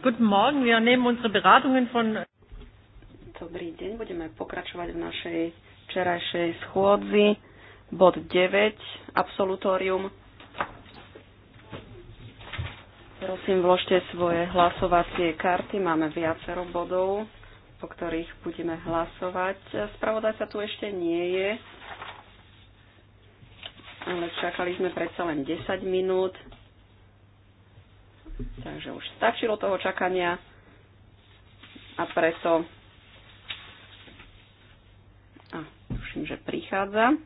Guten Morgen, wir nehmen unsere Beratungen von... Dobrý deň, budeme pokračovať v našej včerajšej schôdzi. Bod 9, absolutórium. Prosím, vložte svoje hlasovacie karty. Máme viacero bodov, po ktorých budeme hlasovať. Spravodajca tu ešte nie je, ale čakali sme predsa len 10 minút Takže už stačilo toho čakania a preto a tuším, že prichádza.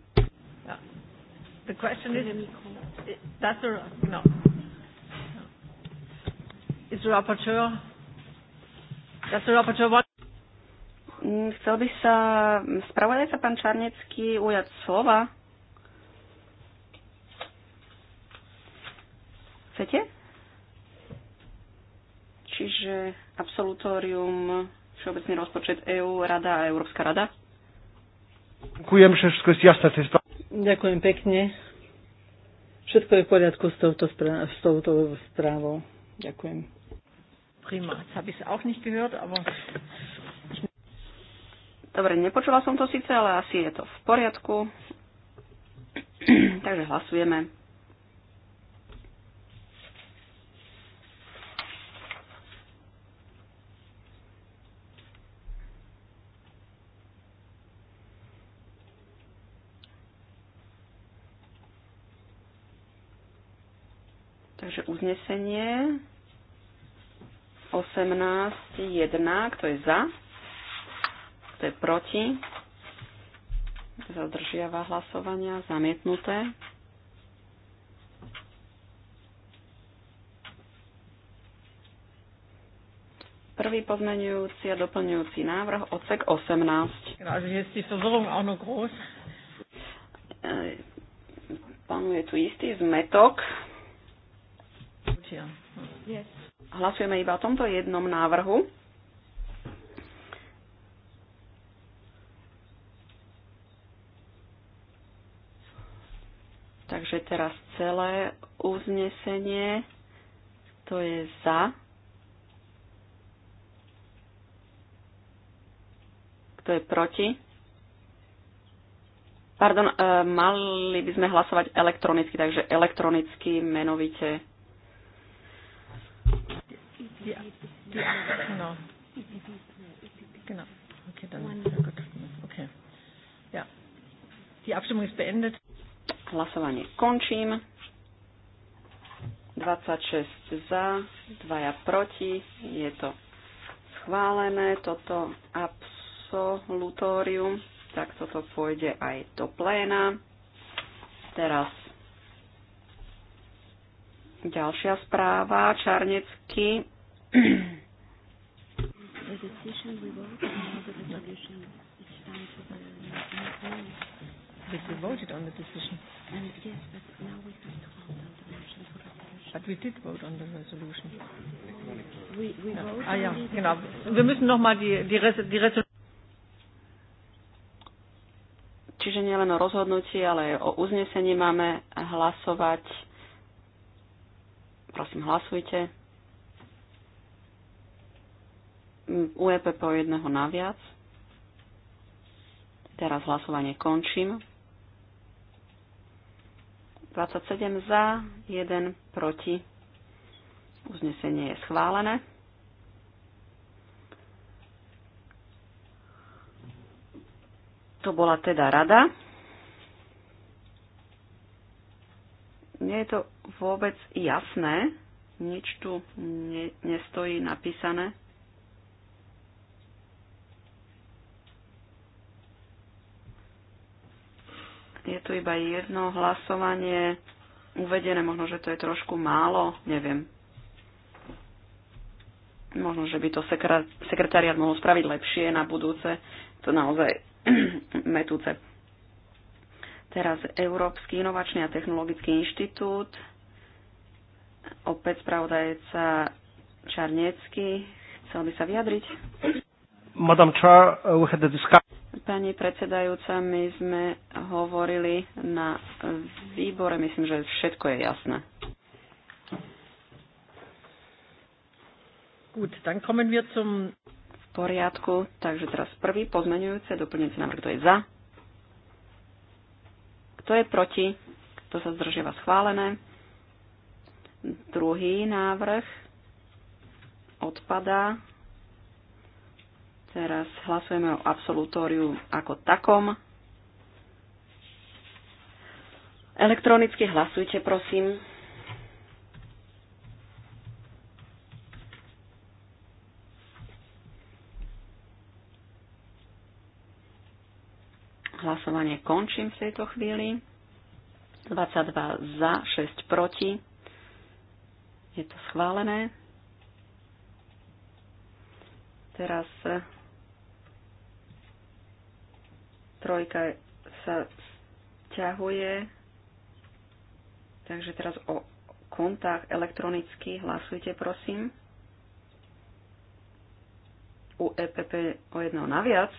The question is, that's a, no. Is the rapporteur, the rapporteur mm, Chcel by sa spravodajca pán Čarnecký ujať slova. Chcete? Čiže absolutórium, všeobecný rozpočet EÚ, Rada a Európska rada. Ďakujem, že všetko je jasné. Ďakujem pekne. Všetko je v poriadku s touto, s touto správou. Ďakujem. Prima, das by sa auch nicht gehört, aber... Dobre, nepočula som to síce, ale asi je to v poriadku. Takže hlasujeme. Takže uznesenie 18.1, kto je za, kto je proti, zadržiava hlasovania, zamietnuté. Prvý pozmenujúci a doplňujúci návrh, odsek 18. Panuje tu istý zmetok. Yes. Hlasujeme iba o tomto jednom návrhu. Takže teraz celé uznesenie, to je za, kto je proti. Pardon, eh, mali by sme hlasovať elektronicky, takže elektronicky menovite Die, genau. Genau. Okay, dann ja gut. Okay. Ja. Die Abstimmung ist beendet. Hlasovanie končím. 26 za, 2 proti. Je to schválené, toto absolutórium. Tak toto pôjde aj do pléna. Teraz ďalšia správa. Čarnecký the decision we vote on the resolution each time for the But we voted on the decision. And yes, but now we have to vote on the motion for resolution. But we did vote on the resolution. We, we ja. No. voted ah ja, genau. Wir müssen nochmal die, die, Res die Resolution. Čiže nielen o rozhodnutí, ale aj o uznesení máme hlasovať. Prosím, hlasujte. Mm, u EPP o jedného naviac. Teraz hlasovanie končím. 27 za, 1 proti. Uznesenie je schválené. To bola teda rada. Nie je to vôbec jasné. Nič tu ne, nestojí napísané. Je tu iba jedno hlasovanie uvedené, možno, že to je trošku málo, neviem. Možno, že by to sekretariat mohol spraviť lepšie na budúce. To naozaj metúce. Teraz Európsky inovačný a technologický inštitút. Opäť spravodajca Čarnecký. Chcel by sa vyjadriť? Madam Chair, uh, we had a discussion. Pani predsedajúca, my sme hovorili na výbore, myslím, že všetko je jasné. Gut, dann kommen wir zum... V poriadku, takže teraz prvý pozmeňujúce, doplňujúce návrh, kto je za, kto je proti, kto sa zdržiava schválené. Druhý návrh odpadá, Teraz hlasujeme o absolutóriu ako takom. Elektronicky hlasujte, prosím. Hlasovanie končím v tejto chvíli. 22 za, 6 proti. Je to schválené. Teraz Trojka sa ťahuje. Takže teraz o kontách elektronicky hlasujte, prosím. U EPP o jedno naviac.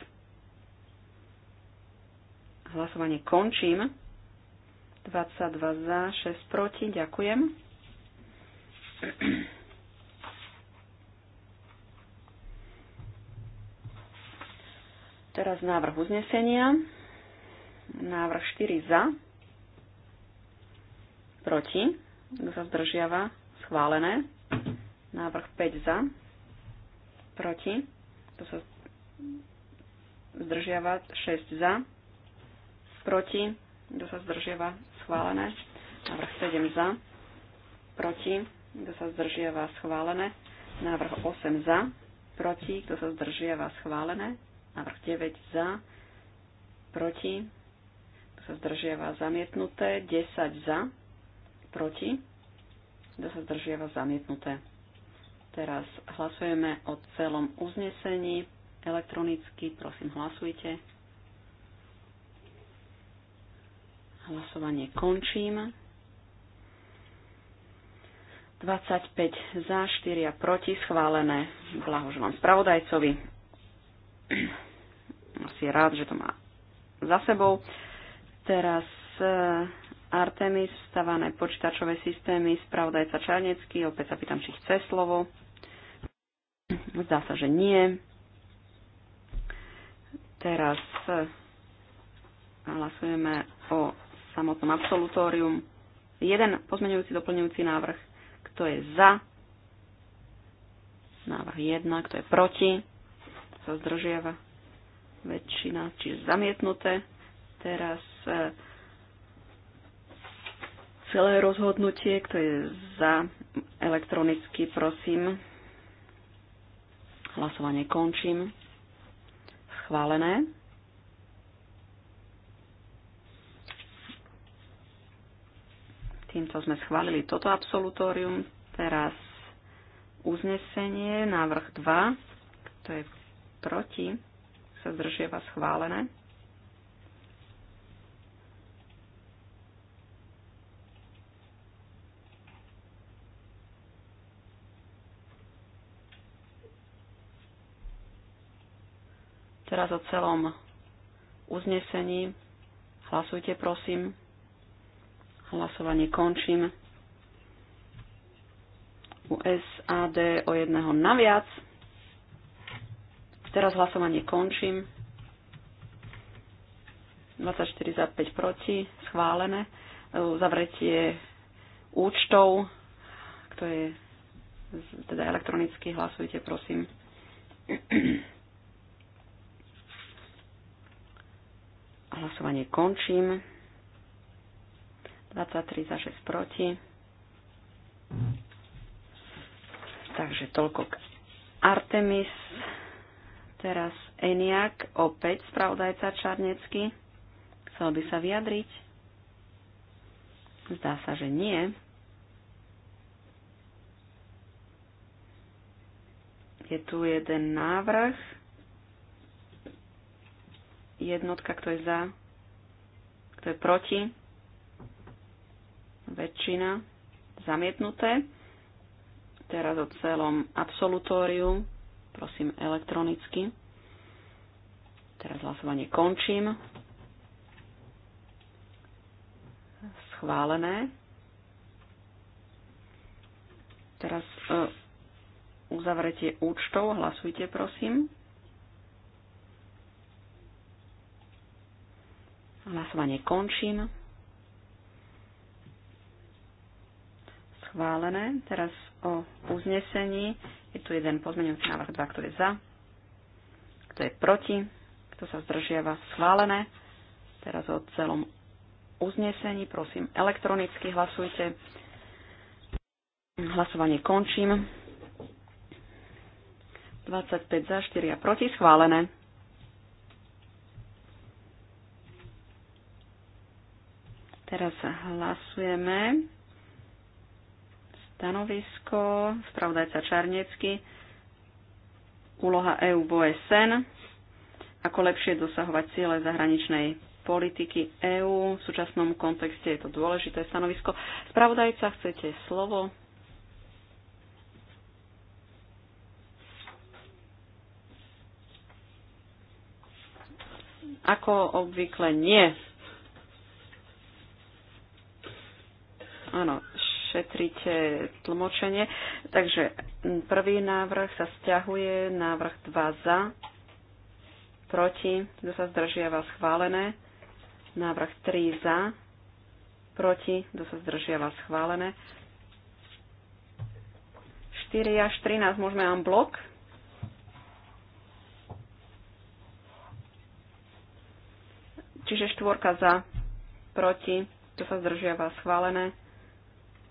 Hlasovanie končím. 22 za, 6 proti. Ďakujem. Teraz návrh uznesenia. Návrh 4 za. Proti. Kto sa zdržiava? Schválené. Návrh 5 za. Proti. Kto sa zdržiava? 6 za. Proti. Kto sa zdržiava? Schválené. Návrh 7 za. Proti. Kto sa zdržiava? Schválené. Návrh 8 za. Proti. Kto sa zdržiava? Schválené. Návrh 9 za, proti, kto sa zdržiava zamietnuté, 10 za, proti, kto sa zdržiava zamietnuté. Teraz hlasujeme o celom uznesení elektronicky, prosím hlasujte. Hlasovanie končím. 25 za, 4 proti, schválené. Blahoželám spravodajcovi si rád, že to má za sebou. Teraz e, Artemis, vstavané počítačové systémy, spravodajca Čarnecký, opäť sa pýtam, či chce slovo. Zdá sa, že nie. Teraz e, hlasujeme o samotnom absolutórium. Jeden pozmeňujúci, doplňujúci návrh. Kto je za? Návrh 1. Kto je proti? sa zdržiava väčšina, čiže zamietnuté. Teraz e, celé rozhodnutie, kto je za elektronicky, prosím. Hlasovanie končím. Schválené. Týmto sme schválili toto absolutórium. Teraz uznesenie, návrh 2. To je proti, sa zdržieva schválené. Teraz o celom uznesení. Hlasujte, prosím. Hlasovanie končím. USAD o jedného naviac. Teraz hlasovanie končím. 24 za 5 proti, schválené. Zavretie účtov, kto je teda elektronicky, hlasujte prosím. Hlasovanie končím. 23 za 6 proti. Takže toľko k Artemis. Teraz Eniak, opäť spravodajca Čarnecky. Chcel by sa vyjadriť? Zdá sa, že nie. Je tu jeden návrh. Jednotka, kto je za, kto je proti. Väčšina zamietnuté. Teraz o celom absolutóriu prosím elektronicky. Teraz hlasovanie končím. Schválené. Teraz e, uzavretie účtov. Hlasujte, prosím. Hlasovanie končím. Schválené. Teraz o uznesení. Je tu jeden pozmeňujúci návrh 2, kto je za, kto je proti, kto sa zdržiava, schválené. Teraz o celom uznesení, prosím, elektronicky hlasujte. Hlasovanie končím. 25 za, 4 a proti, schválené. Teraz hlasujeme stanovisko, spravodajca čarnecky, úloha EU v OSN, ako lepšie dosahovať ciele zahraničnej politiky EÚ. V súčasnom kontexte je to dôležité stanovisko. Spravodajca, chcete slovo? Ako obvykle nie. Áno, šetríte eh, tlmočenie. Takže prvý návrh sa stiahuje, návrh 2 za, proti, kto sa zdržiava schválené, návrh 3 za, proti, kto sa zdržiava schválené. 4 až 13 môžeme vám blok. Čiže štvorka za, proti, to sa zdržiava schválené.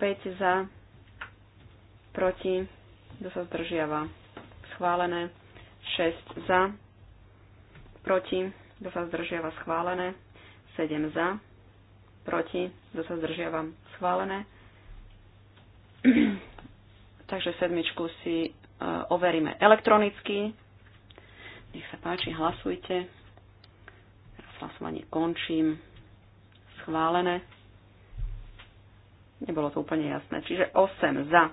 5 za, proti, kto sa zdržiava. Schválené. 6 za, proti, kto sa zdržiava. Schválené. 7 za, proti, kto sa zdržiava. Schválené. Takže sedmičku si e, overíme elektronicky. Nech sa páči, hlasujte. Hlasovanie končím. Schválené. Nebolo to úplne jasné. Čiže 8 za,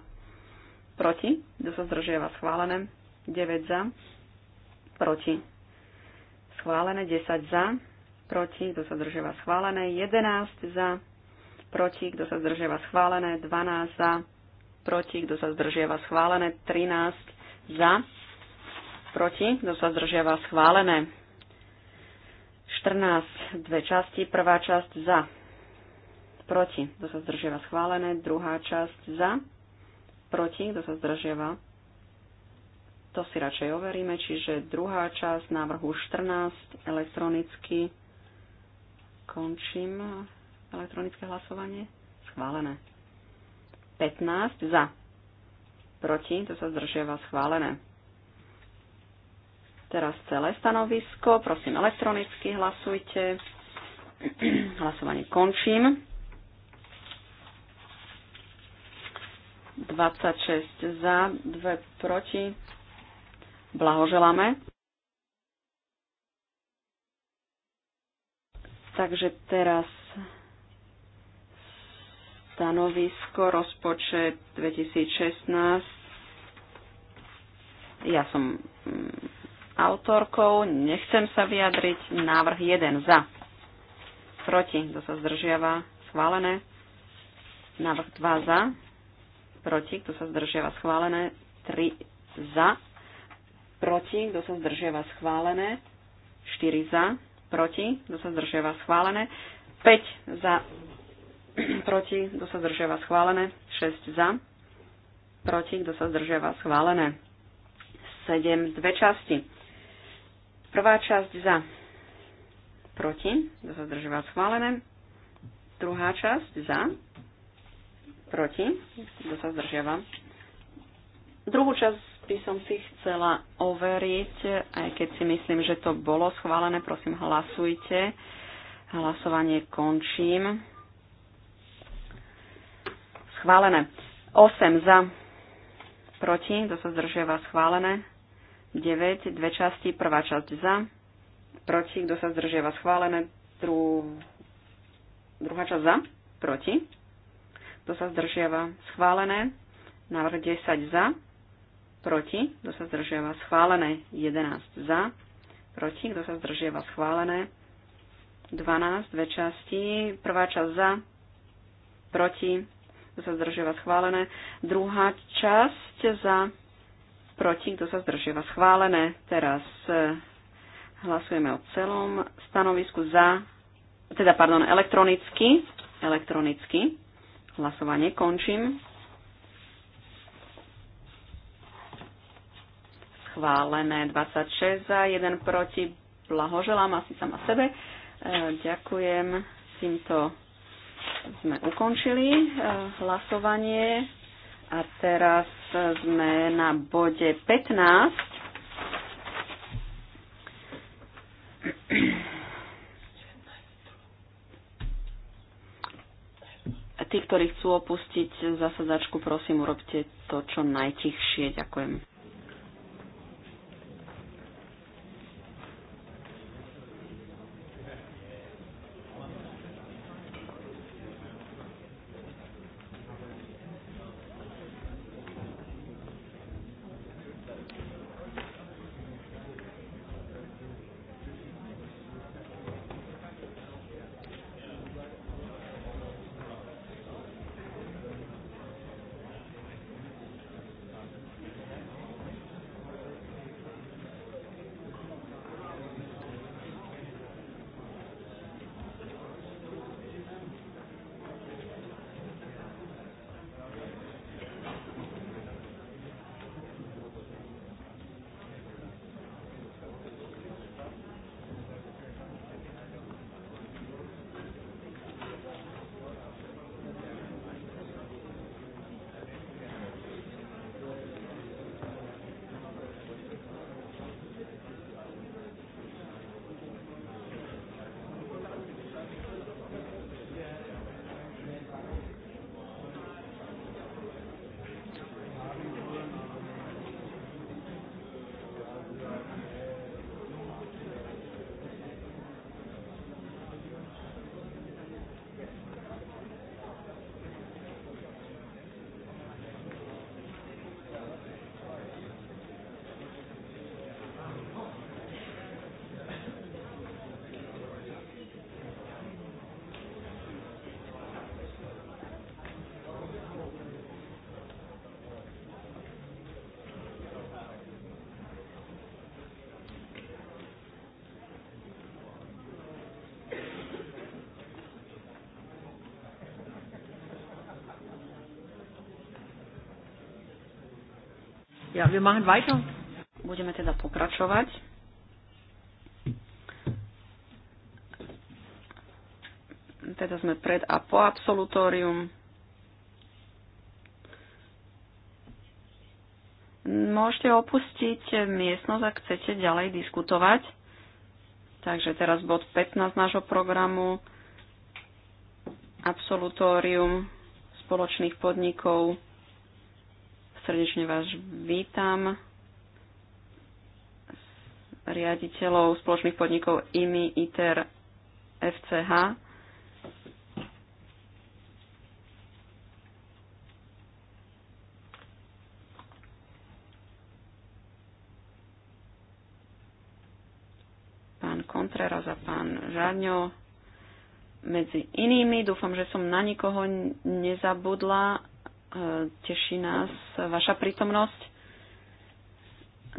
proti, kto sa zdržiava schválené, 9 za, proti, schválené, 10 za, proti, kto sa zdržiava schválené, 11 za, proti, kto sa zdržiava schválené, 12 za, proti, kto sa zdržiava schválené, 13 za, proti, kto sa zdržiava schválené, 14, dve časti, prvá časť za, proti, kto sa zdržiava schválené, druhá časť za, proti, kto sa zdržiava. To si radšej overíme, čiže druhá časť návrhu 14 elektronicky končím elektronické hlasovanie. Schválené. 15 za. Proti, to sa zdržiava schválené. Teraz celé stanovisko, prosím elektronicky hlasujte. Hlasovanie končím. 26 za, 2 proti. Blahoželáme. Takže teraz stanovisko, rozpočet 2016. Ja som mm, autorkou, nechcem sa vyjadriť. Návrh 1 za. Proti, kto sa zdržiava, schválené. Návrh 2 za, proti, kto sa zdržiava schválené, 3 za, proti, kto sa zdržiava schválené, 4 za, proti, kto sa zdržiava schválené, 5 za, proti, kto sa zdržiava schválené, 6 za, proti, kto sa zdržiava schválené, 7 dve časti. Prvá časť za, proti, kto sa zdržiava schválené, druhá časť za, Proti? Kto sa zdržiava? Druhú časť by som si chcela overiť, aj keď si myslím, že to bolo schválené. Prosím, hlasujte. Hlasovanie končím. Schválené. 8 za. Proti. Kto sa zdržiava? Schválené. 9. Dve časti. Prvá časť za. Proti. Kto sa zdržiava? Schválené. Dru... Druhá časť za. Proti kto sa zdržiava, schválené. Návrh 10 za, proti, kto sa zdržiava, schválené. 11 za, proti, kto sa zdržiava, schválené. 12, dve časti, prvá časť za, proti, kto sa zdržiava, schválené. Druhá časť za, proti, kto sa zdržiava, schválené. Teraz e, hlasujeme o celom stanovisku za, teda, pardon, elektronicky, elektronicky. Hlasovanie končím. Schválené 26 za, 1 proti. Blahoželám asi sama sebe. E, ďakujem. Týmto sme ukončili e, hlasovanie. A teraz sme na bode 15. tí, ktorí chcú opustiť zasadačku, prosím, urobte to čo najtichšie. Ďakujem. wir machen weiter. Budeme teda pokračovať. Teda sme pred a po absolutórium. Môžete opustiť miestnosť, ak chcete ďalej diskutovať. Takže teraz bod 15 nášho programu absolutórium spoločných podnikov Srdečne vás vítam riaditeľov spoločných podnikov IMI, ITER, FCH. Pán Contreras a pán Žáňo, medzi inými. Dúfam, že som na nikoho nezabudla Teší nás vaša prítomnosť.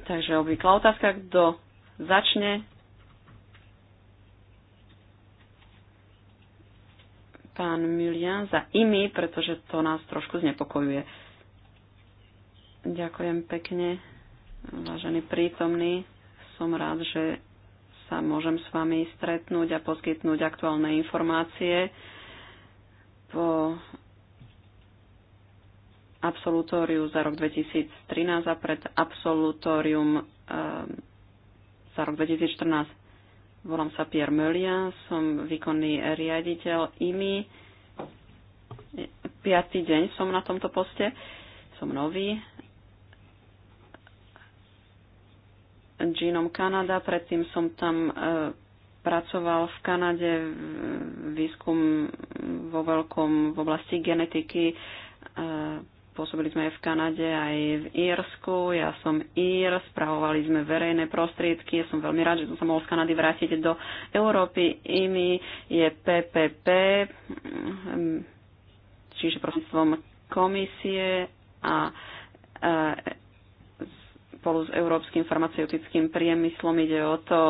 Takže obvyklá otázka, kto začne. Pán Milian za imi, pretože to nás trošku znepokojuje. Ďakujem pekne, vážený prítomný. Som rád, že sa môžem s vami stretnúť a poskytnúť aktuálne informácie po absolutóriu za rok 2013 a pred absolutórium ehm, za rok 2014. Volám sa Pierre Melia, som výkonný riaditeľ IMI. Piatý deň som na tomto poste, som nový. Genom Kanada, predtým som tam e, pracoval v Kanade výskum vo veľkom v oblasti genetiky, e, Pôsobili sme aj v Kanade, aj v Írsku. Ja som Ír, spravovali sme verejné prostriedky. Ja som veľmi rád, že som sa mohol z Kanady vrátiť do Európy. IMI je PPP, mm, čiže prostredstvom komisie a e, spolu s európskym farmaceutickým priemyslom ide o to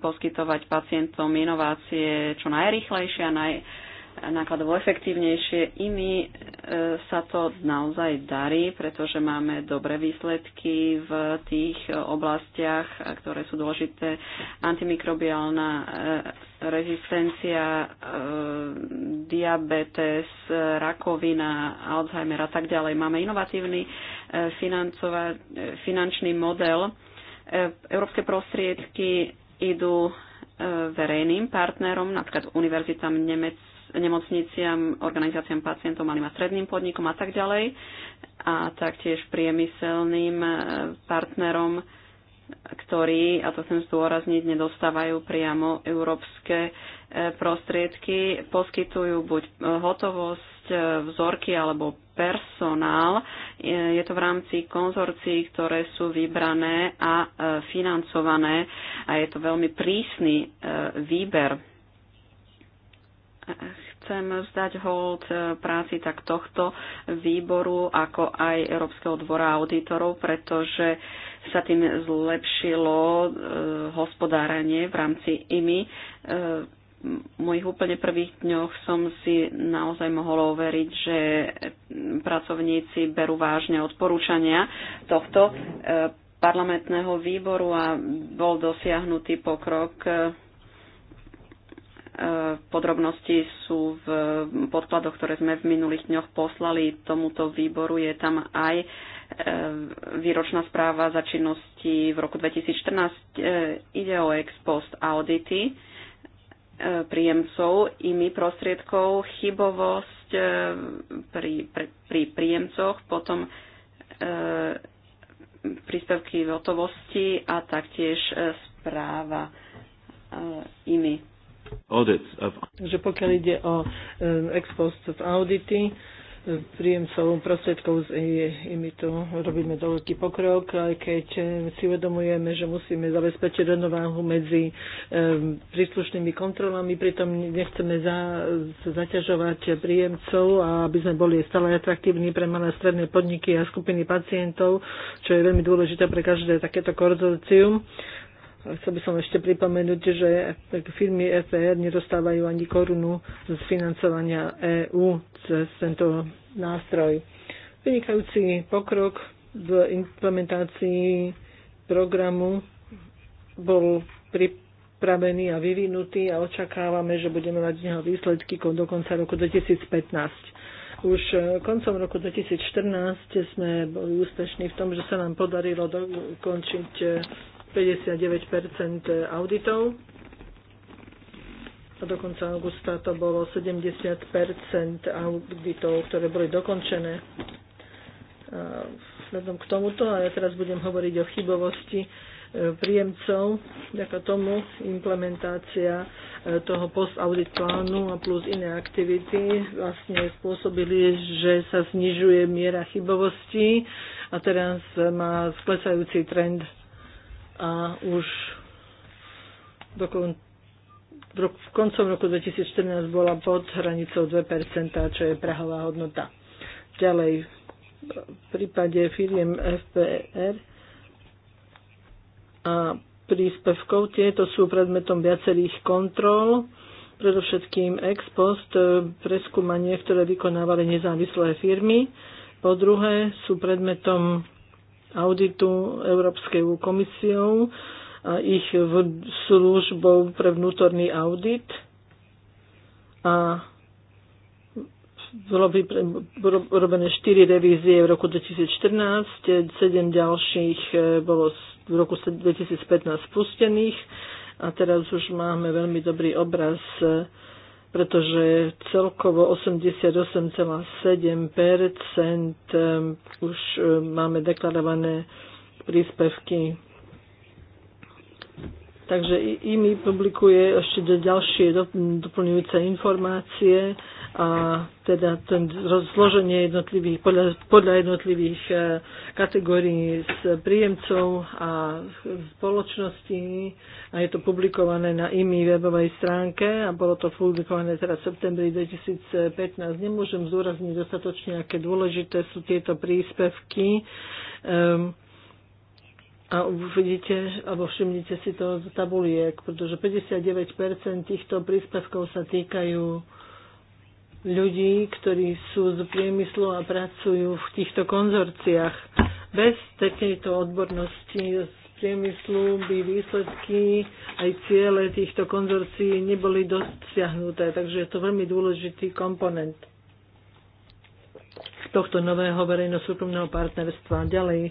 poskytovať pacientom inovácie čo najrychlejšie a naj, nákladovo efektívnejšie. Imi e, sa to naozaj darí, pretože máme dobré výsledky v tých oblastiach, ktoré sú dôležité. Antimikrobiálna e, rezistencia, e, diabetes, rakovina, Alzheimer a tak ďalej. Máme inovatívny finančný model. Európske prostriedky idú verejným partnerom, napríklad univerzitám Nemec, nemocniciam, organizáciám pacientov, malým a stredným podnikom a tak ďalej. A taktiež priemyselným eh, partnerom, ktorí, a to chcem zdôrazniť, nedostávajú priamo európske eh, prostriedky, poskytujú buď eh, hotovosť, vzorky alebo personál. Je to v rámci konzorcií, ktoré sú vybrané a financované a je to veľmi prísny výber Chcem vzdať hold e, práci tak tohto výboru, ako aj Európskeho dvora auditorov, pretože sa tým zlepšilo e, hospodárenie hospodáranie v rámci IMI. E, v mojich úplne prvých dňoch som si naozaj mohol overiť, že pracovníci berú vážne odporúčania tohto parlamentného výboru a bol dosiahnutý pokrok. Podrobnosti sú v podkladoch, ktoré sme v minulých dňoch poslali tomuto výboru. Je tam aj e, výročná správa za činnosti v roku 2014. E, ide o ex post audity e, príjemcov imi prostriedkov, chybovosť pri, pri, pri príjemcoch, potom príspevky v hotovosti a taktiež správa e, imi Takže pokiaľ ide o eh, ex post v audity, eh, príjemcov prostriedkov z tu robíme veľký pokrok, aj keď eh, si uvedomujeme, že musíme zabezpečiť rovnováhu medzi príslušnými kontrolami, pritom nechceme za, zaťažovať príjemcov a aby sme boli stále atraktívni pre malé stredné podniky a skupiny pacientov, čo je veľmi dôležité pre každé takéto konzorcium. Chcel by som ešte pripomenúť, že firmy FR e nedostávajú ani korunu z financovania EÚ cez tento nástroj. Vynikajúci pokrok v implementácii programu bol pripravený a vyvinutý a očakávame, že budeme mať z neho výsledky do konca roku 2015. Už eh, koncom roku 2014 sme boli úspešní v tom, že sa nám podarilo dokončiť eh, 59 auditov a do konca augusta to bolo 70 auditov, ktoré boli dokončené. Vzhľadom k tomuto, a ja teraz budem hovoriť o chybovosti e, príjemcov, vďaka tomu implementácia e, toho post-audit plánu a plus iné aktivity vlastne spôsobili, že sa znižuje miera chybovosti a teraz má sklesajúci trend a už dokon, v koncom roku 2014 bola pod hranicou 2%, čo je prahová hodnota. Ďalej, v prípade firiem FPR a príspevkov tieto sú predmetom viacerých kontrol, predovšetkým ex post e, preskúmanie, ktoré vykonávali nezávislé firmy. Po druhé sú predmetom auditu Európskej komisiou a ich službou pre vnútorný audit. A bolo by robené 4 revízie v roku 2014, 7 ďalších e, bolo v roku 2015 spustených a teraz už máme veľmi dobrý obraz e, pretože celkovo 88,7 um, už um, máme deklarované príspevky Takže IMI publikuje ešte ďalšie doplňujúce informácie a teda ten zloženie jednotlivých, podľa, podľa jednotlivých e, kategórií z príjemcov a spoločností a je to publikované na IMI webovej stránke a bolo to publikované teraz v septembri 2015. Nemôžem zúrazniť dostatočne, aké dôležité sú tieto príspevky. Um, a uvidíte, alebo všimnite si to z tabuliek, pretože 59% týchto príspevkov sa týkajú ľudí, ktorí sú z priemyslu a pracujú v týchto konzorciách. Bez takejto odbornosti z priemyslu by výsledky aj ciele týchto konzorcií neboli dosiahnuté, takže je to veľmi dôležitý komponent tohto nového verejno-súkromného partnerstva. Ďalej,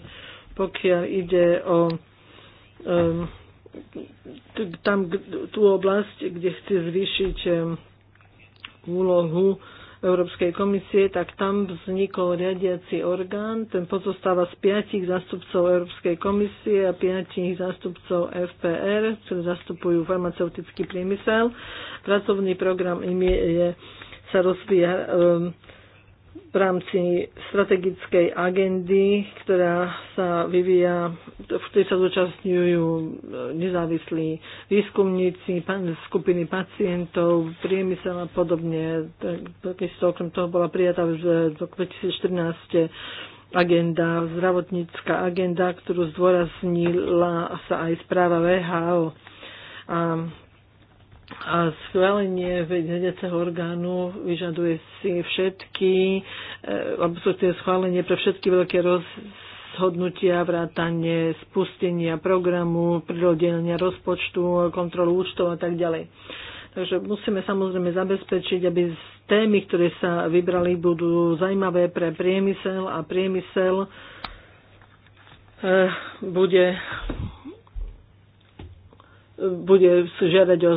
pokiaľ ide o tam tú oblasť, kde chce zvýšiť úlohu Európskej komisie, tak tam vznikol riadiaci orgán. Ten pozostáva z piatich zástupcov Európskej komisie a piatich zástupcov FPR, ktorí zastupujú farmaceutický priemysel. Pracovný program im je, je sa rozvíja um, v rámci strategickej agendy, ktorá sa vyvíja, v ktorej sa zúčastňujú e, nezávislí výskumníci, skupiny pacientov, priemysel a podobne. Takisto okrem toho bola prijatá v roku 2014 agenda, zdravotnícká agenda, ktorú zdôraznila sa aj správa VHO. A a schválenie vediaceho orgánu vyžaduje si všetky, alebo sú tie schválenie pre všetky veľké rozhodnutia, vrátanie, spustenia programu, prirodelenia rozpočtu, kontrolu účtov a tak ďalej. Takže musíme samozrejme zabezpečiť, aby témy, ktoré sa vybrali, budú zaujímavé pre priemysel a priemysel e, bude bude žiadať o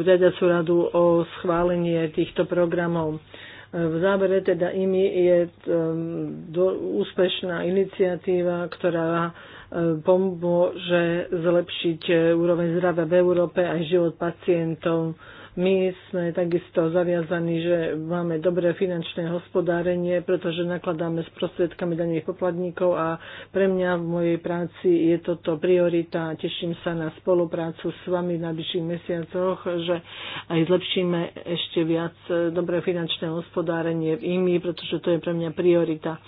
riadiacu radu o schválenie týchto programov. V zábere teda IMI je um, do, úspešná iniciatíva, ktorá um, pomôže zlepšiť uh, úroveň zdravia v Európe aj život pacientov my sme takisto zaviazaní, že máme dobré finančné hospodárenie, pretože nakladáme s prostriedkami daných poplatníkov a pre mňa v mojej práci je toto priorita. Teším sa na spoluprácu s vami v najbližších mesiacoch, že aj zlepšíme ešte viac e, dobré finančné hospodárenie v IMI, pretože to je pre mňa priorita.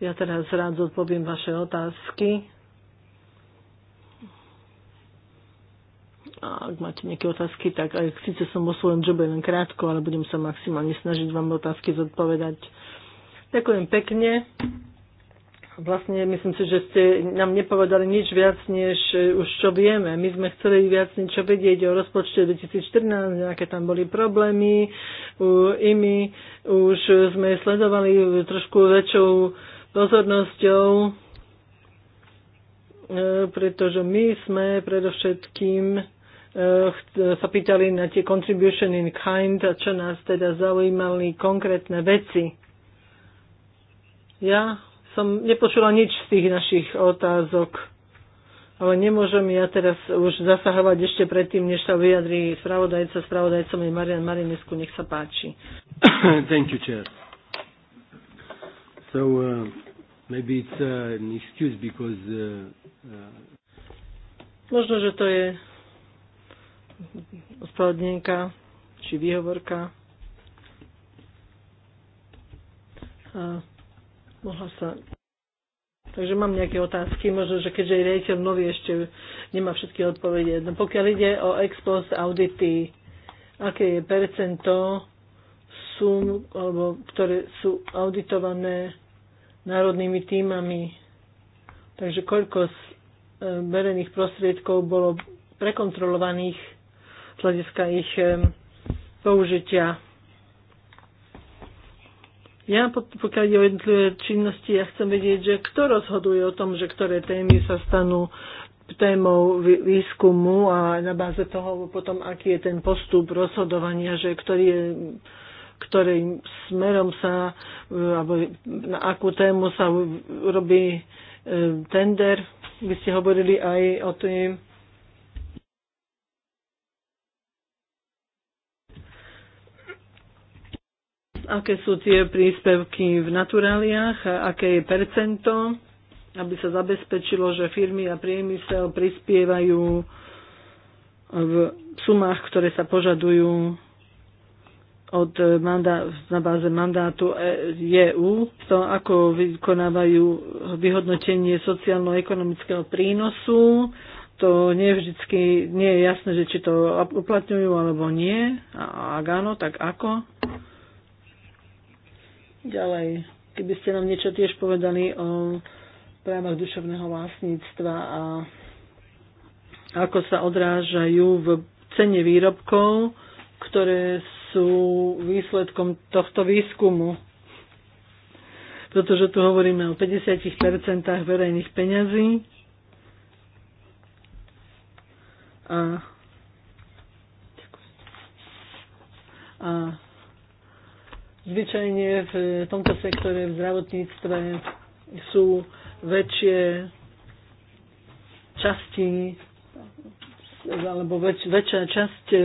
Ja teraz rád zodpoviem vaše otázky. a ak máte nejaké otázky, tak aj síce som o svojom jobe len krátko, ale budem sa maximálne snažiť vám otázky zodpovedať. Ďakujem pekne. Vlastne myslím si, že ste nám nepovedali nič viac, než už čo vieme. My sme chceli viac niečo vedieť o rozpočte 2014, nejaké tam boli problémy. U IMI už sme sledovali trošku väčšou pozornosťou, e, pretože my sme predovšetkým uh, sa pýtali na tie contribution in kind a čo nás teda zaujímali konkrétne veci. Ja som nepočula nič z tých našich otázok ale nemôžem ja teraz už zasahovať ešte predtým, než sa vyjadrí spravodajca. Spravodajcom je Marian Marinesku, nech sa páči. Thank you, Chair. So, uh, maybe it's uh, an excuse because... Uh, uh... Možno, že to je ospravedlnenka či výhovorka. A mohla sa... Takže mám nejaké otázky, možno, že keďže rejiteľ nový ešte nemá všetky odpovede. No pokiaľ ide o ex post audity, aké je percento sum, alebo ktoré sú auditované národnými týmami. Takže koľko z e, verených prostriedkov bolo prekontrolovaných z hľadiska ich použitia. Ja, pokiaľ je o jednotlivé činnosti, ja chcem vedieť, že kto rozhoduje o tom, že ktoré témy sa stanú témou výskumu a na báze toho potom, aký je ten postup rozhodovania, že ktorý je ktorým smerom sa, e, alebo na akú tému sa robí e, tender. Vy ste hovorili aj o tým, aké sú tie príspevky v naturáliách, aké je percento, aby sa zabezpečilo, že firmy a priemysel prispievajú v sumách, ktoré sa požadujú od mandá- na báze mandátu e- EU, to ako vykonávajú vyhodnotenie sociálno-ekonomického prínosu, to nie vždycky nie je jasné, že či to uplatňujú alebo nie. A ak áno, tak ako? Ďalej, keby ste nám niečo tiež povedali o právach duševného vlastníctva a ako sa odrážajú v cene výrobkov, ktoré sú výsledkom tohto výskumu. Pretože tu hovoríme o 50% verejných peňazí. A, a Zvyčajne v tomto sektore v zdravotníctve sú väčšie časti alebo väč, väčšia časť e,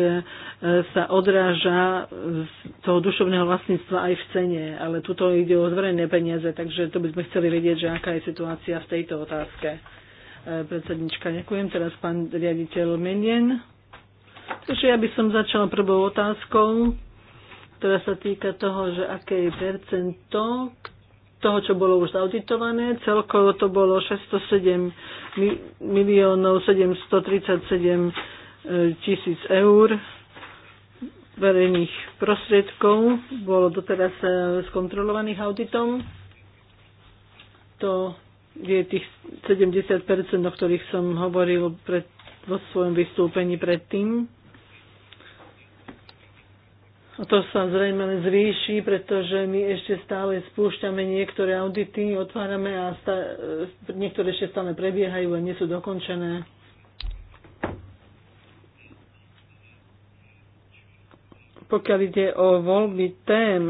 sa odráža z toho dušovného vlastníctva aj v cene, ale tuto ide o zverejné peniaze, takže to by sme chceli vedieť, že aká je situácia v tejto otázke. E, predsednička, ďakujem. Teraz pán riaditeľ Menien. Takže ja by som začala prvou otázkou ktorá sa týka toho, že aké je percento toho, čo bolo už zauditované. Celkovo to bolo 607 miliónov 737 e, tisíc eur verejných prostriedkov bolo doteraz e, skontrolovaných auditom. To je tých 70%, o ktorých som hovoril pred, vo svojom vystúpení predtým to sa zrejme len zvýši, pretože my ešte stále spúšťame niektoré audity, otvárame a sta- e, niektoré ešte stále prebiehajú a nie sú dokončené. Pokiaľ ide o voľby tém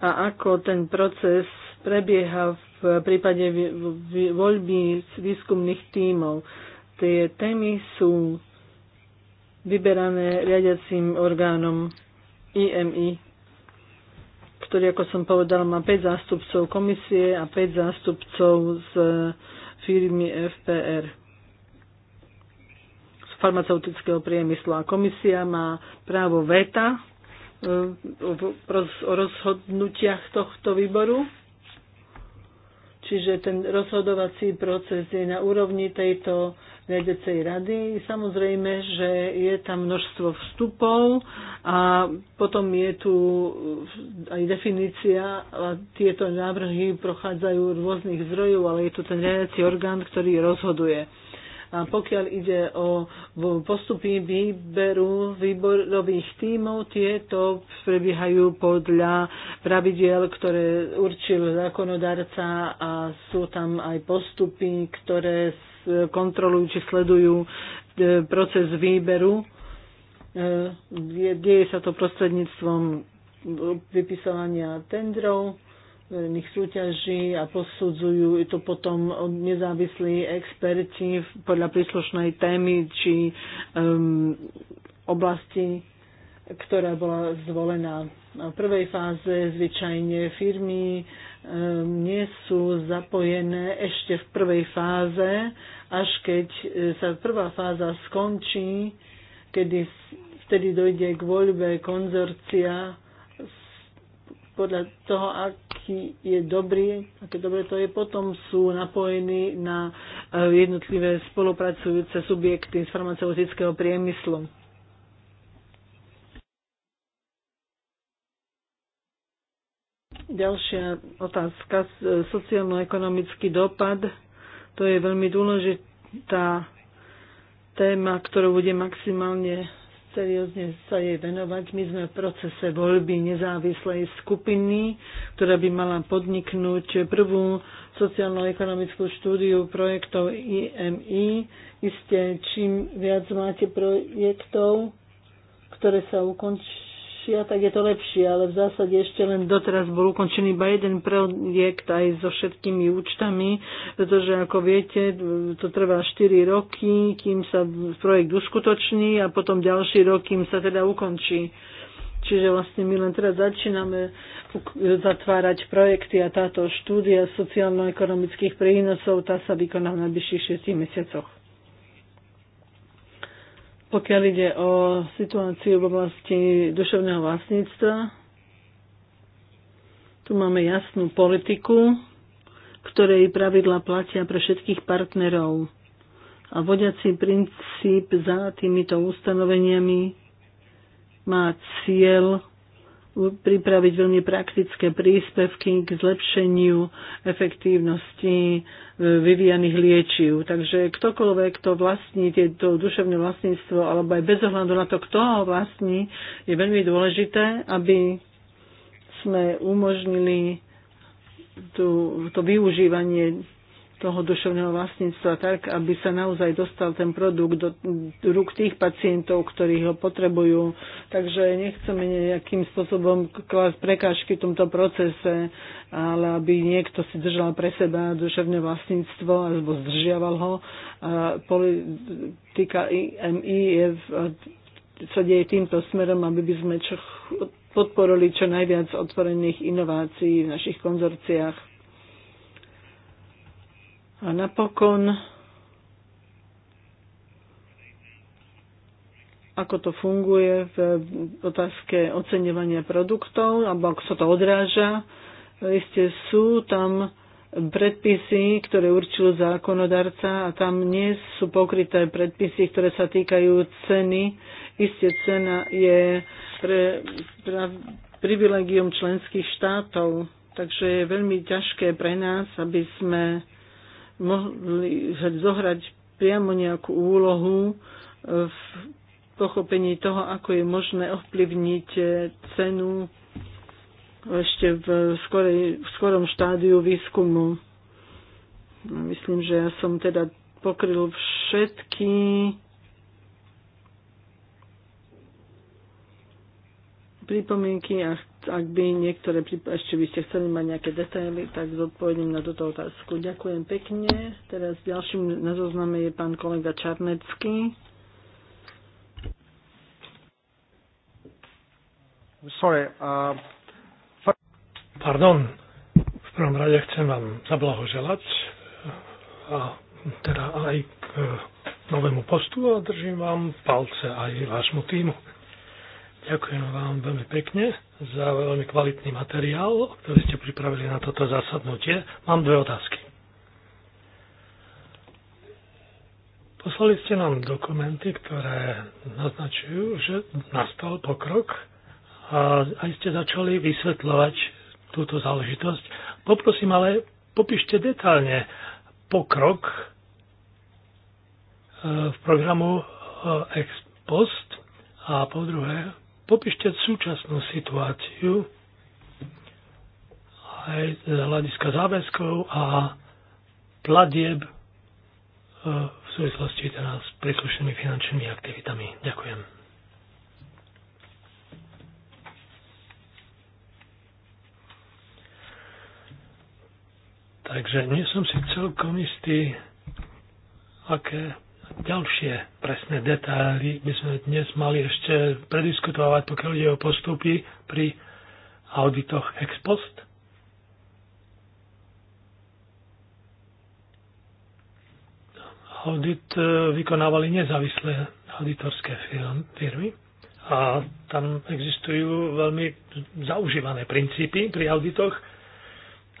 a ako ten proces prebieha v prípade voľby z výskumných tímov, tie témy sú vyberané riadiacím orgánom IMI, ktorý, ako som povedal, má 5 zástupcov komisie a 5 zástupcov z firmy FPR z farmaceutického priemyslu. A komisia má právo VETA e, o rozhodnutiach tohto výboru. Čiže ten rozhodovací proces je na úrovni tejto vedecej rady. Samozrejme, že je tam množstvo vstupov a potom je tu aj definícia a tieto návrhy prochádzajú rôznych zdrojov, ale je tu ten riadiaci orgán, ktorý rozhoduje. A pokiaľ ide o postupy výberu výborových tímov, tieto prebiehajú podľa pravidiel, ktoré určil zákonodárca a sú tam aj postupy, ktoré kontrolujú či sledujú e, proces výberu. E, deje sa to prostredníctvom vypisovania tendrov, verejných súťaží a posudzujú to potom nezávislí experti podľa príslušnej témy či um, oblasti, ktorá bola zvolená. V prvej fáze zvyčajne firmy um, nie sú zapojené ešte v prvej fáze až keď e, sa prvá fáza skončí, kedy vtedy dojde k voľbe konzorcia podľa toho, aký je dobrý, aké dobre to je, potom sú napojení na e, jednotlivé spolupracujúce subjekty z farmaceutického priemyslu. Ďalšia otázka, e, sociálno-ekonomický dopad to je veľmi dôležitá téma, ktorú bude maximálne seriózne sa jej venovať. My sme v procese voľby nezávislej skupiny, ktorá by mala podniknúť prvú sociálno-ekonomickú štúdiu projektov IMI. Isté, čím viac máte projektov, ktoré sa ukončí, lepšia, tak je to lepšie, ale v zásade ešte len doteraz bol ukončený iba jeden projekt aj so všetkými účtami, pretože ako viete, to trvá 4 roky, kým sa projekt uskutoční a potom ďalší rok, kým sa teda ukončí. Čiže vlastne my len teraz začíname zatvárať projekty a táto štúdia sociálno-ekonomických prínosov, tá sa vykoná v najbližších 6 mesiacoch pokiaľ ide o situáciu v oblasti duševného vlastníctva, tu máme jasnú politiku, ktorej pravidla platia pre všetkých partnerov. A vodiaci princíp za týmito ustanoveniami má cieľ pripraviť veľmi praktické príspevky k zlepšeniu efektívnosti e, vyvíjaných liečiv. Takže ktokoľvek, kto vlastní tieto duševné vlastníctvo, alebo aj bez ohľadu na to, kto ho vlastní, je veľmi dôležité, aby sme umožnili tú, to využívanie toho duševného vlastníctva tak, aby sa naozaj dostal ten produkt do rúk tých pacientov, ktorí ho potrebujú. Takže nechceme nejakým spôsobom klásť prekážky v tomto procese, ale aby niekto si držal pre seba duševné vlastníctvo alebo zdržiaval ho. A politika IMI je v, sa deje týmto smerom, aby by sme čo, podporili čo najviac otvorených inovácií v našich konzorciách. A napokon, ako to funguje v otázke oceňovania produktov, alebo ako sa to odráža, iste sú tam predpisy, ktoré určil zákonodarca a tam nie sú pokryté predpisy, ktoré sa týkajú ceny. Isté cena je pre, pre privilegium členských štátov, takže je veľmi ťažké pre nás, aby sme mohli zohrať priamo nejakú úlohu e, v pochopení toho, ako je možné ovplyvniť e, cenu ešte v, skorej, v skorom štádiu výskumu. No, myslím, že ja som teda pokryl všetky pripomienky a ak by niektoré ešte by ste chceli mať nejaké detaily, tak zodpovedím na túto otázku. Ďakujem pekne. Teraz ďalším na zozname je pán kolega Čarnecký. Sorry, uh... Pardon, v prvom rade chcem vám zablahoželať uh, a teda aj k uh, novému postu a držím vám palce aj vášmu týmu. Ďakujem vám veľmi pekne za veľmi kvalitný materiál, ktorý ste pripravili na toto zasadnutie. Mám dve otázky. Poslali ste nám dokumenty, ktoré naznačujú, že nastal pokrok a aj ste začali vysvetľovať túto záležitosť. Poprosím ale, popíšte detálne pokrok e, v programu e, ex post a po druhé Popíšte súčasnú situáciu aj z hľadiska záväzkov a platieb e, v súvislosti teda s príslušnými finančnými aktivitami. Ďakujem. Takže nie som si celkom istý, aké Ďalšie presné detaily by sme dnes mali ešte prediskutovať, pokiaľ ide o postupy pri auditoch ex post. Audit e, vykonávali nezávislé auditorské firmy a tam existujú veľmi zaužívané princípy pri auditoch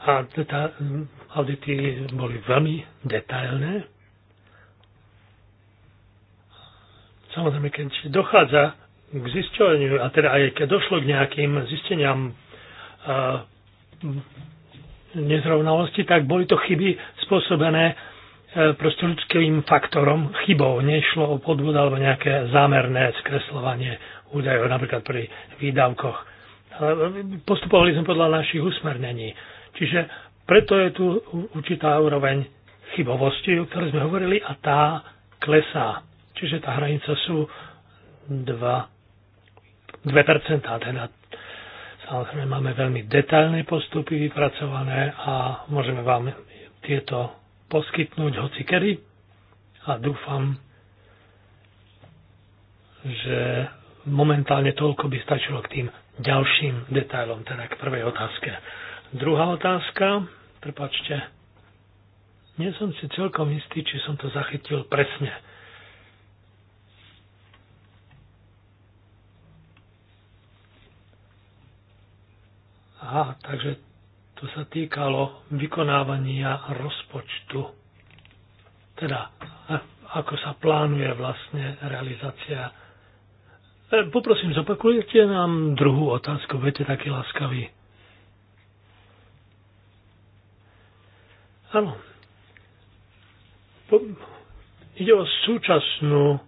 a teda audity boli veľmi detailné Samozrejme, keď dochádza k zisťovaniu, a teda aj keď došlo k nejakým zisteniam a, nezrovnalosti, tak boli to chyby spôsobené e, proste ľudským faktorom, chybou. Nešlo o podvod alebo nejaké zámerné skreslovanie údajov, napríklad pri výdavkoch. Postupovali sme podľa našich usmernení. Čiže preto je tu určitá úroveň chybovosti, o ktorej sme hovorili, a tá klesá. Čiže tá hranica sú 2, 2%. Teda samozrejme máme veľmi detailné postupy vypracované a môžeme vám tieto poskytnúť hoci kedy a dúfam, že momentálne toľko by stačilo k tým ďalším detailom, teda k prvej otázke. Druhá otázka, prepačte, nie som si celkom istý, či som to zachytil presne. Aha, takže to sa týkalo vykonávania rozpočtu. Teda, ako sa plánuje vlastne realizácia. E, poprosím, zopakujete nám druhú otázku, budete taký laskavý. Áno. ide o súčasnú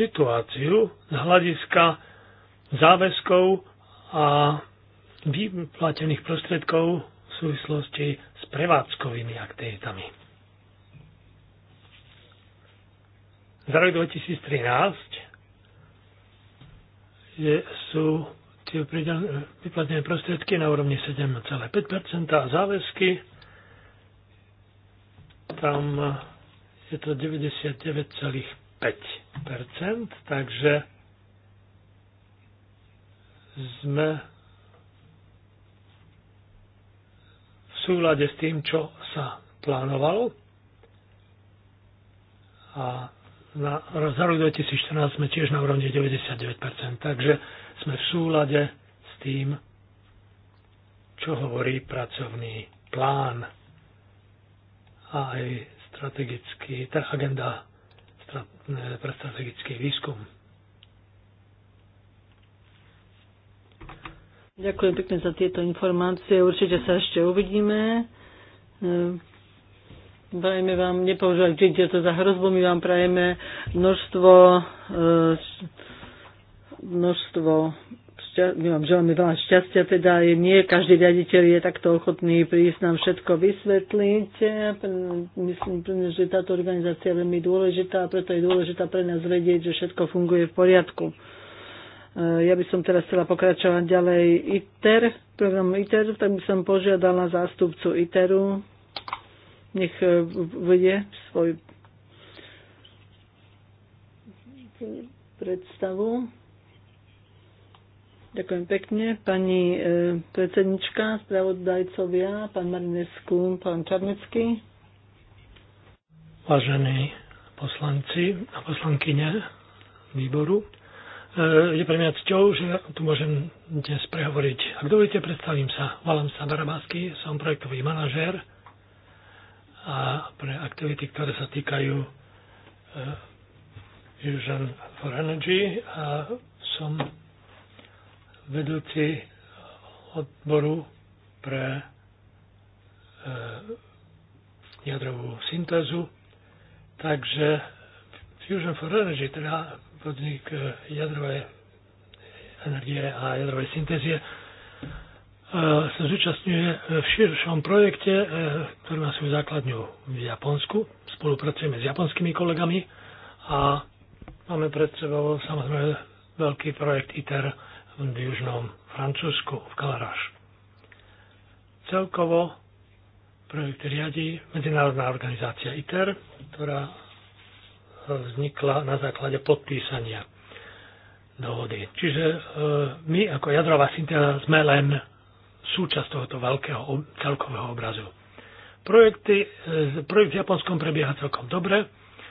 situáciu z hľadiska záväzkov a vyplatených prostredkov v súvislosti s prevádzkovými aktivitami. Za rok 2013 je, sú tie vyplatené prostriedky na úrovni 7,5% a záväzky tam je to 99,5%, takže sme súlade s tým, čo sa plánovalo. A na, za rok 2014 sme tiež na úrovni 99%, takže sme v súlade s tým, čo hovorí pracovný plán a aj strategický, tá agenda e, pre strategický výskum. Ďakujem pekne za tieto informácie. Určite sa ešte uvidíme. Ehm, prajeme vám, nepovažujte to za hrozbu, my vám prajeme množstvo, ehm, množstvo my vám želáme veľa šťastia, teda nie každý riaditeľ je takto ochotný prísť nám všetko vysvetliť. Myslím, že táto organizácia je veľmi dôležitá a preto je dôležitá pre nás vedieť, že všetko funguje v poriadku. Ja by som teraz chcela pokračovať ďalej ITER, program ITER, tak by som požiadala zástupcu ITERu, nech e, vedie svoju predstavu. Ďakujem pekne. Pani e, predsednička, spravodajcovia, pán Marinesku, pán Čarnecký. Vážení poslanci a poslankyne výboru, E, je pre mňa cťou, že tu môžem dnes prehovoriť. Ak dovolíte, predstavím sa. Volám sa Barabásky, som projektový manažér a pre aktivity, ktoré sa týkajú e, Fusion for Energy a som vedúci odboru pre e, jadrovú syntézu. Takže Fusion for Energy, teda podnik eh, jadrovej energie a jadrovej syntézie eh, sa zúčastňuje v širšom projekte, eh, ktorý má svoju základňu v Japonsku. Spolupracujeme s japonskými kolegami a máme pred sebou samozrejme veľký projekt ITER v južnom Francúzsku, v Kalaráš. Celkovo projekt riadi medzinárodná organizácia ITER, ktorá vznikla na základe podpísania dohody. Čiže e, my ako jadrová syntéza sme len súčasť tohoto veľkého celkového obrazu. Projekty, e, projekt v Japonskom prebieha celkom dobre.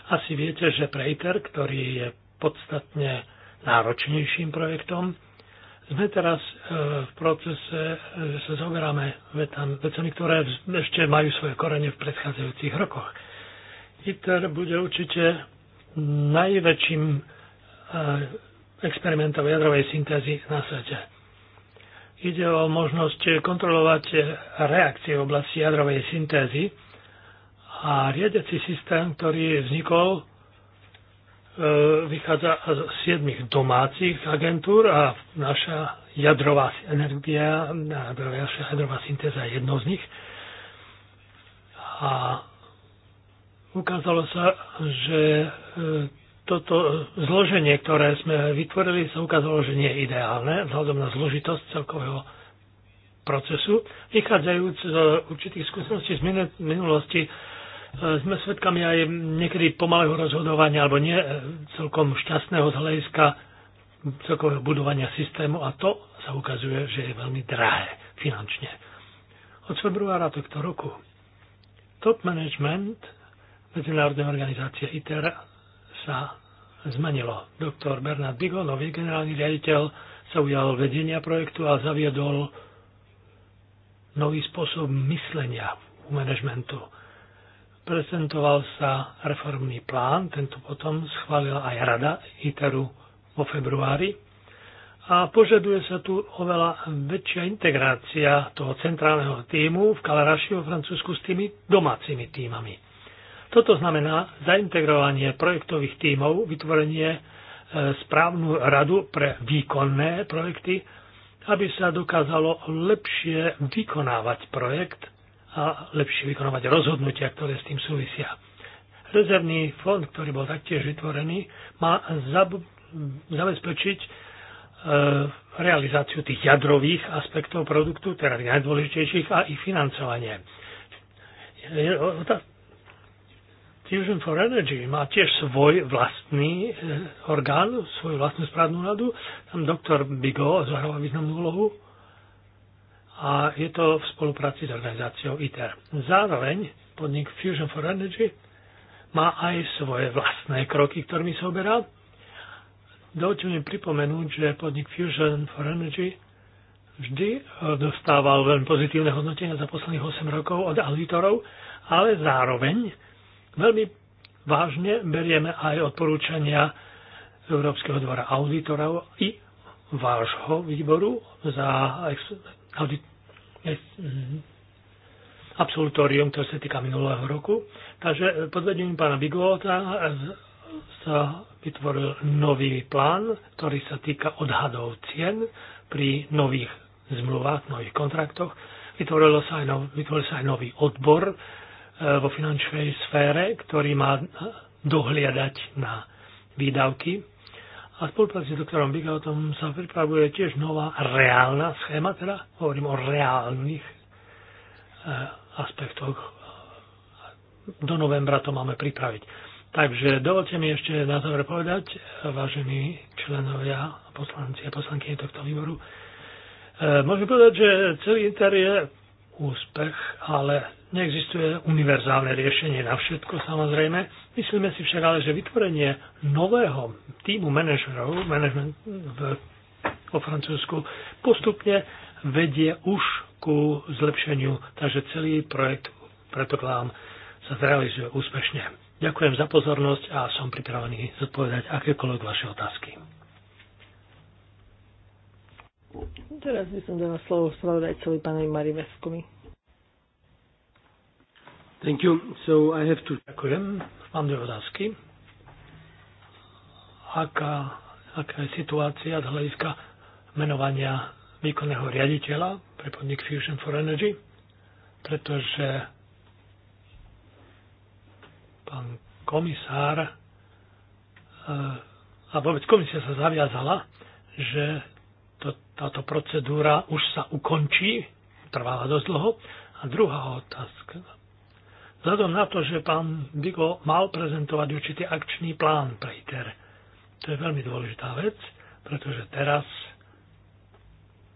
Asi viete, že pre ITER, ktorý je podstatne náročnejším projektom, sme teraz e, v procese, že sa zaoberáme vecami, ktoré ešte majú svoje korene v predchádzajúcich rokoch. ITER bude určite najväčším e, experimentom jadrovej syntézy na svete. Ide o možnosť kontrolovať reakcie v oblasti jadrovej syntézy a riadiaci systém, ktorý vznikol, e, vychádza z siedmých domácich agentúr a naša jadrová energia, naša jadrová syntéza je jednou z nich. A Ukázalo sa, že e, toto zloženie, ktoré sme vytvorili, sa ukázalo, že nie je ideálne vzhľadom na zložitosť celkového procesu. Vychádzajúc z určitých skúseností z minulosti, e, sme svedkami aj niekedy pomalého rozhodovania alebo nie e, celkom šťastného z hľadiska celkového budovania systému a to sa ukazuje, že je veľmi drahé finančne. Od februára tohto roku top management medzinárodnej organizácie ITER sa zmenilo. Doktor Bernard Bigo, nový generálny riaditeľ, sa ujal vedenia projektu a zaviedol nový spôsob myslenia u manažmentu. Prezentoval sa reformný plán, tento potom schválila aj rada ITERu vo februári a požaduje sa tu oveľa väčšia integrácia toho centrálneho týmu v Kalaraši vo Francúzsku s tými domácimi týmami. Toto znamená zaintegrovanie projektových tímov, vytvorenie e, správnu radu pre výkonné projekty, aby sa dokázalo lepšie vykonávať projekt a lepšie vykonávať rozhodnutia, ktoré s tým súvisia. Rezervný fond, ktorý bol taktiež vytvorený, má zabezpečiť e, realizáciu tých jadrových aspektov produktu, teda najdôležitejších, a ich financovanie. Fusion for Energy má tiež svoj vlastný e, orgán, svoju vlastnú správnu radu. Tam doktor Bigo zahráva významnú úlohu a je to v spolupráci s organizáciou ITER. Zároveň podnik Fusion for Energy má aj svoje vlastné kroky, ktorými sa oberá. Dovolte mi pripomenúť, že podnik Fusion for Energy vždy e, dostával veľmi pozitívne hodnotenia za posledných 8 rokov od auditorov, ale zároveň Veľmi vážne berieme aj odporúčania Európskeho dvora auditorov i vášho výboru za audit, absolutórium, ktoré sa týka minulého roku. Takže pod vedením pána Bigolota sa vytvoril nový plán, ktorý sa týka odhadov cien pri nových zmluvách, nových kontraktoch. Vytvoril sa aj nov, vytvoril sa aj nový odbor, vo finančnej sfére, ktorý má dohliadať na výdavky. A v spolupráci s doktorom Bigotom sa pripravuje tiež nová reálna schéma, teda hovorím o reálnych eh, aspektoch. Do novembra to máme pripraviť. Takže dovolte mi ešte na záver povedať, eh, vážení členovia a poslanci a poslanky tohto výboru, eh, Môžem povedať, že celý interiér úspech, ale neexistuje univerzálne riešenie na všetko samozrejme. Myslíme si však ale, že vytvorenie nového týmu manažerov management v, vo Francúzsku postupne vedie už ku zlepšeniu, takže celý projekt vám sa zrealizuje úspešne. Ďakujem za pozornosť a som pripravený zodpovedať akékoľvek vaše otázky. Teraz by som dala slovo spravodajcovi pánovi Veskovi. Thank you. So I have to... Ďakujem. Mám dve otázky. Aká, aká je situácia z hľadiska menovania výkonného riaditeľa pre podnik Fusion for Energy? Pretože pán komisár eh, a vôbec komisia sa zaviazala, že to, táto procedúra už sa ukončí, trvala dosť dlho. A druhá otázka. Vzhľadom na to, že pán Bigo mal prezentovať určitý akčný plán pre ITER, to je veľmi dôležitá vec, pretože teraz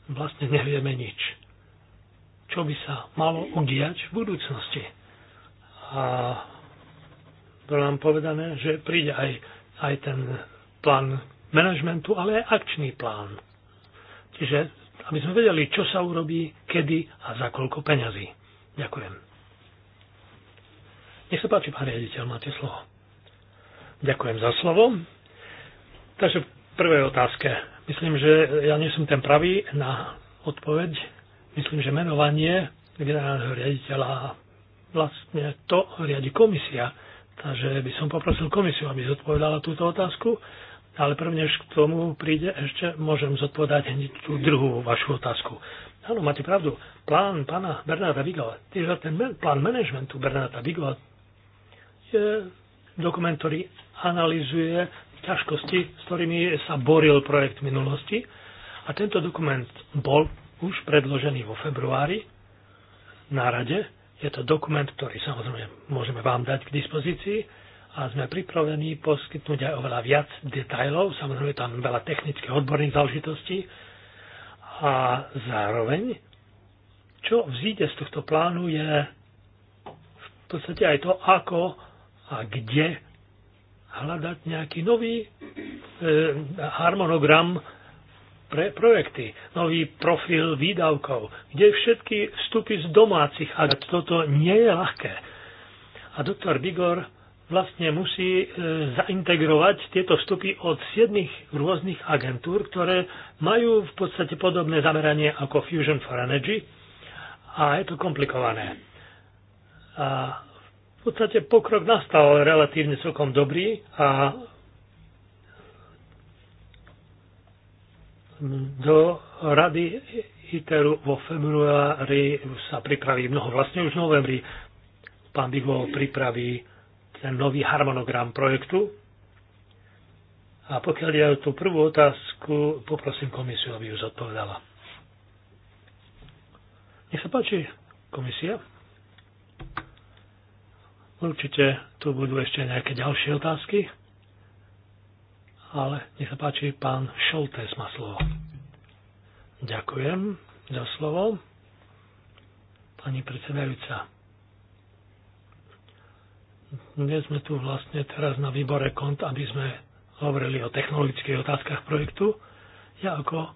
vlastne nevieme nič. Čo by sa malo udiať v budúcnosti. A bolo nám povedané, že príde aj, aj ten plán manažmentu, ale aj akčný plán. Čiže aby sme vedeli, čo sa urobí, kedy a za koľko peňazí. Ďakujem. Nech sa páči, pán riaditeľ, máte slovo. Ďakujem za slovo. Takže v prvej otázke. Myslím, že ja nie som ten pravý na odpoveď. Myslím, že menovanie generálneho riaditeľa vlastne to riadi komisia. Takže by som poprosil komisiu, aby zodpovedala túto otázku. Ale prvne, k tomu príde, ešte môžem zodpovedať tú druhú vašu otázku. Áno, máte pravdu. Plán pána Bernáta Vigala, tiež ten plán manažmentu Bernáta Vigala je dokument, ktorý analizuje ťažkosti, s ktorými sa boril projekt v minulosti. A tento dokument bol už predložený vo februári na rade. Je to dokument, ktorý samozrejme môžeme vám dať k dispozícii a sme pripravení poskytnúť aj oveľa viac detajlov, samozrejme tam veľa technických odborných záležitostí a zároveň, čo vzíde z tohto plánu je v podstate aj to, ako a kde hľadať nejaký nový e, harmonogram pre projekty, nový profil výdavkov, kde všetky vstupy z domácich, a toto nie je ľahké. A doktor Bigor vlastne musí e, zaintegrovať tieto vstupy od siedmých rôznych agentúr, ktoré majú v podstate podobné zameranie ako Fusion for Energy a je to komplikované. A v podstate pokrok nastal relatívne celkom dobrý a do rady ITERu vo februári sa pripraví mnoho, vlastne už v novembri pán Bigol pripraví ten nový harmonogram projektu. A pokiaľ je tú prvú otázku, poprosím komisiu, aby ju zodpovedala. Nech sa páči, komisia. Určite tu budú ešte nejaké ďalšie otázky, ale nech sa páči, pán Šoltes má slovo. Ďakujem za slovo. Pani predsedajúca, nie sme tu vlastne teraz na výbore kont, aby sme hovorili o technologických otázkach projektu. Ja ako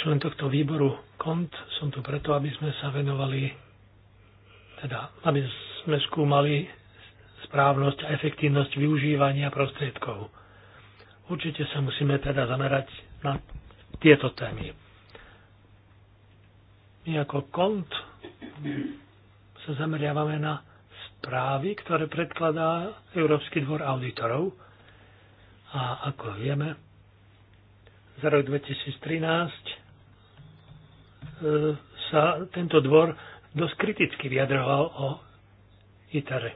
člen tohto výboru kont som tu preto, aby sme sa venovali, teda aby sme skúmali správnosť a efektívnosť využívania prostriedkov. Určite sa musíme teda zamerať na tieto témy. My ako kont sa zameriavame na správy, ktoré predkladá Európsky dvor auditorov. A ako vieme, za rok 2013 e, sa tento dvor dosť kriticky vyjadroval o ITERE.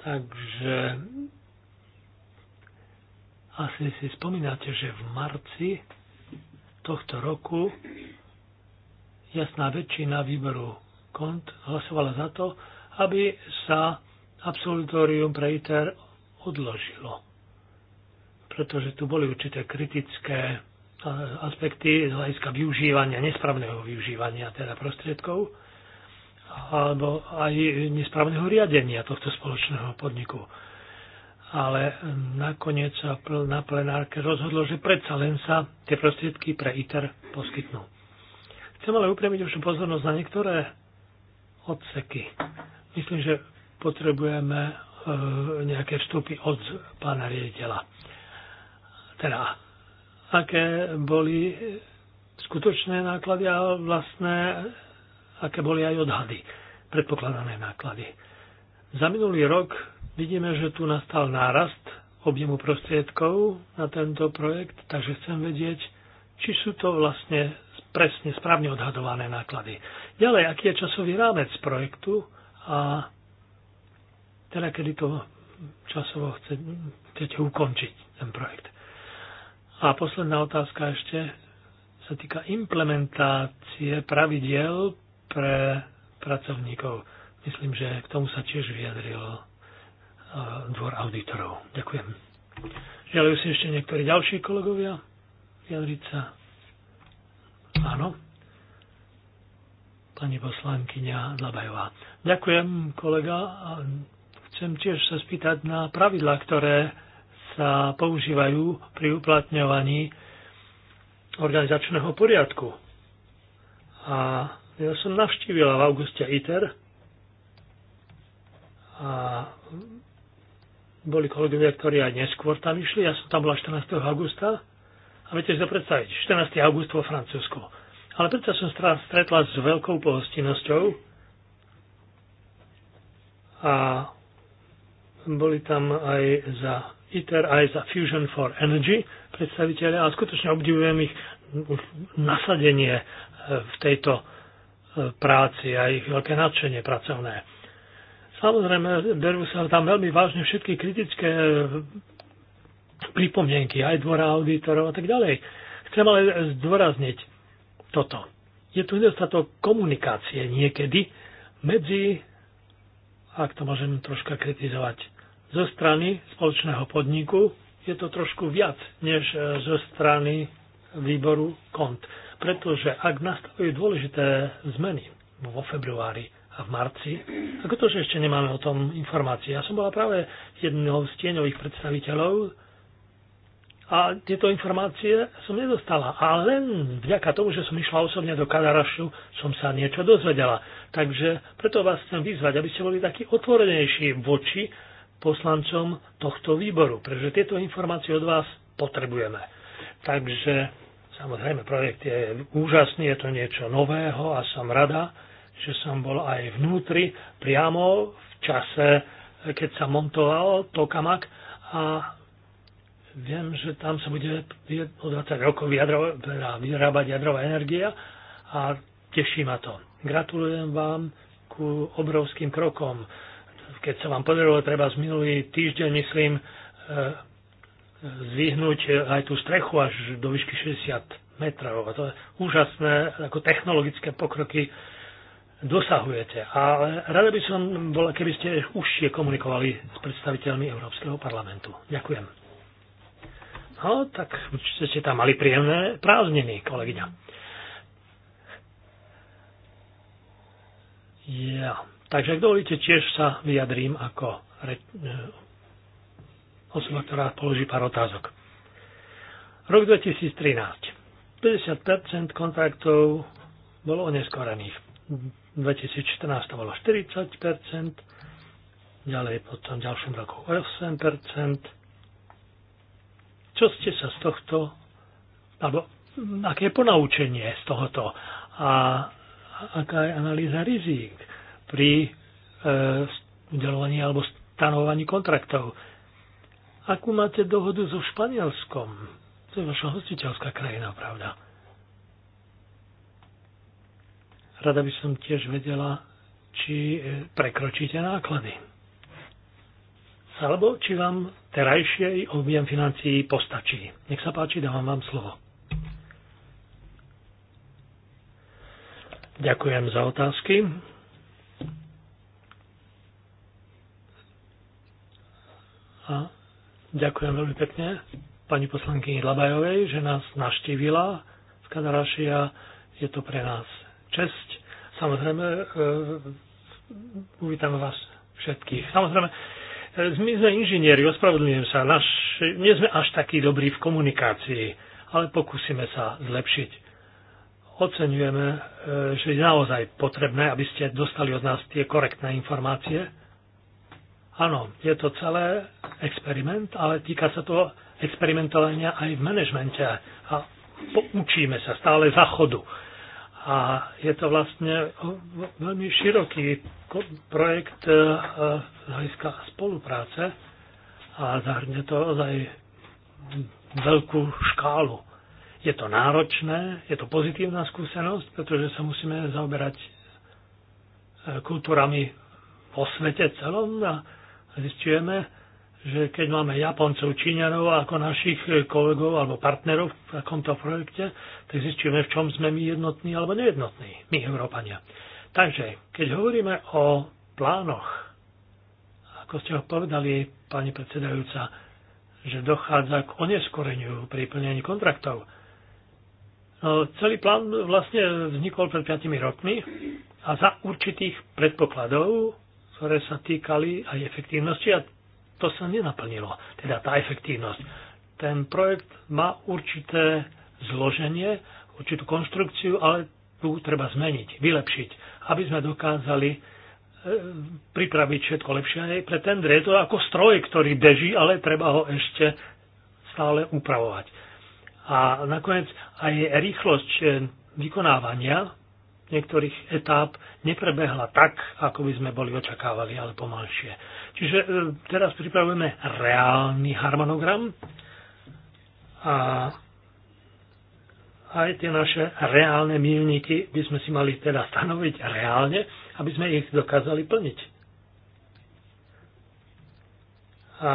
Takže asi si spomínate, že v marci tohto roku jasná väčšina výboru kont hlasovala za to, aby sa absolutórium pre ITER odložilo. Pretože tu boli určité kritické eh, aspekty z hľadiska využívania, nesprávneho využívania teda prostriedkov alebo aj nesprávneho riadenia tohto spoločného podniku. Ale hm, nakoniec sa na plenárke rozhodlo, že predsa len sa tie prostriedky pre ITER poskytnú. Chcem ale upriamiť už pozornosť na niektoré odseky. Myslím, že potrebujeme e, nejaké vstupy od pána riediteľa. Teda, aké boli skutočné náklady a vlastné, aké boli aj odhady, predpokladané náklady. Za minulý rok vidíme, že tu nastal nárast objemu prostriedkov na tento projekt, takže chcem vedieť, či sú to vlastne presne správne odhadované náklady. Ďalej, aký je časový rámec projektu a teda kedy to časovo chcete ukončiť ten projekt. A posledná otázka ešte sa týka implementácie pravidiel pre pracovníkov. Myslím, že k tomu sa tiež vyjadril e, dvor auditorov. Ďakujem. Želajú si ešte niektorí ďalší kolegovia vyjadriť sa. Áno. Pani poslankyňa Dlabajová. Ďakujem, kolega. Chcem tiež sa spýtať na pravidlá, ktoré sa používajú pri uplatňovaní organizačného poriadku. A ja som navštívila v auguste ITER a boli kolegovia, ktorí aj neskôr tam išli. Ja som tam bola 14. augusta a viete že to predstaviť, 14. august vo Francúzsku. Ale predsa som stretla s veľkou pohostinnosťou a boli tam aj za ITER, aj za Fusion for Energy predstaviteľe a skutočne obdivujem ich nasadenie e, v tejto e, práci a ich veľké nadšenie pracovné. Samozrejme, berú sa tam veľmi vážne všetky kritické e, pripomienky aj dvora auditorov a tak ďalej. Chcem ale zdôrazniť toto. Je tu nedostatok komunikácie niekedy medzi, ak to môžem troška kritizovať, zo strany spoločného podniku je to trošku viac než e, zo strany výboru kont. Pretože ak nastavujú dôležité zmeny vo februári a v marci, ako to, že ešte nemáme o tom informácie. Ja som bola práve jednou z tieňových predstaviteľov a tieto informácie som nedostala. A len vďaka tomu, že som išla osobne do Kadarašu, som sa niečo dozvedela. Takže preto vás chcem vyzvať, aby ste boli takí otvorenejší voči poslancom tohto výboru, pretože tieto informácie od vás potrebujeme. Takže samozrejme projekt je úžasný, je to niečo nového a som rada, že som bol aj vnútri, priamo v čase, keď sa montoval Tokamak a Viem, že tam sa bude o 20 rokov vyrábať jadrová energia a teší ma to. Gratulujem vám ku obrovským krokom. Keď sa vám podarilo treba z minulý týždeň, myslím, e, zvyhnúť aj tú strechu až do výšky 60 metrov. A to je úžasné, ako technologické pokroky dosahujete. A rada by som bola, keby ste užšie komunikovali s predstaviteľmi Európskeho parlamentu. Ďakujem. No, tak určite ste tam mali príjemné prázdniny, kolegyňa. Ja. Takže, ak dovolíte, tiež sa vyjadrím ako re... Eh, osoba, ktorá položí pár otázok. Rok 2013. 50% kontraktov bolo oneskorených. 2014 to bolo 40%, ďalej potom v ďalšom roku 8%, čo ste sa z tohto, alebo aké je ponaučenie z tohoto a aká je analýza rizík pri e, udelovaní alebo stanovaní kontraktov. Akú máte dohodu so Španielskom? To je vaša hostiteľská krajina, pravda? Rada by som tiež vedela, či e, prekročíte náklady alebo či vám terajšie objem financií postačí. Nech sa páči, dávam vám slovo. Ďakujem za otázky. A ďakujem veľmi pekne pani poslankyni Labajovej, že nás naštívila v Kadaraši a je to pre nás čest. Samozrejme, e, e, uvítame vás všetkých. Samozrejme, my sme inžinieri, ospravedlňujem sa, naš, nie sme až takí dobrí v komunikácii, ale pokúsime sa zlepšiť. Oceňujeme, e, že je naozaj potrebné, aby ste dostali od nás tie korektné informácie. Áno, je to celé experiment, ale týka sa to experimentovania aj v manažmente a učíme sa stále za chodu. A je to vlastne veľmi široký projekt e, z hľadiska spolupráce a zahrne to aj veľkú škálu. Je to náročné, je to pozitívna skúsenosť, pretože sa musíme zaoberať e, kultúrami po svete celom a zistujeme, že keď máme Japoncov, Číňanov ako našich kolegov alebo partnerov v takomto projekte, tak zistíme, v čom sme my jednotní alebo nejednotní, my Európania. Takže, keď hovoríme o plánoch, ako ste ho povedali, pani predsedajúca, že dochádza k oneskoreniu pri plnení kontraktov. No, celý plán vlastne vznikol pred 5 rokmi a za určitých predpokladov, ktoré sa týkali aj efektívnosti a to sa nenaplnilo, teda tá efektívnosť. Ten projekt má určité zloženie, určitú konštrukciu, ale tu treba zmeniť, vylepšiť, aby sme dokázali e, pripraviť všetko lepšie aj pre tendre. Je to ako stroj, ktorý beží, ale treba ho ešte stále upravovať. A nakoniec aj rýchlosť e, vykonávania niektorých etáp neprebehla tak, ako by sme boli očakávali, ale pomalšie. Čiže e, teraz pripravujeme reálny harmonogram a aj tie naše reálne milníky by sme si mali teda stanoviť reálne, aby sme ich dokázali plniť. A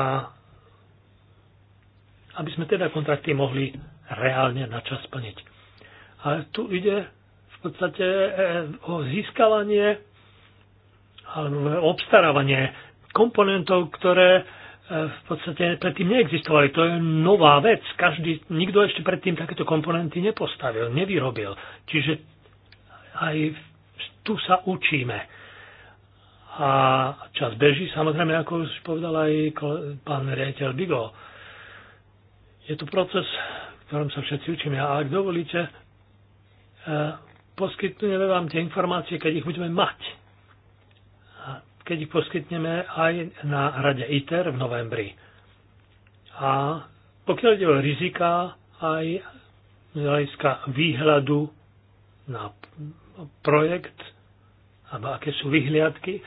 aby sme teda kontrakty mohli reálne na čas plniť. Ale tu ide podstate e, o získavanie alebo obstarávanie komponentov, ktoré e, v podstate predtým neexistovali. To je nová vec. Každý, nikto ešte predtým takéto komponenty nepostavil, nevyrobil. Čiže aj tu sa učíme. A čas beží, samozrejme, ako už povedal aj pán riaditeľ Bigo. Je to proces, v ktorom sa všetci učíme. A ak dovolíte, e, poskytneme vám tie informácie, keď ich budeme mať. A keď ich poskytneme aj na rade ITER v novembri. A pokiaľ ide o rizika, aj z hľadiska výhľadu na projekt, alebo aké sú vyhliadky,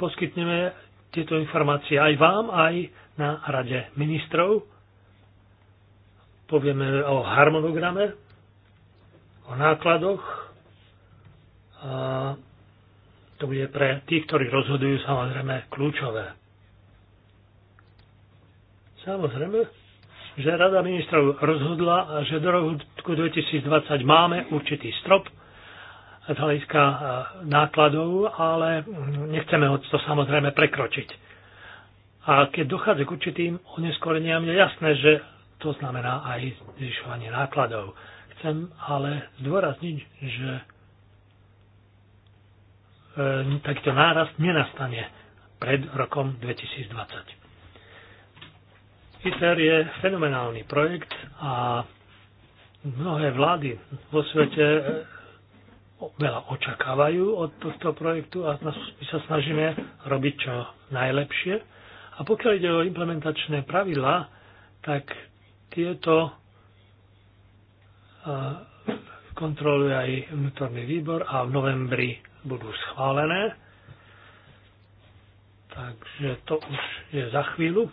poskytneme tieto informácie aj vám, aj na Rade ministrov. Povieme o harmonograme, o nákladoch to bude pre tých, ktorí rozhodujú, samozrejme kľúčové. Samozrejme, že Rada ministrov rozhodla, že do roku 2020 máme určitý strop z hľadiska e, nákladov, ale nechceme ho to samozrejme prekročiť. A keď dochádza k určitým oneskoreniam, je jasné, že to znamená aj zvyšovanie nákladov. Chcem ale zdôrazniť, že E, takýto nárast nenastane pred rokom 2020. ITER je fenomenálny projekt a mnohé vlády vo svete e, veľa očakávajú od tohto projektu a my sa snažíme robiť čo najlepšie. A pokiaľ ide o implementačné pravidlá, tak tieto e, kontroluje aj vnútorný výbor a v novembri budú schválené. Takže to už je za chvíľu.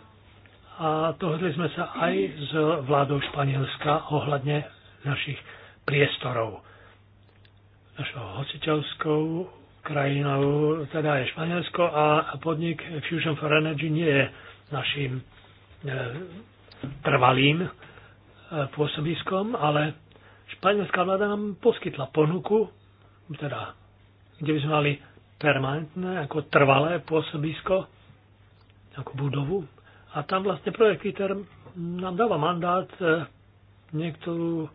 A dohodli sme sa aj s vládou Španielska ohľadne našich priestorov. Našou hociteľskou krajinou teda je Španielsko a podnik Fusion for Energy nie je našim e, trvalým e, pôsobiskom, ale španielská vláda nám poskytla ponuku, teda kde by sme mali permanentné, ako trvalé pôsobisko, ako budovu. A tam vlastne projekt ITER nám dáva mandát e, niektorú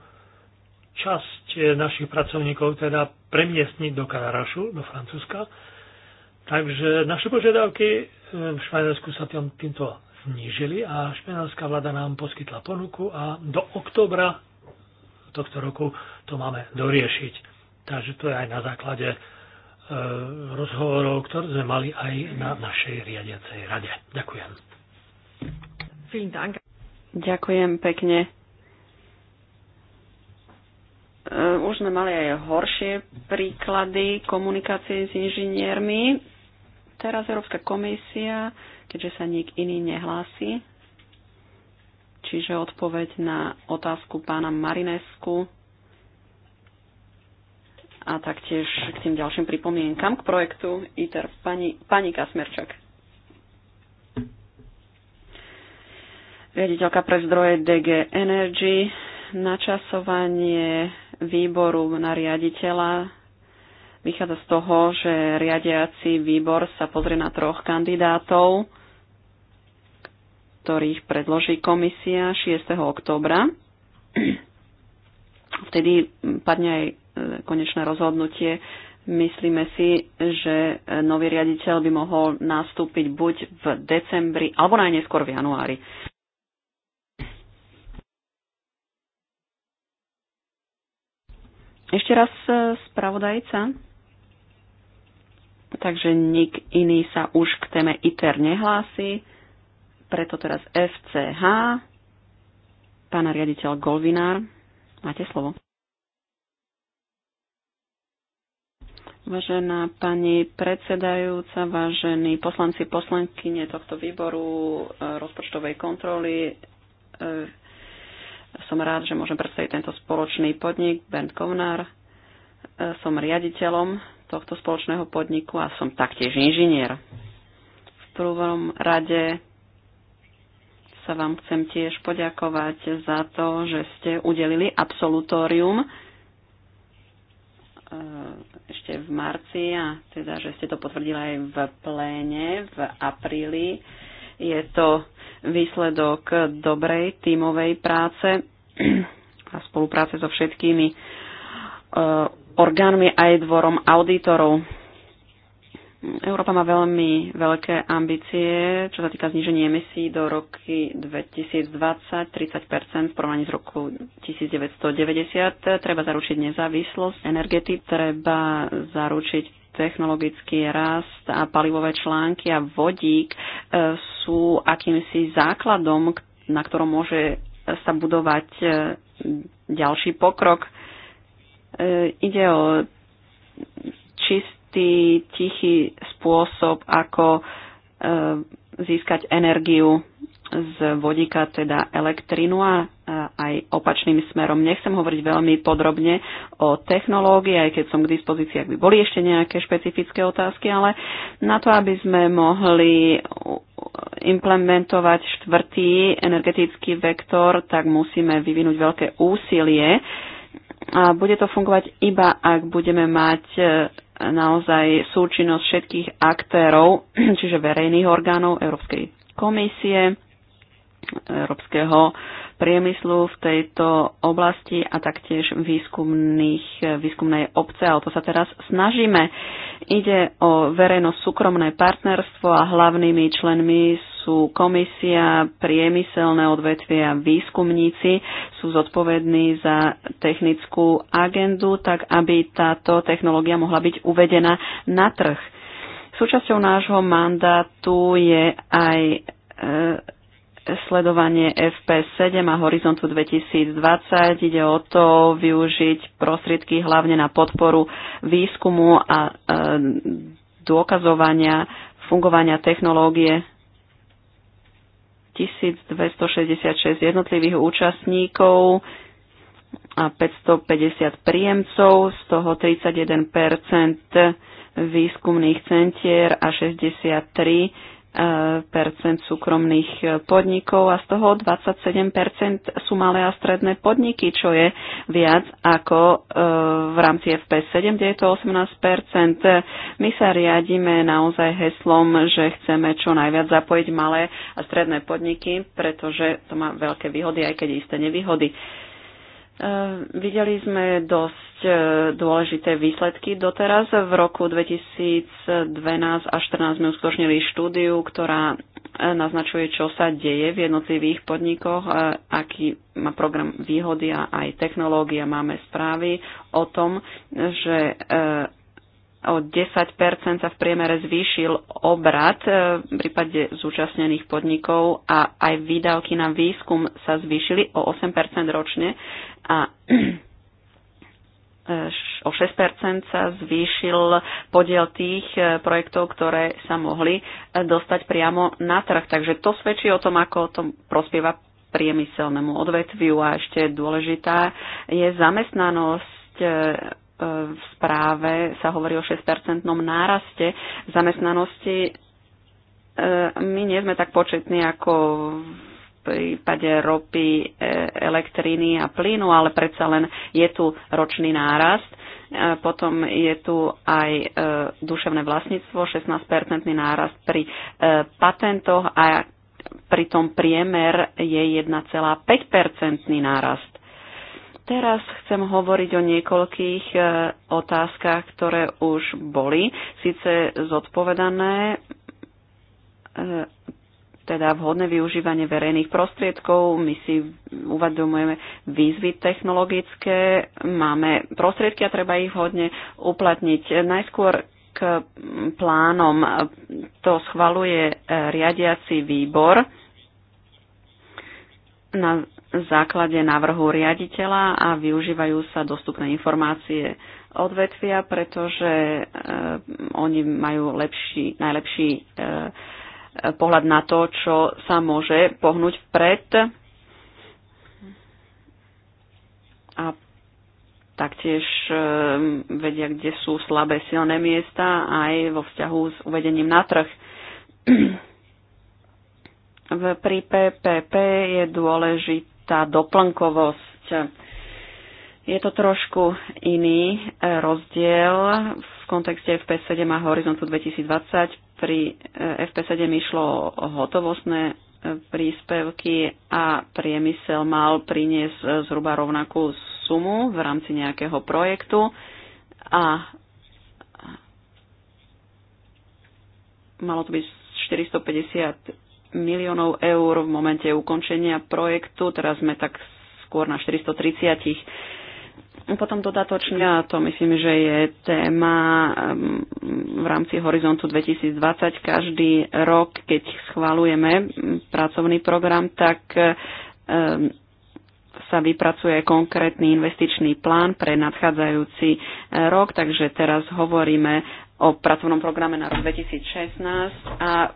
časť e, našich pracovníkov teda premiestniť do Karašu, do Francúzska. Takže naše požiadavky e, v Španielsku sa tým, týmto znížili a španielská vláda nám poskytla ponuku a do oktobra tohto roku to máme doriešiť. Takže to je aj na základe Eh, rozhovorov, ktoré sme mali aj na našej riadiacej rade. Ďakujem. Ďakujem pekne. Eh, už sme mali aj horšie príklady komunikácie s inžiniermi. Teraz Európska komisia, keďže sa nik iný nehlási, čiže odpoveď na otázku pána Marinesku a taktiež k tým ďalším pripomienkam k projektu ITER. Pani, pani Kasmerčak. Riaditeľka pre zdroje DG Energy, načasovanie výboru na riaditeľa vychádza z toho, že riadiaci výbor sa pozrie na troch kandidátov, ktorých predloží komisia 6. oktobra. Vtedy padne aj konečné rozhodnutie. Myslíme si, že nový riaditeľ by mohol nastúpiť buď v decembri, alebo najneskôr v januári. Ešte raz e, spravodajca. Takže nik iný sa už k téme ITER nehlási. Preto teraz FCH. Pána riaditeľ Golvinár, máte slovo. Vážená pani predsedajúca, vážení poslanci, poslankyne tohto výboru e, rozpočtovej kontroly, e, som rád, že môžem predstaviť tento spoločný podnik Bernd Kovnár. E, som riaditeľom tohto spoločného podniku a som taktiež inžinier. V prvom rade sa vám chcem tiež poďakovať za to, že ste udelili absolutórium ešte v marci a teda, že ste to potvrdili aj v pléne v apríli. Je to výsledok dobrej tímovej práce a spolupráce so všetkými eh, orgánmi aj dvorom auditorov Európa má veľmi veľké ambície, čo sa týka zniženia emisí do roky 2020, 30 v porovnaní z roku 1990. Treba zaručiť nezávislosť energetiky, treba zaručiť technologický rast a palivové články a vodík e, sú akýmsi základom, na ktorom môže sa budovať e, ďalší pokrok. E, ide o čist istý tichý spôsob, ako e, získať energiu z vodíka, teda elektrínu a aj opačným smerom. Nechcem hovoriť veľmi podrobne o technológii, aj keď som k dispozícii, ak by boli ešte nejaké špecifické otázky, ale na to, aby sme mohli implementovať štvrtý energetický vektor, tak musíme vyvinúť veľké úsilie. A bude to fungovať iba, ak budeme mať e, naozaj súčinnosť všetkých aktérov, čiže verejných orgánov Európskej komisie, európskeho priemyslu v tejto oblasti a taktiež výskumných, výskumnej obce, ale to sa teraz snažíme. Ide o verejno-súkromné partnerstvo a hlavnými členmi sú komisia, priemyselné odvetvia, výskumníci sú zodpovední za technickú agendu, tak aby táto technológia mohla byť uvedená na trh. Súčasťou nášho mandátu je aj e, sledovanie FP7 a Horizontu 2020. Ide o to využiť prostriedky hlavne na podporu výskumu a e, dôkazovania fungovania technológie 1266 jednotlivých účastníkov a 550 príjemcov, z toho 31 výskumných centier a 63 súkromných e, podnikov a z toho 27 sú malé a stredné podniky, čo je viac ako e, v rámci FP7, kde je to 18 My sa riadíme naozaj heslom, že chceme čo najviac zapojiť malé a stredné podniky, pretože to má veľké výhody, aj keď isté nevýhody. Eh, videli sme dosť eh, dôležité výsledky doteraz. V roku 2012 a 2014 sme uskutočnili štúdiu, ktorá eh, naznačuje, čo sa deje v jednotlivých podnikoch, aký má program výhody a aj technológia. Máme správy o tom, že o 10 sa v priemere zvýšil obrad v prípade zúčastnených podnikov a aj výdavky na výskum sa zvýšili o 8 ročne a o 6 sa zvýšil podiel tých e, projektov, ktoré sa mohli e, dostať priamo na trh. Takže to svedčí o tom, ako to prospieva priemyselnému odvetviu a ešte dôležitá je zamestnanosť e, v správe sa hovorí o 6-percentnom náraste zamestnanosti. My nie sme tak početní ako v prípade ropy, e, elektriny a plynu, ale predsa len je tu ročný nárast. E, potom je tu aj e, duševné vlastníctvo, 16-percentný nárast pri patentoch a pritom priemer je 1,5-percentný nárast. Teraz chcem hovoriť o niekoľkých otázkach, ktoré už boli síce zodpovedané teda vhodné využívanie verejných prostriedkov. My si uvedomujeme výzvy technologické, máme prostriedky a treba ich vhodne uplatniť. Najskôr k plánom to schvaluje riadiaci výbor na základe návrhu riaditeľa a využívajú sa dostupné informácie odvetvia, pretože e, oni majú lepší, najlepší e, pohľad na to, čo sa môže pohnúť vpred. A taktiež ehm, vedia, kde sú slabé silné miesta aj vo vzťahu s uvedením na trh. V pri PPP je dôležitá doplnkovosť. Je to trošku iný eh, rozdiel v kontexte FP7 a Horizontu 2020. Pri eh, FP7 išlo o hotovostné eh, príspevky a priemysel mal priniesť eh, zhruba rovnakú sumu v rámci nejakého projektu a malo to byť 450 miliónov eur v momente ukončenia projektu, teraz sme tak skôr na 430 potom dodatočne, a to myslím, že je téma um, v rámci Horizontu 2020, každý rok, keď schválujeme pracovný program, tak um, sa vypracuje konkrétny investičný plán pre nadchádzajúci uh, rok, takže teraz hovoríme o pracovnom programe na rok 2016 a uh,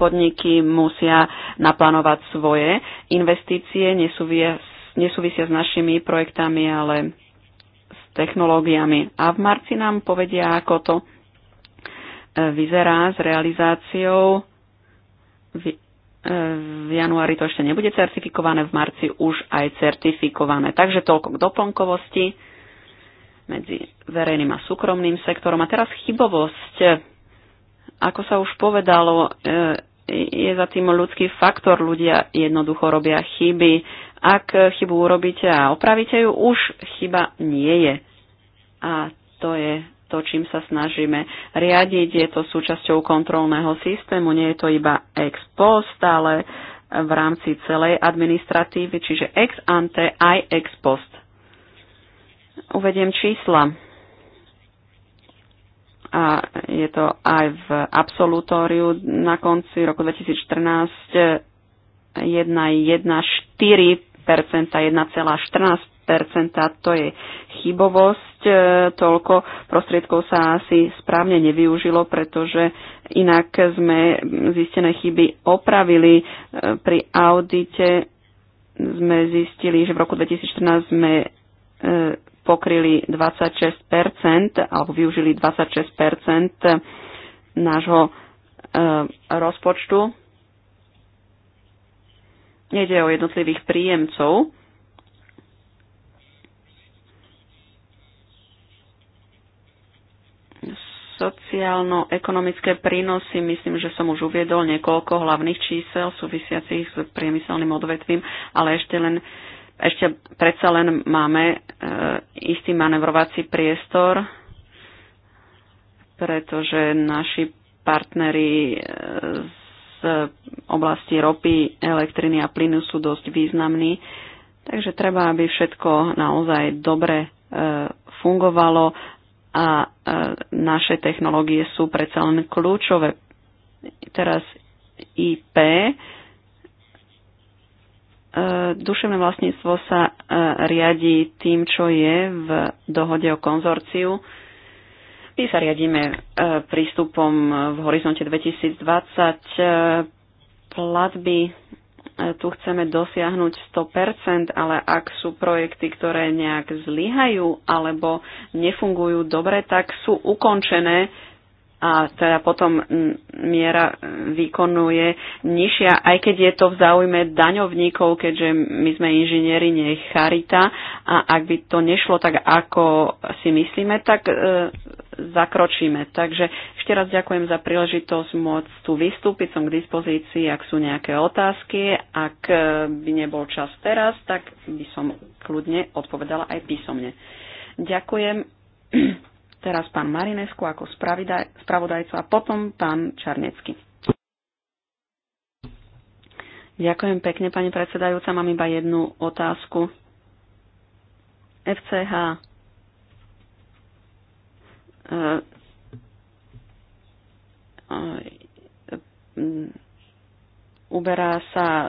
podniky musia naplánovať svoje investície, nesúvisia, nesúvisia s našimi projektami, ale technológiami. A v marci nám povedia, ako to e, vyzerá s realizáciou. E, v, januári to ešte nebude certifikované, v marci už aj certifikované. Takže toľko k doplnkovosti medzi verejným a súkromným sektorom. A teraz chybovosť. Ako sa už povedalo, e, je za tým ľudský faktor. Ľudia jednoducho robia chyby ak chybu urobíte a opravíte ju, už chyba nie je. A to je to, čím sa snažíme riadiť. Je to súčasťou kontrolného systému, nie je to iba ex post, ale v rámci celej administratívy, čiže ex ante aj ex post. Uvediem čísla. A je to aj v absolutóriu na konci roku 2014 1,14 1,14 to je chybovosť. E, toľko prostriedkov sa asi správne nevyužilo, pretože inak sme zistené chyby opravili e, pri audite sme zistili, že v roku 2014 sme e, pokryli 26 alebo využili 26 nášho rozpočtu Nejde o jednotlivých príjemcov. Sociálno-ekonomické prínosy, myslím, že som už uviedol niekoľko hlavných čísel súvisiacich s priemyselným odvetvím, ale ešte len ešte predsa len máme e, istý manevrovací priestor, pretože naši partneri z e, oblasti ropy, elektriny a plynu sú dosť významní. Takže treba, aby všetko naozaj dobre e, fungovalo a e, naše technológie sú predsa len kľúčové. Teraz IP, e, duševné vlastníctvo sa riadi tým, čo je v dohode o konzorciu my sa riadíme e, prístupom v horizonte 2020 e, platby. E, tu chceme dosiahnuť 100%, ale ak sú projekty, ktoré nejak zlyhajú alebo nefungujú dobre, tak sú ukončené a teda potom miera výkonu je nižšia, aj keď je to v záujme daňovníkov, keďže my sme inžinieri, nie charita a ak by to nešlo tak, ako si myslíme, tak e, zakročíme. Takže ešte raz ďakujem za príležitosť môcť tu vystúpiť, som k dispozícii, ak sú nejaké otázky, ak e, by nebol čas teraz, tak by som kľudne odpovedala aj písomne. Ďakujem. Teraz pán Marinesku ako spravodajca a potom pán Čarnecký. Ďakujem pekne, pani predsedajúca. Mám iba jednu otázku. FCH e, e, uberá sa e,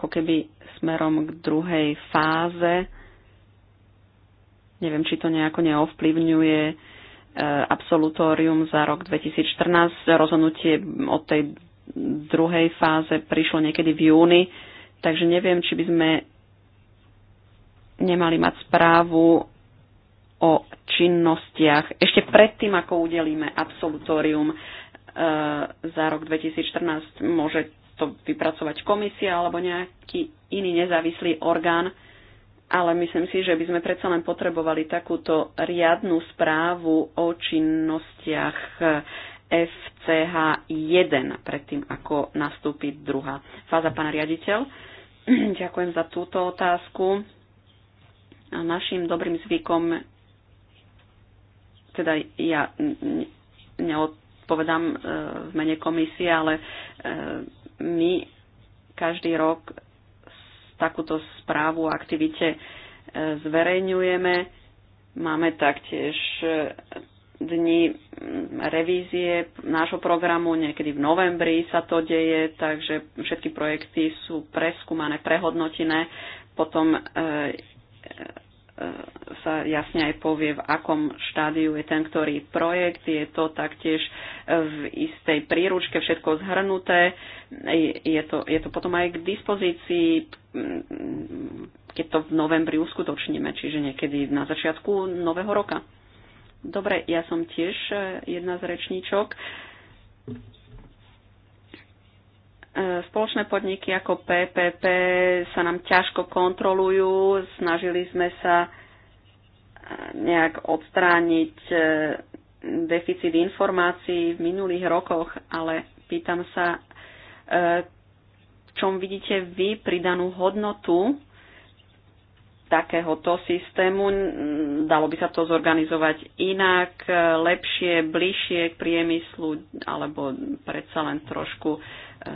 ako keby smerom k druhej fáze. Neviem, či to nejako neovplyvňuje absolutórium za rok 2014. Rozhodnutie od tej druhej fáze prišlo niekedy v júni, takže neviem, či by sme nemali mať správu o činnostiach ešte predtým, ako udelíme absolutórium e, za rok 2014. Môže to vypracovať komisia alebo nejaký iný nezávislý orgán ale myslím si, že by sme predsa len potrebovali takúto riadnu správu o činnostiach FCH1 predtým, ako nastúpi druhá fáza. Pán riaditeľ, ďakujem za túto otázku. A našim dobrým zvykom, teda ja neodpovedám e, v mene komisie, ale e, my každý rok takúto správu o aktivite e, zverejňujeme. Máme taktiež e, dni revízie nášho programu, niekedy v novembri sa to deje, takže všetky projekty sú preskúmané, prehodnotené. Potom e, sa jasne aj povie, v akom štádiu je ten, ktorý projekt. Je to taktiež v istej príručke všetko zhrnuté. Je to, je to potom aj k dispozícii, keď to v novembri uskutočníme, čiže niekedy na začiatku nového roka. Dobre, ja som tiež eh, jedna z rečníčok. E, spoločné podniky ako PPP sa nám ťažko kontrolujú. Snažili sme sa e, nejak odstrániť e, deficit informácií v minulých rokoch, ale pýtam sa, v čom vidíte vy pridanú hodnotu takéhoto systému. Dalo by sa to zorganizovať inak, lepšie, bližšie k priemyslu, alebo predsa len trošku E,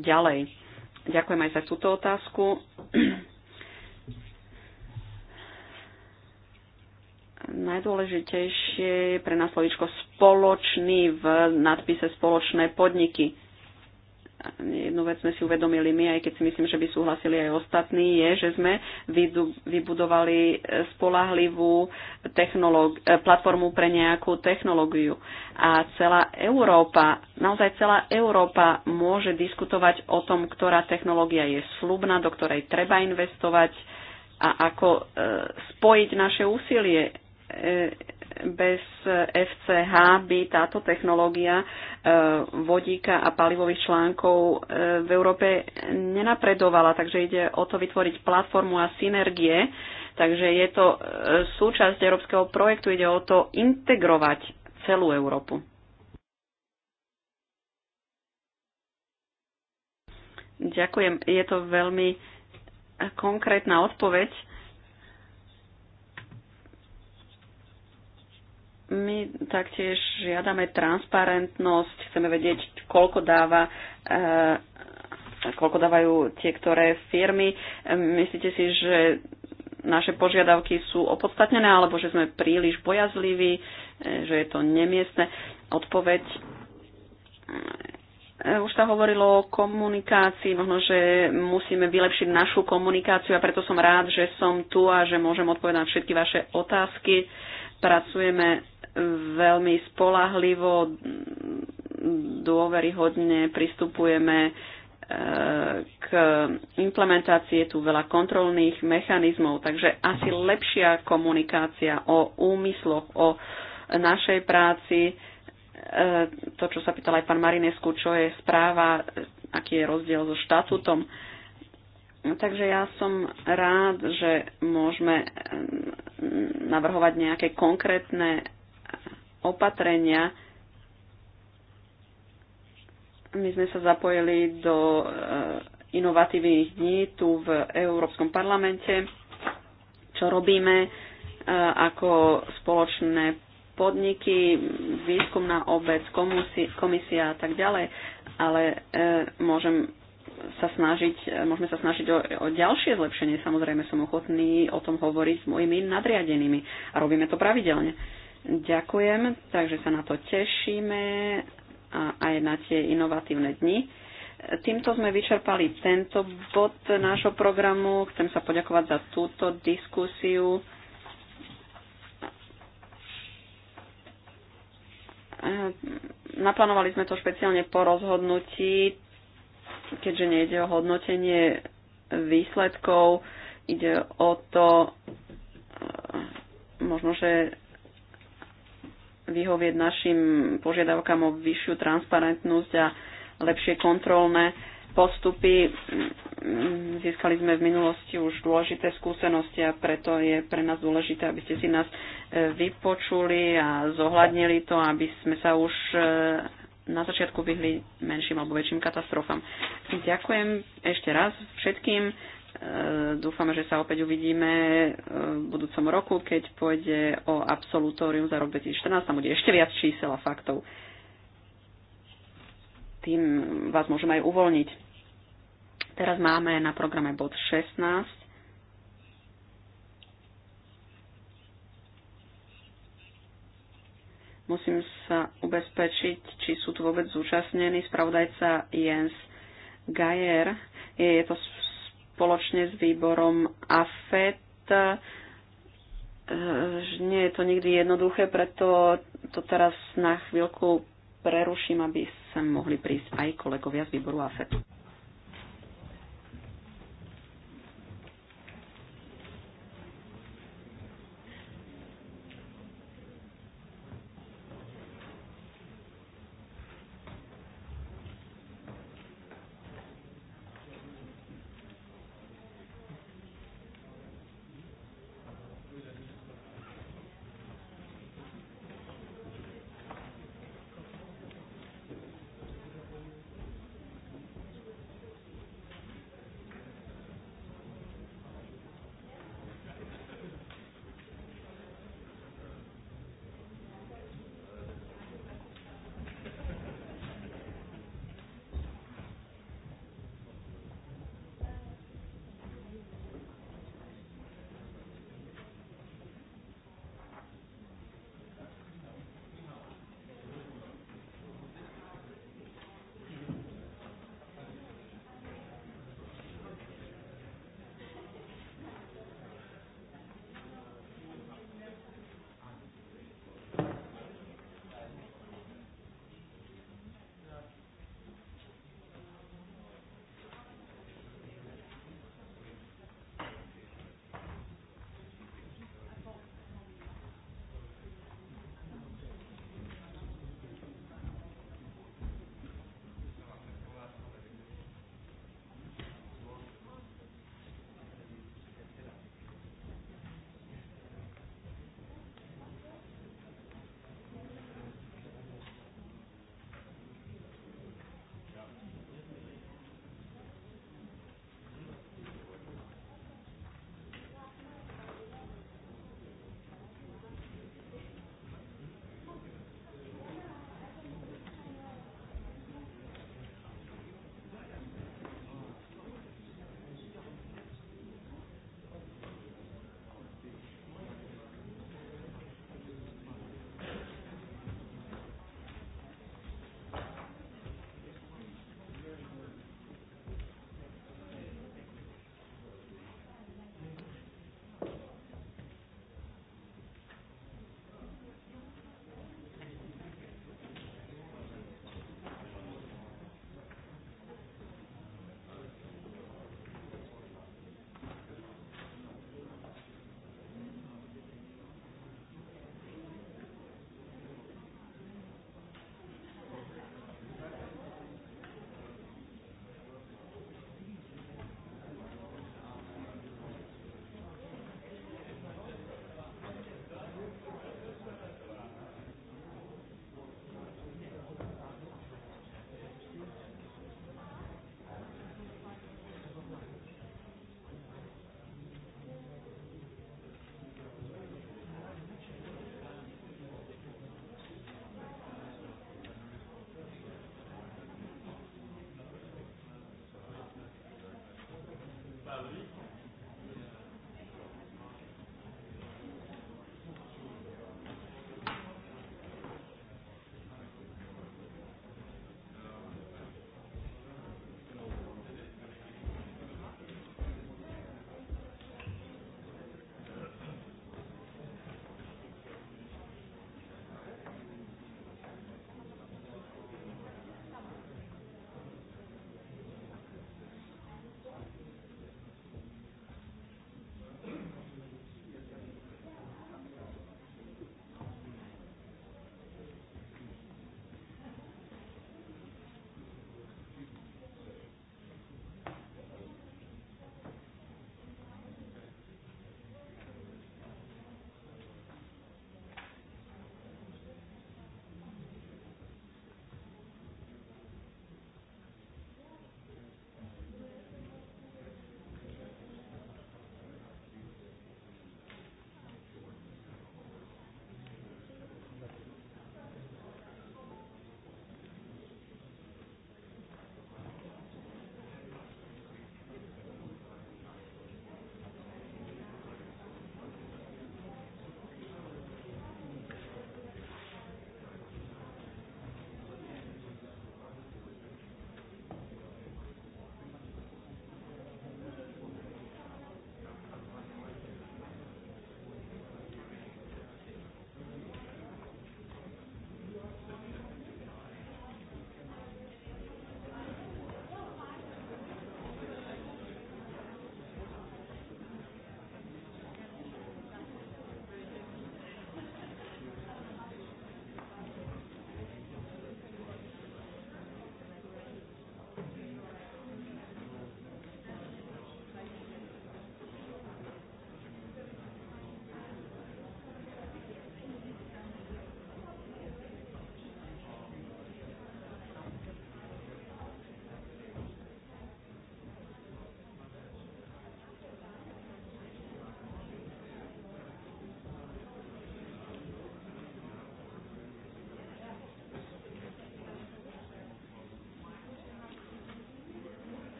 ďalej. Ďakujem aj za túto otázku. Najdôležitejšie je pre nás slovičko spoločný v nadpise spoločné podniky jednu vec sme si uvedomili my, aj keď si myslím, že by súhlasili aj ostatní, je, že sme vybudovali e, spolahlivú e, platformu pre nejakú technológiu. A celá Európa, naozaj celá Európa môže diskutovať o tom, ktorá technológia je slubná, do ktorej treba investovať a ako e, spojiť naše úsilie bez FCH by táto technológia e, vodíka a palivových článkov e, v Európe nenapredovala. Takže ide o to vytvoriť platformu a synergie. Takže je to e, súčasť európskeho projektu, ide o to integrovať celú Európu. Ďakujem. Je to veľmi konkrétna odpoveď My taktiež žiadame transparentnosť, chceme vedieť, koľko dáva eh, koľko dávajú tie ktoré firmy. Myslíte si, že naše požiadavky sú opodstatnené, alebo že sme príliš bojazliví, eh, že je to nemiestne. Odpoveď eh, už sa hovorilo o komunikácii, možno, že musíme vylepšiť našu komunikáciu a preto som rád, že som tu a že môžem odpovedať na všetky vaše otázky. Pracujeme veľmi spolahlivo, dôveryhodne pristupujeme e, k implementácii je tu veľa kontrolných mechanizmov, takže asi lepšia komunikácia o úmysloch, o našej práci, e, to, čo sa pýtal aj pán Marinesku, čo je správa, aký je rozdiel so štatútom. Takže ja som rád, že môžeme e, navrhovať nejaké konkrétne opatrenia. My sme sa zapojili do eh, inovatívnych dní tu v Európskom parlamente, čo robíme eh, ako spoločné podniky, výskumná obec, komisia, a tak ďalej, ale eh, môžem sa snažiť, môžeme sa snažiť o, o ďalšie zlepšenie. Samozrejme som ochotný o tom hovoriť s mojimi nadriadenými a robíme to pravidelne. Ďakujem, takže sa na to tešíme a aj na tie inovatívne dni. Týmto sme vyčerpali tento bod nášho programu. Chcem sa poďakovať za túto diskusiu. Naplánovali sme to špeciálne po rozhodnutí, keďže nejde o hodnotenie výsledkov, ide o to, možno, že vyhovieť našim požiadavkám o vyššiu transparentnosť a lepšie kontrolné postupy. Získali sme v minulosti už dôležité skúsenosti a preto je pre nás dôležité, aby ste si nás e, vypočuli a zohľadnili to, aby sme sa už e, na začiatku vyhli menším alebo väčším katastrofám. Ďakujem ešte raz všetkým E, dúfame, že sa opäť uvidíme e, v budúcom roku, keď pôjde o absolutórium za rok 2014. Tam bude ešte viac čísel a faktov. Tým vás môžeme aj uvoľniť. Teraz máme na programe bod 16. Musím sa ubezpečiť, či sú tu vôbec zúčastnení. Spravodajca Jens Gajer. je to spoločne s výborom AFET. Ehm, nie je to nikdy jednoduché, preto to teraz na chvíľku preruším, aby sa mohli prísť aj kolegovia z výboru AFET.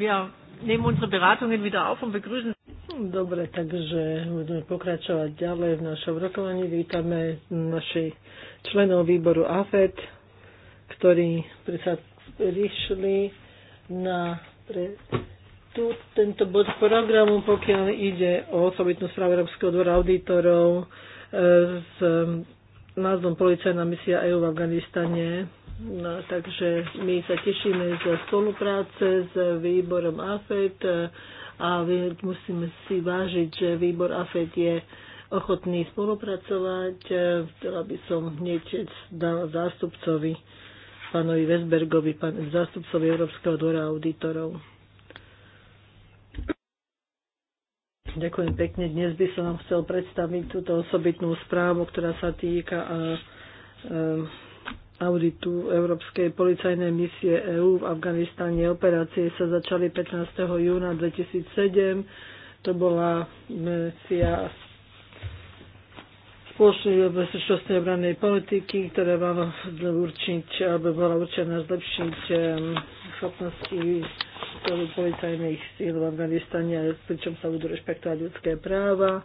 Wir nehmen unsere Beratungen wieder auf und begrüßen. Dobre, takže budeme pokračovať ďalej v našom rokovaní. Vítame našich členov výboru AFED, ktorí sa prišli na pre tu, tento bod programu, pokiaľ ide o osobitnú správu Európskeho dvora auditorov e, s názvom Policajná misia EU v Afganistane No, takže my sa tešíme za spolupráce s výborom AFED a musíme si vážiť, že výbor AFED je ochotný spolupracovať. Chcela by som hneď dala zástupcovi, pánovi Vesbergovi, pán, zástupcovi Európskeho dvora auditorov. Ďakujem pekne. Dnes by som vám chcel predstaviť túto osobitnú správu, ktorá sa týka uh, uh, auditu Európskej policajnej misie EÚ v Afganistane. Operácie sa začali 15. júna 2007. To bola misia spoločnej bezpečnostnej obrannej politiky, ktorá mala určiť, alebo bola určená zlepšiť schopnosti policajných síl v Afganistane, pričom sa budú rešpektovať ľudské práva.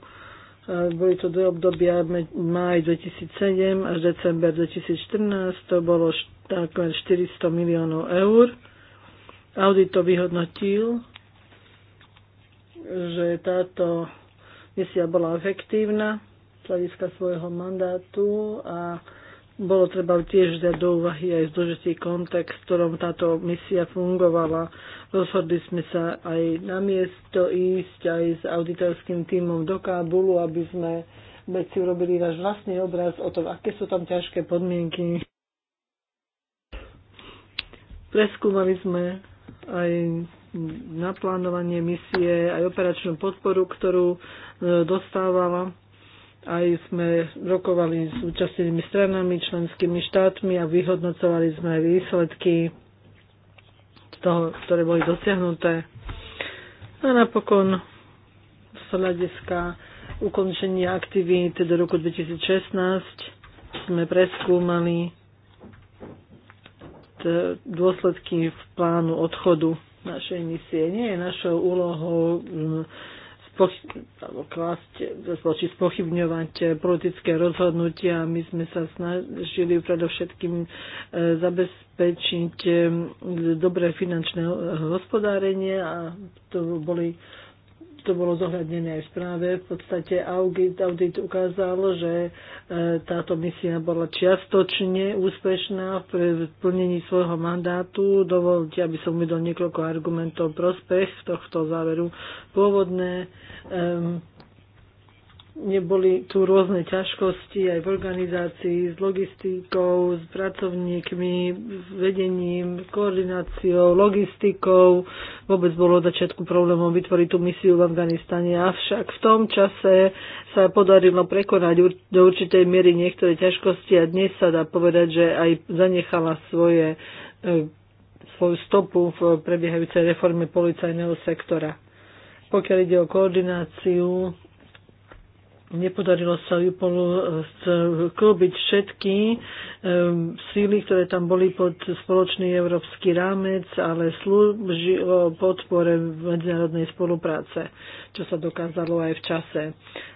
Boli to dve obdobia, máj 2007 až december 2014, to bolo takmer 400 miliónov eur. Audit to vyhodnotil, že táto misia bola efektívna z hľadiska svojho mandátu a bolo treba tiež vziať do úvahy aj zložitý kontext, v ktorom táto misia fungovala. Rozhodli sme sa aj na miesto ísť aj s auditorským tímom do Kábulu, aby sme veci urobili náš vlastný obraz o tom, aké sú tam ťažké podmienky. Preskúmali sme aj naplánovanie misie, aj operačnú podporu, ktorú e, dostávala aj sme rokovali s účastnými stranami, členskými štátmi a vyhodnocovali sme výsledky z toho, ktoré boli dosiahnuté. A napokon z hľadiska ukončenia aktivít do roku 2016 sme preskúmali dôsledky v plánu odchodu našej misie. Nie je našou úlohou spochy, spochybňovať politické rozhodnutia. My sme sa snažili predovšetkým e, zabezpečiť e, dobré finančné hospodárenie a to boli to bolo zohľadnené aj v správe. V podstate audit, audit ukázal, že e, táto misia bola čiastočne úspešná v plnení svojho mandátu. Dovolte, aby som uvedol niekoľko argumentov prospech tohto záveru. Pôvodné neboli tu rôzne ťažkosti aj v organizácii s logistikou, s pracovníkmi, s vedením, koordináciou, logistikou. Vôbec bolo od začiatku problémom vytvoriť tú misiu v Afganistane. Avšak v tom čase sa podarilo prekonať do určitej miery niektoré ťažkosti a dnes sa dá povedať, že aj zanechala svoje, e, svoju stopu v prebiehajúcej reforme policajného sektora. Pokiaľ ide o koordináciu, nepodarilo sa ju e, klobiť všetky e, síly, ktoré tam boli pod spoločný európsky rámec, ale slúžilo podpore medzinárodnej spolupráce, čo sa dokázalo aj v čase.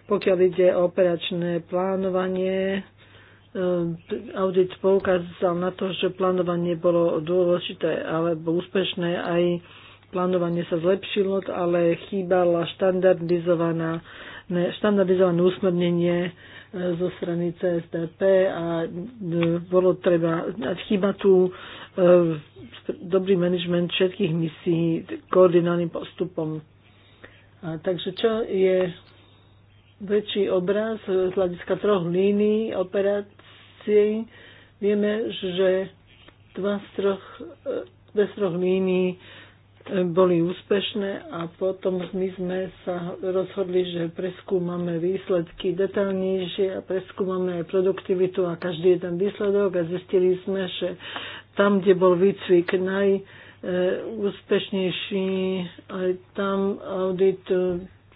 Pokiaľ ide o operačné plánovanie, e, audit poukázal na to, že plánovanie bolo dôležité alebo úspešné aj plánovanie sa zlepšilo, ale chýbala štandardizovaná štandardizované úsmernenie e, zo strany CSDP a e, bolo treba, chýba tu e, dobrý manažment všetkých misií koordinovaným postupom. A takže čo je väčší obraz z hľadiska troch línií operácie? Vieme, že dva z troch, bez troch línií boli úspešné a potom my sme sa rozhodli, že preskúmame výsledky detaľnejšie a preskúmame aj produktivitu a každý jeden výsledok a zistili sme, že tam, kde bol výcvik najúspešnejší, aj tam audit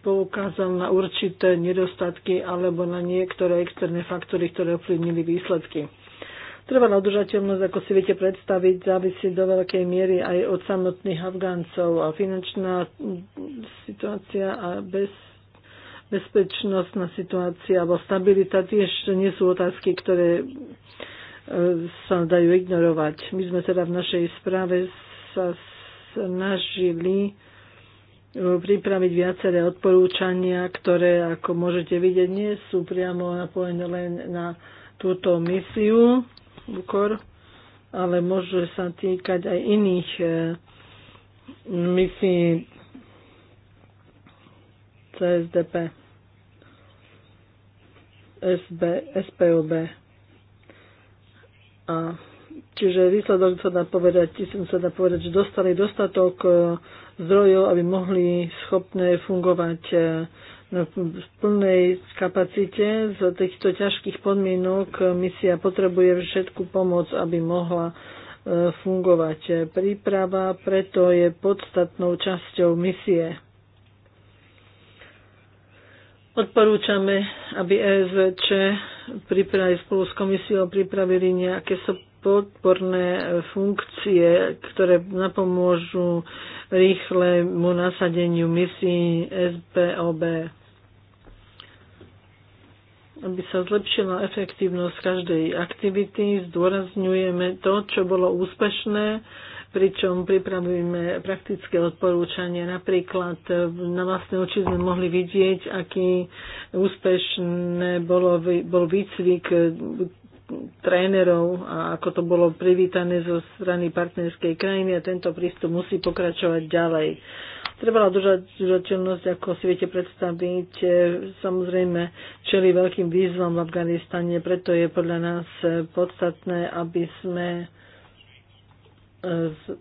poukázal na určité nedostatky alebo na niektoré externé faktory, ktoré ovplyvnili výsledky na udržateľnosť, ako si viete predstaviť, závisí do veľkej miery aj od samotných Afgáncov a finančná situácia a bez bezpečnostná situácia alebo stabilita tiež nie sú otázky, ktoré e, sa dajú ignorovať. My sme teda v našej správe sa snažili e, pripraviť viaceré odporúčania, ktoré, ako môžete vidieť, nie sú priamo napojené len na túto misiu, úkor, ale môže sa týkať aj iných e, misií CSDP, SB, SPOB. A čiže výsledok sa dá povedať, tisím sa dá povedať, že dostali dostatok e, zdrojov, aby mohli schopné fungovať e, v plnej kapacite z týchto ťažkých podmienok misia potrebuje všetku pomoc, aby mohla e, fungovať. Príprava preto je podstatnou časťou misie. Odporúčame, aby ESVČ pripravili spolu s komisiou pripravili nejaké podporné e, funkcie, ktoré napomôžu rýchlemu nasadeniu misií SPOB aby sa zlepšila efektívnosť každej aktivity. Zdôrazňujeme to, čo bolo úspešné, pričom pripravujeme praktické odporúčanie. Napríklad na vlastné oči sme mohli vidieť, aký úspešné bolo, bol výcvik e, trénerov a ako to bolo privítané zo strany partnerskej krajiny a tento prístup musí pokračovať ďalej. Trvalá držateľnosť, ako si viete predstaviť, samozrejme čeli veľkým výzvam v Afganistane, preto je podľa nás podstatné, aby sme e,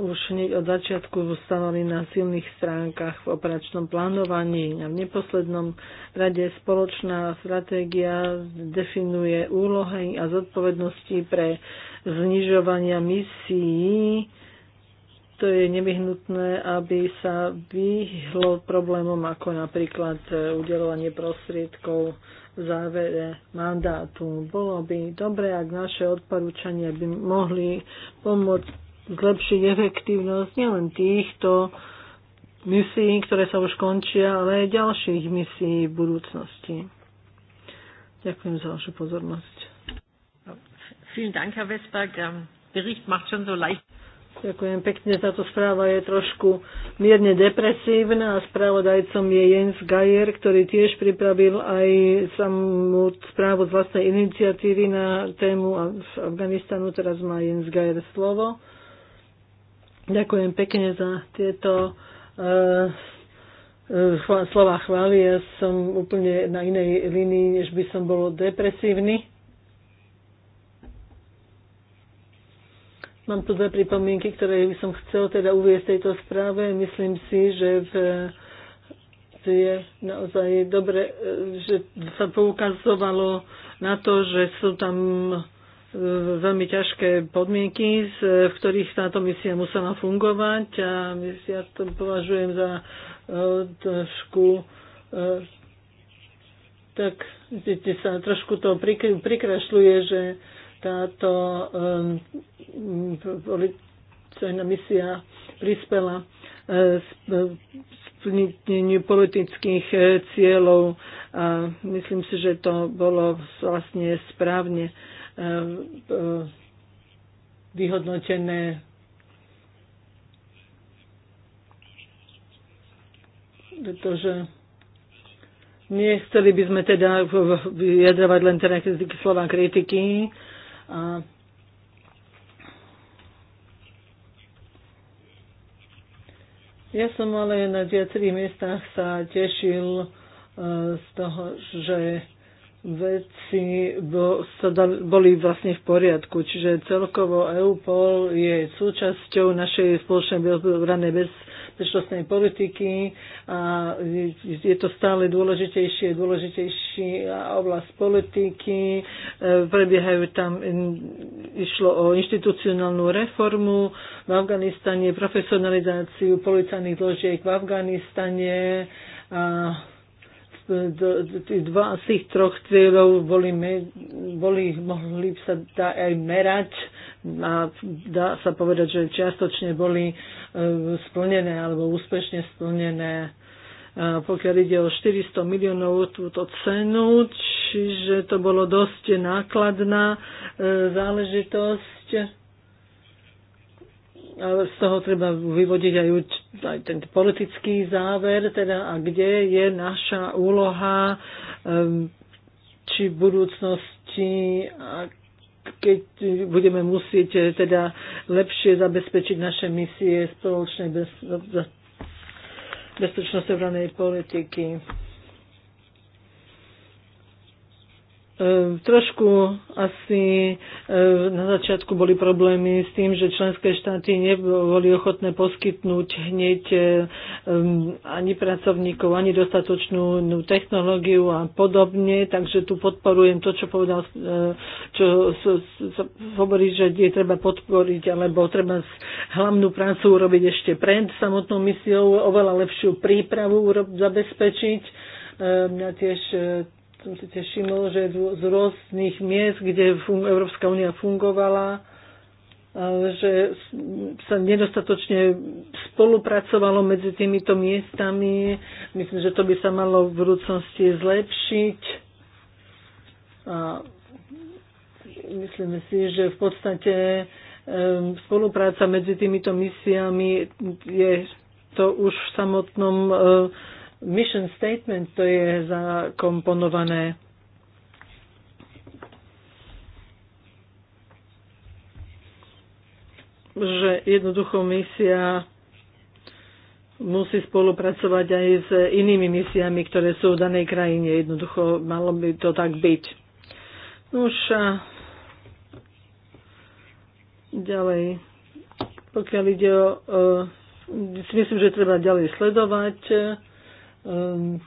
už hneď od začiatku stanovali na silných stránkach v operačnom plánovaní. A v neposlednom rade spoločná stratégia definuje úlohy a zodpovednosti pre znižovania misií to je nevyhnutné, aby sa vyhlo problémom ako napríklad e, udelovanie prostriedkov v závere mandátu. Bolo by dobré, ak naše odporúčania by mohli pomôcť zlepšiť efektívnosť nielen týchto misií, ktoré sa už končia, ale aj ďalších misií v budúcnosti. Ďakujem za vašu pozornosť. Vielen Dank, Herr Westberg. Bericht macht schon so leicht. Ďakujem pekne. Táto správa je trošku mierne depresívna a správodajcom je Jens Geier, ktorý tiež pripravil aj samú správu z vlastnej iniciatívy na tému z Afganistanu. Teraz má Jens Geier slovo. Ďakujem pekne za tieto uh, slova chvály. Ja som úplne na inej linii, než by som bol depresívny Mám tu dve pripomienky, ktoré by som chcel teda uvieť v tejto správe. Myslím si, že v je naozaj dobre, že sa poukazovalo na to, že sú tam e, veľmi ťažké podmienky, v ktorých táto misia musela fungovať a ja to považujem za e, trošku e, tak sa trošku to prikrašľuje, že táto policajná ehm, misia prispela ehm, splneniu politických e, cieľov a myslím si, že to bolo vlastne správne ehm, e, vyhodnotené pretože nechceli by sme teda vyjadrovať len teda slova kritiky, ja som ale na tri miestach sa tešil e, z toho, že veci boli vlastne v poriadku. Čiže celkovo EUPOL je súčasťou našej spoločnej obrannej bez bezpečnostnej politiky a je to stále dôležitejšie, dôležitejší oblasť politiky. E, prebiehajú tam, išlo o inštitucionálnu reformu v Afganistane, profesionalizáciu policajných zložiek v Afganistane a dva z tých troch cieľov boli, boli, mohli sa aj merať a dá sa povedať, že čiastočne boli e, splnené alebo úspešne splnené pokiaľ ide o 400 miliónov túto cenu, čiže to bolo dosť nákladná e, záležitosť. Ale z toho treba vyvodiť aj, aj ten politický záver, teda a kde je naša úloha, e, či v budúcnosti, keď budeme musieť eh, teda lepšie zabezpečiť naše misie spoločnej bez, bezpečnosti obranej politiky. Ehm, trošku asi ehm, na začiatku boli problémy s tým, že členské štáty neboli ochotné poskytnúť hneď ehm, ani pracovníkov, ani dostatočnú no, technológiu a podobne. Takže tu podporujem to, čo povedal, čo sa hovorí, že je treba podporiť, alebo treba hlavnú prácu urobiť ešte pred samotnou misiou, oveľa lepšiu prípravu zabezpečiť. Mňa tiež som si tešil, že z rôznych miest, kde Európska únia fungovala, že sa nedostatočne spolupracovalo medzi týmito miestami. Myslím, že to by sa malo v budúcnosti zlepšiť. A myslím si, že v podstate spolupráca medzi týmito misiami je to už v samotnom e, mission statement, to je zakomponované že jednoducho misia musí spolupracovať aj s inými misiami, ktoré sú v danej krajine. Jednoducho malo by to tak byť. No Už a ďalej, pokiaľ ide o, Uh, myslím, že treba ďalej sledovať um,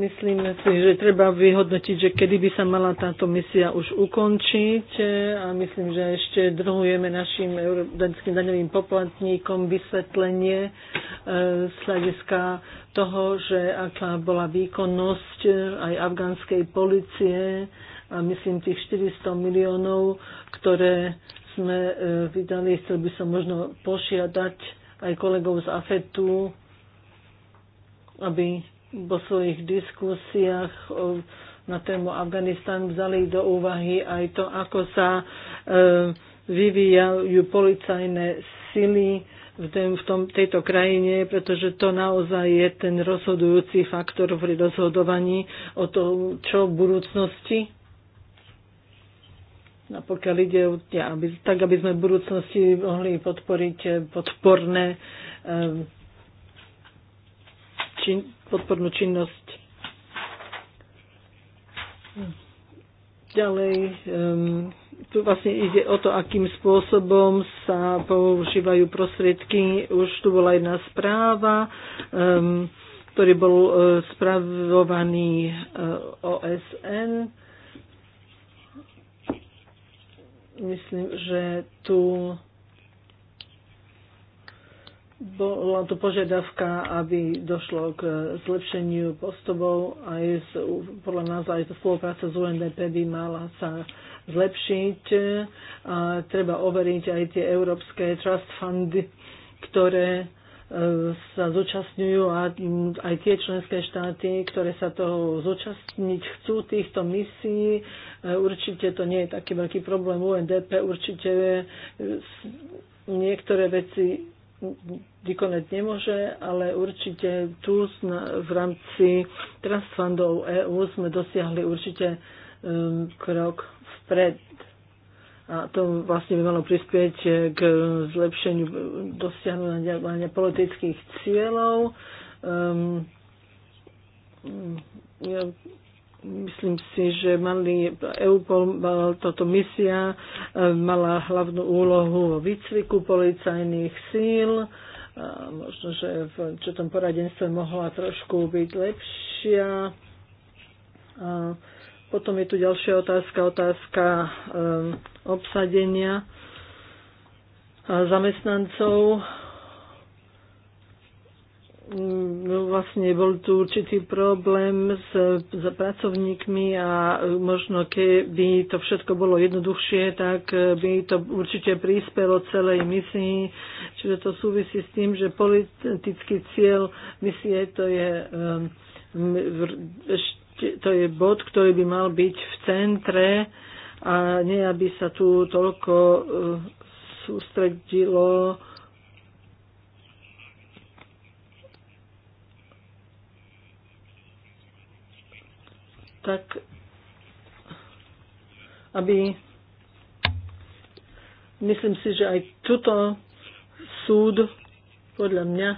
myslím si, že treba vyhodnotiť, že kedy by sa mala táto misia už ukončiť e, a myslím, že ešte druhujeme našim európskym daňovým poplatníkom vysvetlenie e, z hľadiska toho, že aká bola výkonnosť e, aj afgánskej policie a myslím tých 400 miliónov, ktoré sme vydali, chcel by som možno pošiadať aj kolegov z AFETu, aby vo svojich diskusiách na tému Afganistan vzali do úvahy aj to, ako sa e, vyvíjajú policajné sily v, v tom, tejto krajine, pretože to naozaj je ten rozhodujúci faktor pri rozhodovaní o tom, čo v budúcnosti. A pokiaľ ide ja, aby, tak, aby sme v budúcnosti mohli podporiť eh, podporné um, čin, podpornú činnosť. Ďalej, um, tu vlastne ide o to, akým spôsobom sa používajú prostriedky. Už tu bola jedna správa, um, ktorý bol uh, spravovaný uh, e, OSN. Myslím, že tu bola tu požiadavka, aby došlo k zlepšeniu postupov a je, podľa nás aj spolupráca s UNDP by mala sa zlepšiť. A treba overiť aj tie európske trust fundy, ktoré e, sa zúčastňujú a aj tie členské štáty, ktoré sa toho zúčastniť chcú, týchto misií. E, určite to nie je taký veľký problém. UNDP určite e, niektoré veci vykonať nemôže, ale určite tu v rámci trust fundov EÚ sme dosiahli určite um, krok vpred. A to vlastne by malo prispieť k zlepšeniu dosiahnutia politických cieľov. Um, ja Myslím si, že mali, EUPOL, mal, toto misia e, mala hlavnú úlohu vo výcviku policajných síl. A e, možno, že v čo tom poradenstve mohla trošku byť lepšia. A potom je tu ďalšia otázka, otázka e, obsadenia zamestnancov No vlastne bol tu určitý problém s, s pracovníkmi a možno keby to všetko bolo jednoduchšie, tak by to určite prispelo celej misii. Čiže to súvisí s tým, že politický cieľ misie to je um, to je bod, ktorý by mal byť v centre a nie aby sa tu toľko uh, sústredilo tak aby myslím si, že aj tuto súd podľa mňa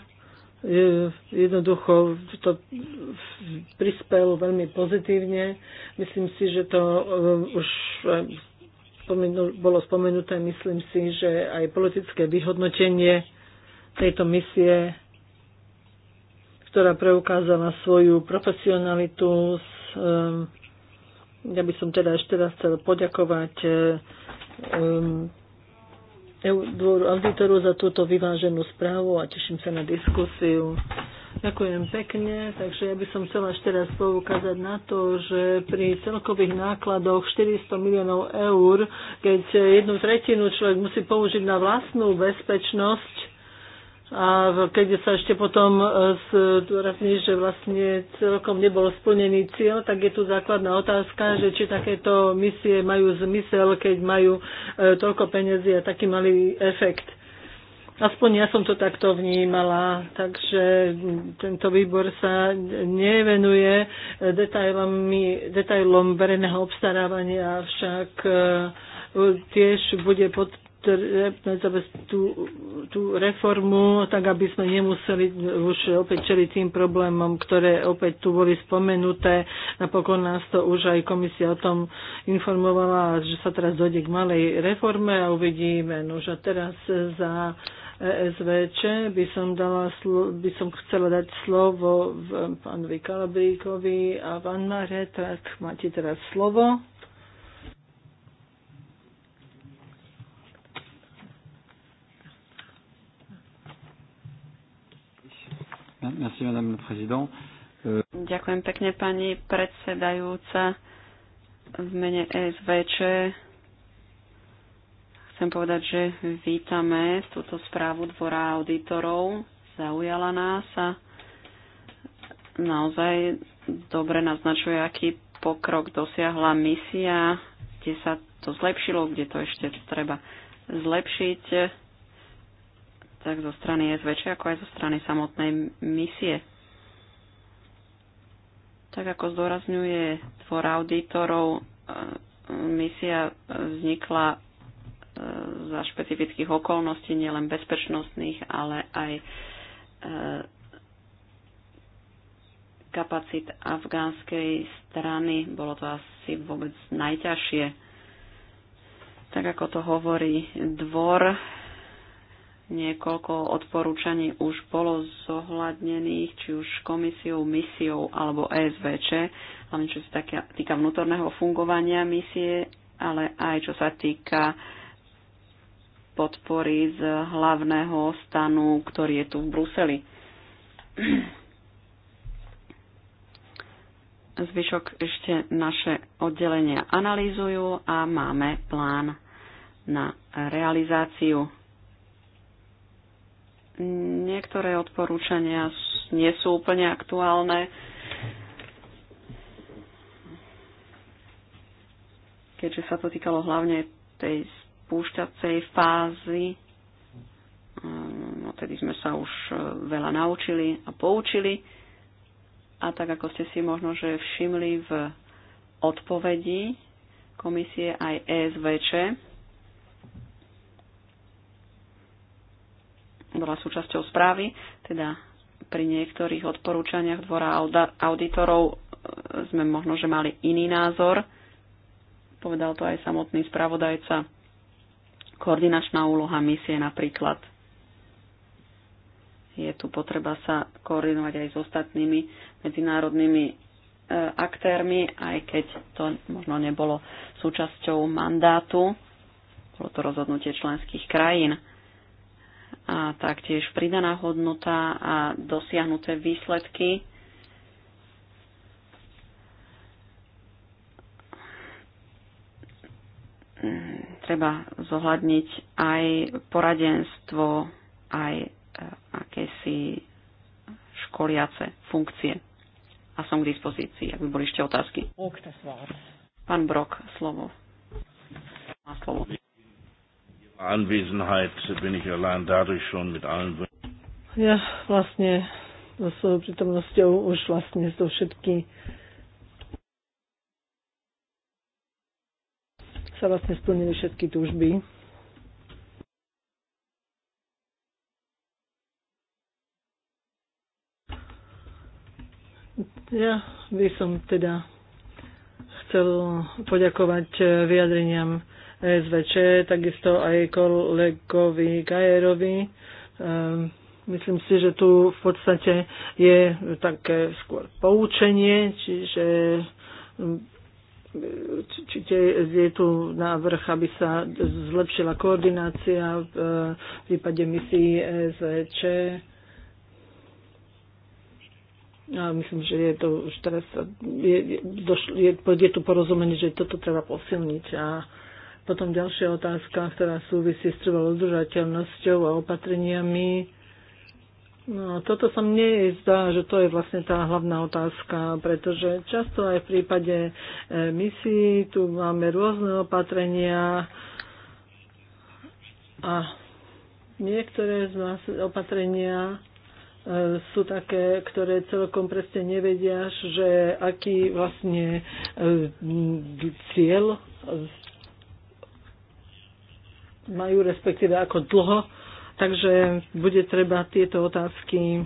jednoducho to prispel veľmi pozitívne. Myslím si, že to eh, už eh, bolo spomenuté, myslím si, že aj politické vyhodnotenie tejto misie, ktorá preukázala svoju profesionalitu, Ehm, ja by som teda ešte raz chcel poďakovať ehm, dvoru auditoru za túto vyváženú správu a teším sa na diskusiu. Ďakujem pekne, takže ja by som chcela ešte raz poukázať na to, že pri celkových nákladoch 400 miliónov eur, keď jednu tretinu človek musí použiť na vlastnú bezpečnosť, a keď sa ešte potom e, zdôrazní, že vlastne celkom nebol splnený cieľ, tak je tu základná otázka, že či takéto misie majú zmysel, keď majú e, toľko peniazy a taký malý efekt. Aspoň ja som to takto vnímala, takže tento výbor sa nevenuje e, detailom verejného obstarávania, avšak tiež bude pod, tú, tú reformu, tak aby sme nemuseli už opäť čeliť tým problémom, ktoré opäť tu boli spomenuté. Napokon nás to už aj komisia o tom informovala, že sa teraz dojde k malej reforme a uvidíme. No že teraz za ESVČ by som, dala, by som chcela dať slovo pánovi Kalabríkovi a pán Mare, tak máte teraz slovo. Merci, madame euh, Ďakujem pekne, pani predsedajúca. V mene SVČ chcem povedať, že vítame túto správu Dvora auditorov. Zaujala nás a naozaj dobre naznačuje, aký pokrok dosiahla misia, kde sa to zlepšilo, kde to ešte treba zlepšiť tak zo strany SVČ, ako aj zo strany samotnej misie. Tak ako zdôrazňuje tvor auditorov, e, misia vznikla e, za špecifických okolností, nielen bezpečnostných, ale aj e, kapacit afgánskej strany. Bolo to asi vôbec najťažšie. Tak ako to hovorí dvor, Niekoľko odporúčaní už bolo zohľadnených, či už komisiou, misiou alebo ESVČ, hlavne čo sa týka vnútorného fungovania misie, ale aj čo sa týka podpory z hlavného stanu, ktorý je tu v Bruseli. Zvyšok ešte naše oddelenia analýzujú a máme plán na realizáciu Niektoré odporúčania nie sú úplne aktuálne. keďže sa to týkalo hlavne tej spúšťacej fázy. No tedy sme sa už e, veľa naučili a poučili. A tak ako ste si možno že všimli v odpovedi komisie aj ESVČ, bola súčasťou správy, teda pri niektorých odporúčaniach dvora auditorov e, sme možno, že mali iný názor. Povedal to aj samotný spravodajca. Koordinačná úloha misie napríklad. Je tu potreba sa koordinovať aj s ostatnými medzinárodnými e, aktérmi, aj keď to možno nebolo súčasťou mandátu. Bolo to rozhodnutie členských krajín a taktiež pridaná hodnota a dosiahnuté výsledky. Treba zohľadniť aj poradenstvo, aj e, akési školiace funkcie. A som k dispozícii, ak by boli ešte otázky. Pán Brok, slovo. Má slovo. Anwesenheit bin ich allein dadurch schon mit allen... Ja vlastne so svojou prítomnosťou už vlastne so všetky sa vlastne splnili všetky túžby. Ja by som teda chcel poďakovať eh, vyjadreniam SVČ, takisto aj kolegovi Gajerovi. Ehm, myslím si, že tu v podstate je také skôr poučenie, čiže hm, či je tu návrh, aby sa zlepšila koordinácia v prípade misií SVČ. A myslím, že je to už teraz je, je, je, je tu porozumenie, že toto treba posilniť a potom ďalšia otázka, ktorá súvisí s trvalou udržateľnosťou a opatreniami. No, toto sa mne zdá, že to je vlastne tá hlavná otázka, pretože často aj v prípade e, misií tu máme rôzne opatrenia a niektoré z nás opatrenia e, sú také, ktoré celkom presne nevedia, že aký vlastne e, cieľ majú, respektíve ako dlho. Takže bude treba tieto otázky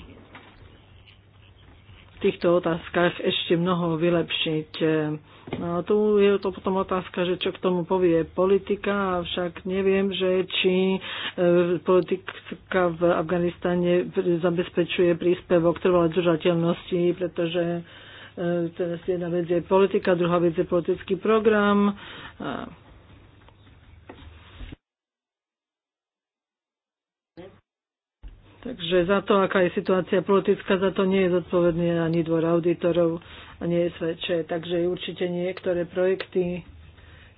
v týchto otázkach ešte mnoho vylepšiť. No, tu je to potom otázka, že čo k tomu povie politika, avšak neviem, že či e, politika v Afganistane zabezpečuje príspevok trvalej držateľnosti, pretože e, teraz jedna vec je politika, druhá vec je politický program. E, Takže za to, aká je situácia politická, za to nie je zodpovedný ani dvor auditorov a nie je svedče. Takže určite niektoré projekty,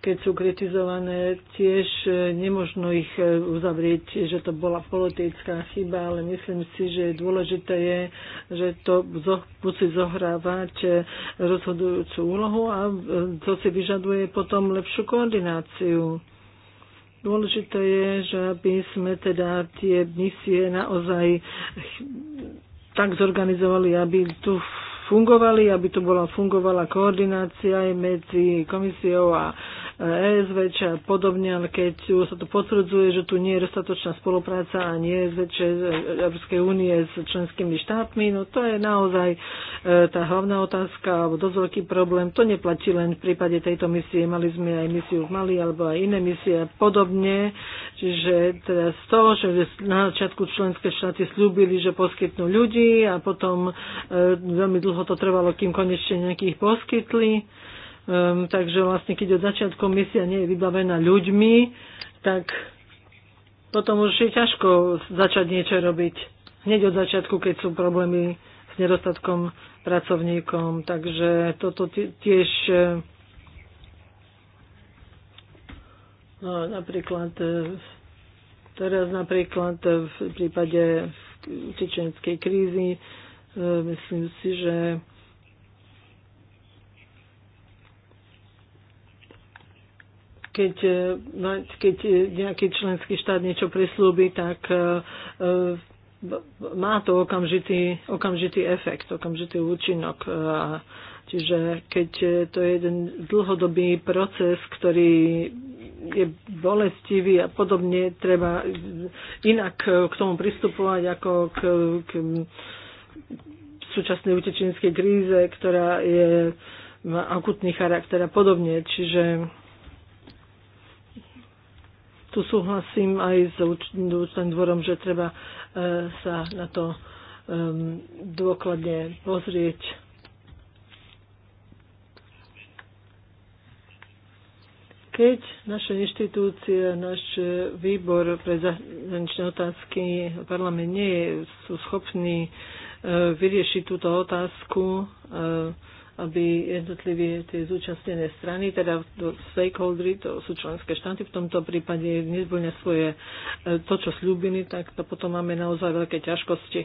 keď sú kritizované, tiež e, nemožno ich e, uzavrieť, že to bola politická chyba, ale myslím si, že dôležité je, že to musí zohrávať e, rozhodujúcu úlohu a to si vyžaduje potom lepšiu koordináciu Dôležité je, že aby sme teda tie misie naozaj tak zorganizovali, aby tu fungovali, aby tu bola fungovala koordinácia aj medzi komisiou a ESV a podobne, ale keď sa to potvrdzuje, že tu nie je dostatočná spolupráca a nie ESVČ e, Európskej únie s členskými štátmi, no to je naozaj e, tá hlavná otázka alebo dosť veľký problém. To neplatí len v prípade tejto misie. Mali sme aj misiu v Mali alebo aj iné misie a podobne. Čiže teda z toho, že na začiatku členské štáty slúbili, že poskytnú ľudí a potom e, veľmi dlho dlho to trvalo, kým konečne nejakých poskytli. Um, takže vlastne, keď od začiatku misia nie je vybavená ľuďmi, tak potom už je ťažko začať niečo robiť. Hneď od začiatku, keď sú problémy s nedostatkom pracovníkom. Takže toto tiež e, no, napríklad e, teraz napríklad e, v prípade čečenskej krízy Myslím si, že keď, keď nejaký členský štát niečo prislúbi, tak e, e, má to okamžitý, okamžitý efekt, okamžitý účinok. E, čiže keď to je jeden dlhodobý proces, ktorý je bolestivý a podobne, treba inak k tomu pristupovať ako k, k súčasnej utečenskej kríze, ktorá je, má akutný charakter a podobne. Čiže tu súhlasím aj s účtovným dvorom, že treba e, sa na to e, dôkladne pozrieť. Keď naše inštitúcie, náš výbor pre zahraničné otázky parlament nie sú schopní E, vyriešiť túto otázku, e, aby jednotlivé tie zúčastnené strany, teda stakeholdery, to sú členské štáty, v tomto prípade nezplňa svoje e, to, čo slúbili, tak to potom máme naozaj veľké ťažkosti.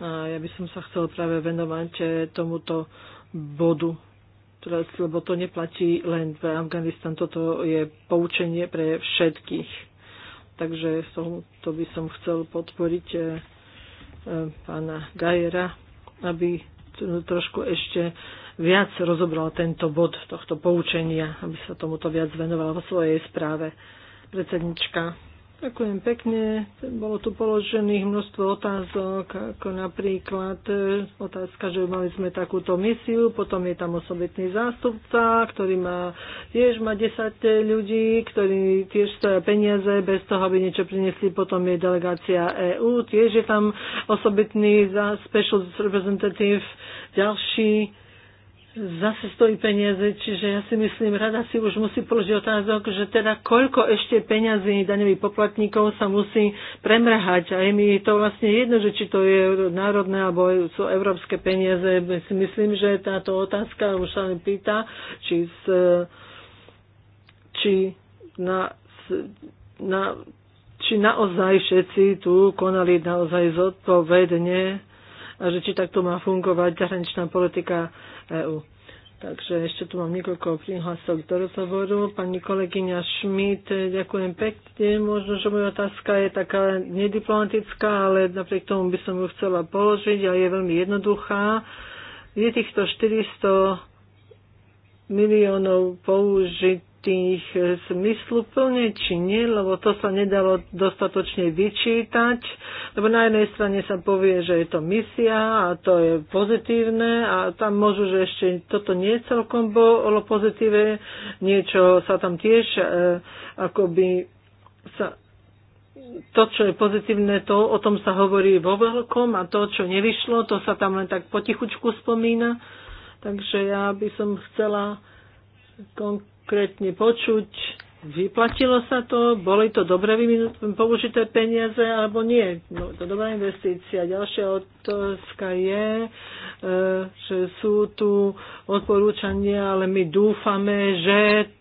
A ja by som sa chcel práve venovať tomuto bodu teraz, lebo to neplatí len v Afganistan, toto je poučenie pre všetkých. Takže som, to by som chcel podporiť pána Gajera, aby trošku ešte viac rozobral tento bod tohto poučenia, aby sa tomuto viac venoval vo svojej správe. Predsednička Ďakujem pekne. Bolo tu položených množstvo otázok, ako napríklad e, otázka, že mali sme takúto misiu, potom je tam osobitný zástupca, ktorý má tiež má 10 e, ľudí, ktorí tiež stoja peniaze bez toho, aby niečo priniesli. Potom je delegácia EÚ, tiež je tam osobitný special representative, ďalší zase stojí peniaze, čiže ja si myslím, rada si už musí položiť otázok, že teda koľko ešte peniazy daňových poplatníkov sa musí premrhať. A je mi to vlastne jedno, že či to je národné alebo sú európske peniaze. Si myslím, že táto otázka už sa mi pýta, či, z, či na, na či naozaj všetci tu konali naozaj zodpovedne a že či takto má fungovať zahraničná politika EÚ. Takže ešte tu mám niekoľko prihlasov do rozhovoru. Pani kolegyňa Šmit, ďakujem pekne. Možno, že moja otázka je taká nediplomatická, ale napriek tomu by som ju chcela položiť a je veľmi jednoduchá. Je týchto 400 miliónov použiť tých e, zmysluplne či nie, lebo to sa nedalo dostatočne vyčítať, lebo na jednej strane sa povie, že je to misia a to je pozitívne a tam môžu, že ešte toto nie celkom bolo pozitívne, niečo sa tam tiež e, akoby sa to, čo je pozitívne, to, o tom sa hovorí vo veľkom a to, čo nevyšlo, to sa tam len tak potichučku spomína. Takže ja by som chcela kon- konkrétne počuť, vyplatilo sa to, boli to dobre použité peniaze alebo nie. No, to dobrá investícia. Ďalšia otázka je, eh, že sú tu odporúčania, ale my dúfame, že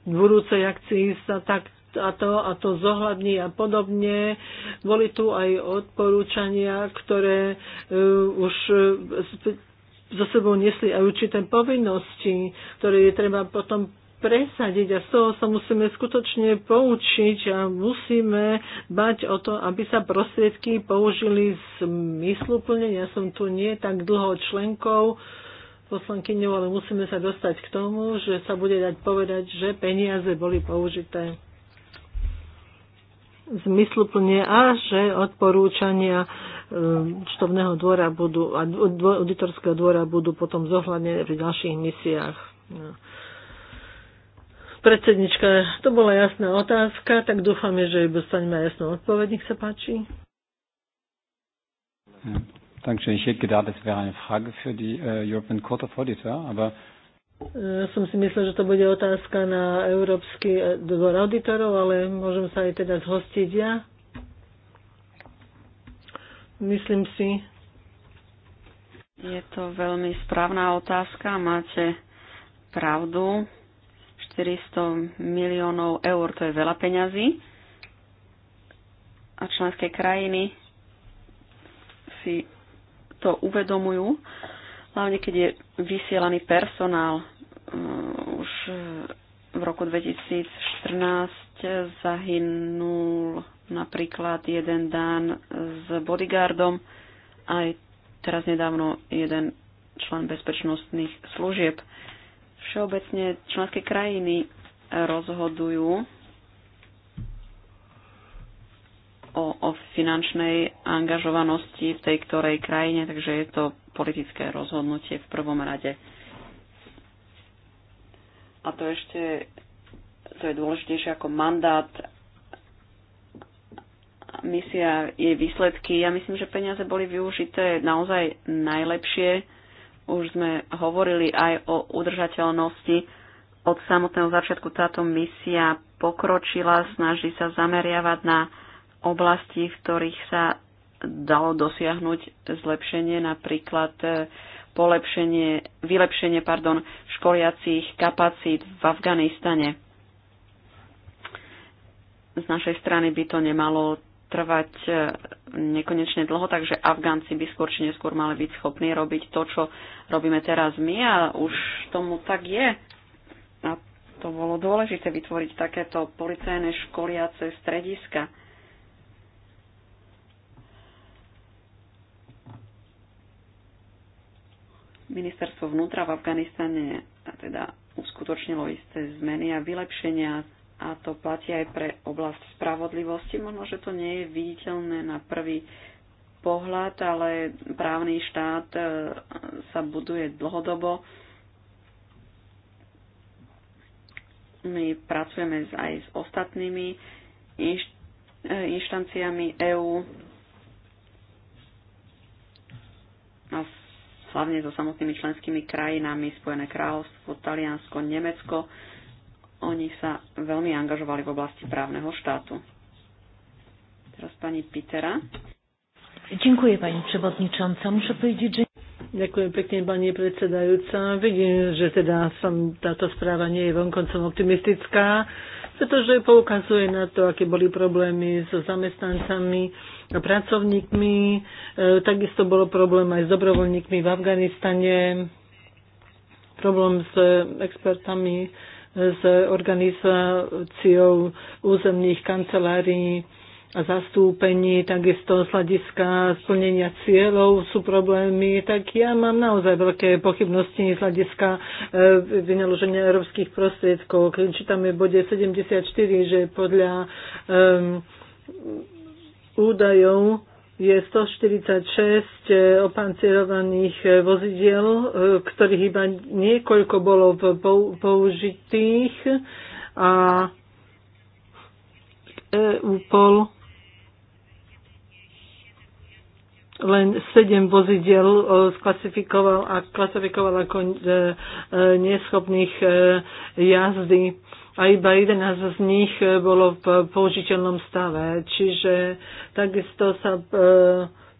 v budúcej akcii sa tak a to a to zohľadní a podobne. Boli tu aj odporúčania, ktoré uh, už uh, eh, so sebou nesli aj určité povinnosti, ktoré je treba potom presadiť a z toho sa musíme skutočne poučiť a musíme bať o to, aby sa prostriedky použili zmysluplne. Ja som tu nie tak dlho členkou poslankyňou, ale musíme sa dostať k tomu, že sa bude dať povedať, že peniaze boli použité zmysluplne a že odporúčania štovného e, dvora budú, auditorského dvora budú potom zohľadnené pri ďalších misiách. No. Predsednička, to bola jasná otázka, tak dúfame, že dostaneme jasnú odpoveď. Nech sa páči. Ja, Dankeschön. Ich hätte gedacht, das wäre eine Frage für die äh, European Court of Auditor, aber äh, som si myslel, že to bude otázka na Európsky äh, dvor auditorov, ale môžem sa aj teda zhostiť ja. Myslím si. Je to veľmi správna otázka, máte pravdu. 400 miliónov eur, to je veľa peňazí. A členské krajiny si to uvedomujú, hlavne keď je vysielaný personál. Uh, už uh, v roku 2014 zahynul napríklad jeden dán s bodyguardom, aj teraz nedávno jeden člen bezpečnostných služieb. Všeobecne členské krajiny rozhodujú o, o finančnej angažovanosti v tej ktorej krajine, takže je to politické rozhodnutie v prvom rade. A to ešte to je dôležitejšie ako mandát misia, jej výsledky. Ja myslím, že peniaze boli využité naozaj najlepšie už sme hovorili aj o udržateľnosti. Od samotného začiatku táto misia pokročila, snaží sa zameriavať na oblasti, v ktorých sa dalo dosiahnuť zlepšenie, napríklad e, polepšenie, vylepšenie pardon, školiacich kapacít v Afganistane. Z našej strany by to nemalo trvať e, nekonečne dlho, takže Afgánci by skôr či neskôr mali byť schopní robiť to, čo robíme teraz my a už tomu tak je. A to bolo dôležité vytvoriť takéto policajné školiace strediska. Ministerstvo vnútra v Afganistane teda uskutočnilo isté zmeny a vylepšenia a to platí aj pre oblasť spravodlivosti. Možno, že to nie je viditeľné na prvý pohľad, ale právny štát e, sa buduje dlhodobo. My pracujeme aj s ostatnými e, inštanciami EÚ a hlavne so samotnými členskými krajinami Spojené kráľovstvo, Taliansko, Nemecko oni sa veľmi angažovali v oblasti právneho štátu. Teraz pani Pitera. Dziękuję pani przewodnicząca. Muszę powiedzieć, że Ďakujem pekne, pani predsedajúca. Vidím, že teda som, táto správa nie je vonkoncom optimistická, pretože poukazuje na to, aké boli problémy so zamestnancami a pracovníkmi. E, takisto bolo problém aj s dobrovoľníkmi v Afganistane, problém s e, expertami s organizáciou územných kancelárií a zastúpení, takisto z hľadiska splnenia cieľov sú problémy, tak ja mám naozaj veľké pochybnosti z hľadiska e, vynaloženia európskych prostriedkov. Keď čítame bode 74, že podľa um, údajov je 146 eh, opancierovaných eh, vozidiel, eh, ktorých iba niekoľko bolo použitých a EUPOL len 7 vozidiel sklasifikoval a klasifikoval ako neschopných jazdy a iba 11 z nich e, bolo v použiteľnom stave. Čiže takisto sa e,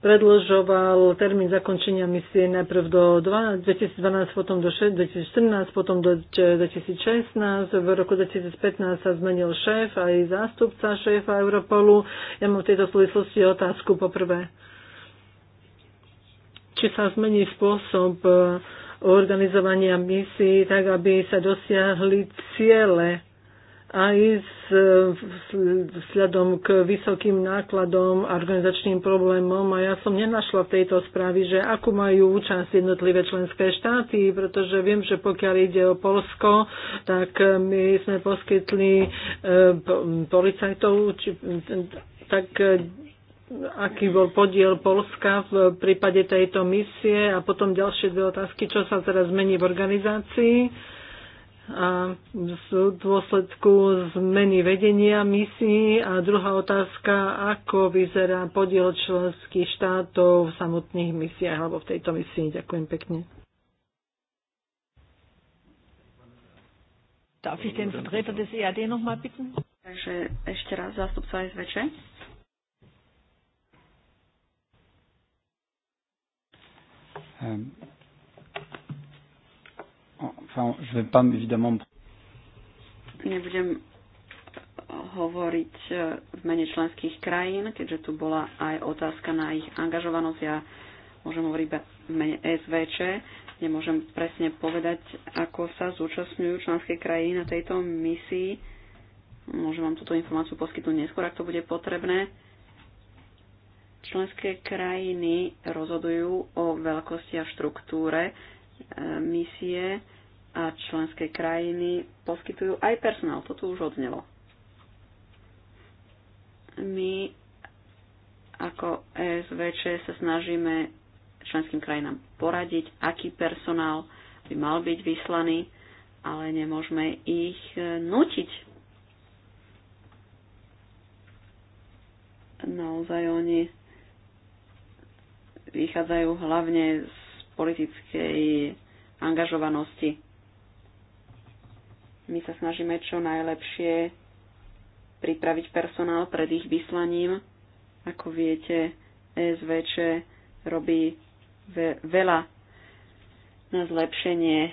predložoval termín zakončenia misie najprv do 2012, potom do 2014, potom do 2016. V roku 2015 sa zmenil šéf aj zástupca šéfa Europolu. Ja mám v tejto súvislosti otázku poprvé. Či sa zmení spôsob e, organizovania misií tak, aby sa dosiahli ciele aj s vzhľadom k vysokým nákladom a organizačným problémom. A ja som nenašla v tejto správy, že akú majú účasť jednotlivé členské štáty, pretože viem, že pokiaľ ide o Polsko, tak my sme poskytli e, policajtov, či, tak e, aký bol podiel Polska v prípade tejto misie a potom ďalšie dve otázky, čo sa teraz zmení v organizácii a v dôsledku zmeny vedenia misií. A druhá otázka, ako vyzerá podiel členských štátov v samotných misiách alebo v tejto misii. Ďakujem pekne. Darf ich den Vertreter des EAD noch mal bitten? Takže ešte raz zástupca SVČ. Um, Enfin, je vais pas évidemment... Nebudem hovoriť eh, v mene členských krajín, keďže tu bola aj otázka na ich angažovanosť. Ja môžem hovoriť iba v mene SVČ. Nemôžem presne povedať, ako sa zúčastňujú členské krajiny na tejto misii. Môžem vám túto informáciu poskytnúť neskôr, ak to bude potrebné. Členské krajiny rozhodujú o veľkosti a štruktúre misie a členské krajiny poskytujú aj personál. To tu už odznelo. My ako ESVČ sa snažíme členským krajinám poradiť, aký personál by mal byť vyslaný, ale nemôžeme ich e, nutiť. Naozaj oni vychádzajú hlavne z politickej angažovanosti. My sa snažíme čo najlepšie pripraviť personál pred ich vyslaním. Ako viete, SVČ robí veľa na zlepšenie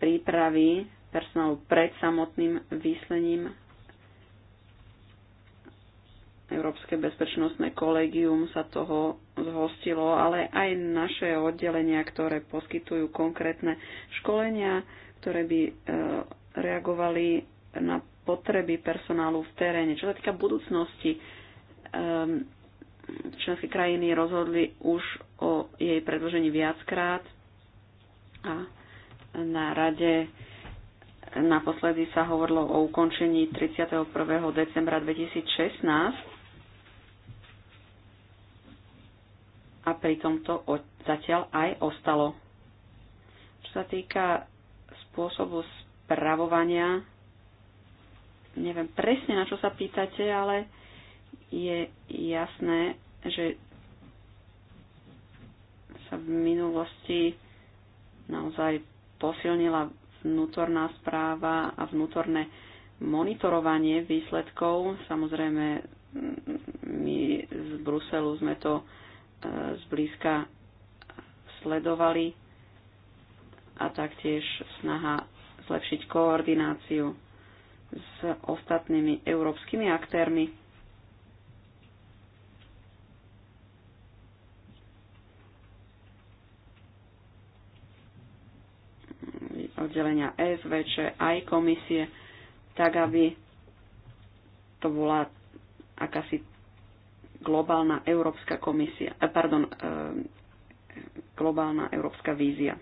prípravy personálu pred samotným vyslením. Európske bezpečnostné kolegium sa toho zhostilo, ale aj naše oddelenia, ktoré poskytujú konkrétne školenia, ktoré by e, reagovali na potreby personálu v teréne. Čo sa týka budúcnosti, e, členské krajiny rozhodli už o jej predložení viackrát a na rade naposledy sa hovorilo o ukončení 31. decembra 2016 a pritom to zatiaľ aj ostalo. Čo sa týka spôsobu spravovania, neviem presne na čo sa pýtate, ale je jasné, že sa v minulosti naozaj posilnila vnútorná správa a vnútorné monitorovanie výsledkov. Samozrejme, my z Bruselu sme to zblízka sledovali a taktiež snaha zlepšiť koordináciu s ostatnými európskymi aktérmi. oddelenia SVČ aj komisie, tak aby to bola akási globálna Európska komisia, eh, pardon, eh, globálna Európska vízia.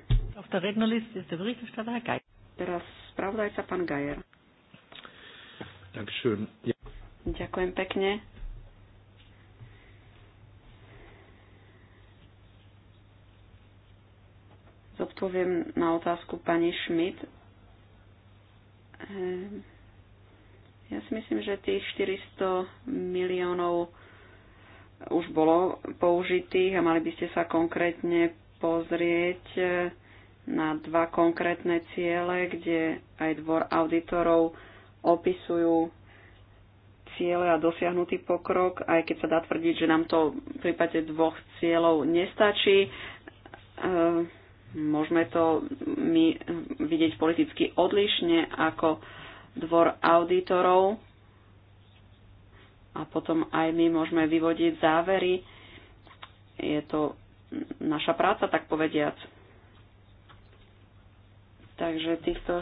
Teraz spravodajca pán Gajer. Ďakujem pekne. Zodpoviem na otázku pani Schmidt. Ehm, ja si myslím, že tých 400 miliónov už bolo použitých a mali by ste sa konkrétne pozrieť e, na dva konkrétne ciele, kde aj dvor auditorov opisujú ciele a dosiahnutý pokrok, aj keď sa dá tvrdiť, že nám to v prípade dvoch cieľov nestačí. E, môžeme to my vidieť politicky odlišne ako dvor auditorov, a potom aj my môžeme vyvodiť závery. Je to naša práca, tak povediac. Takže týchto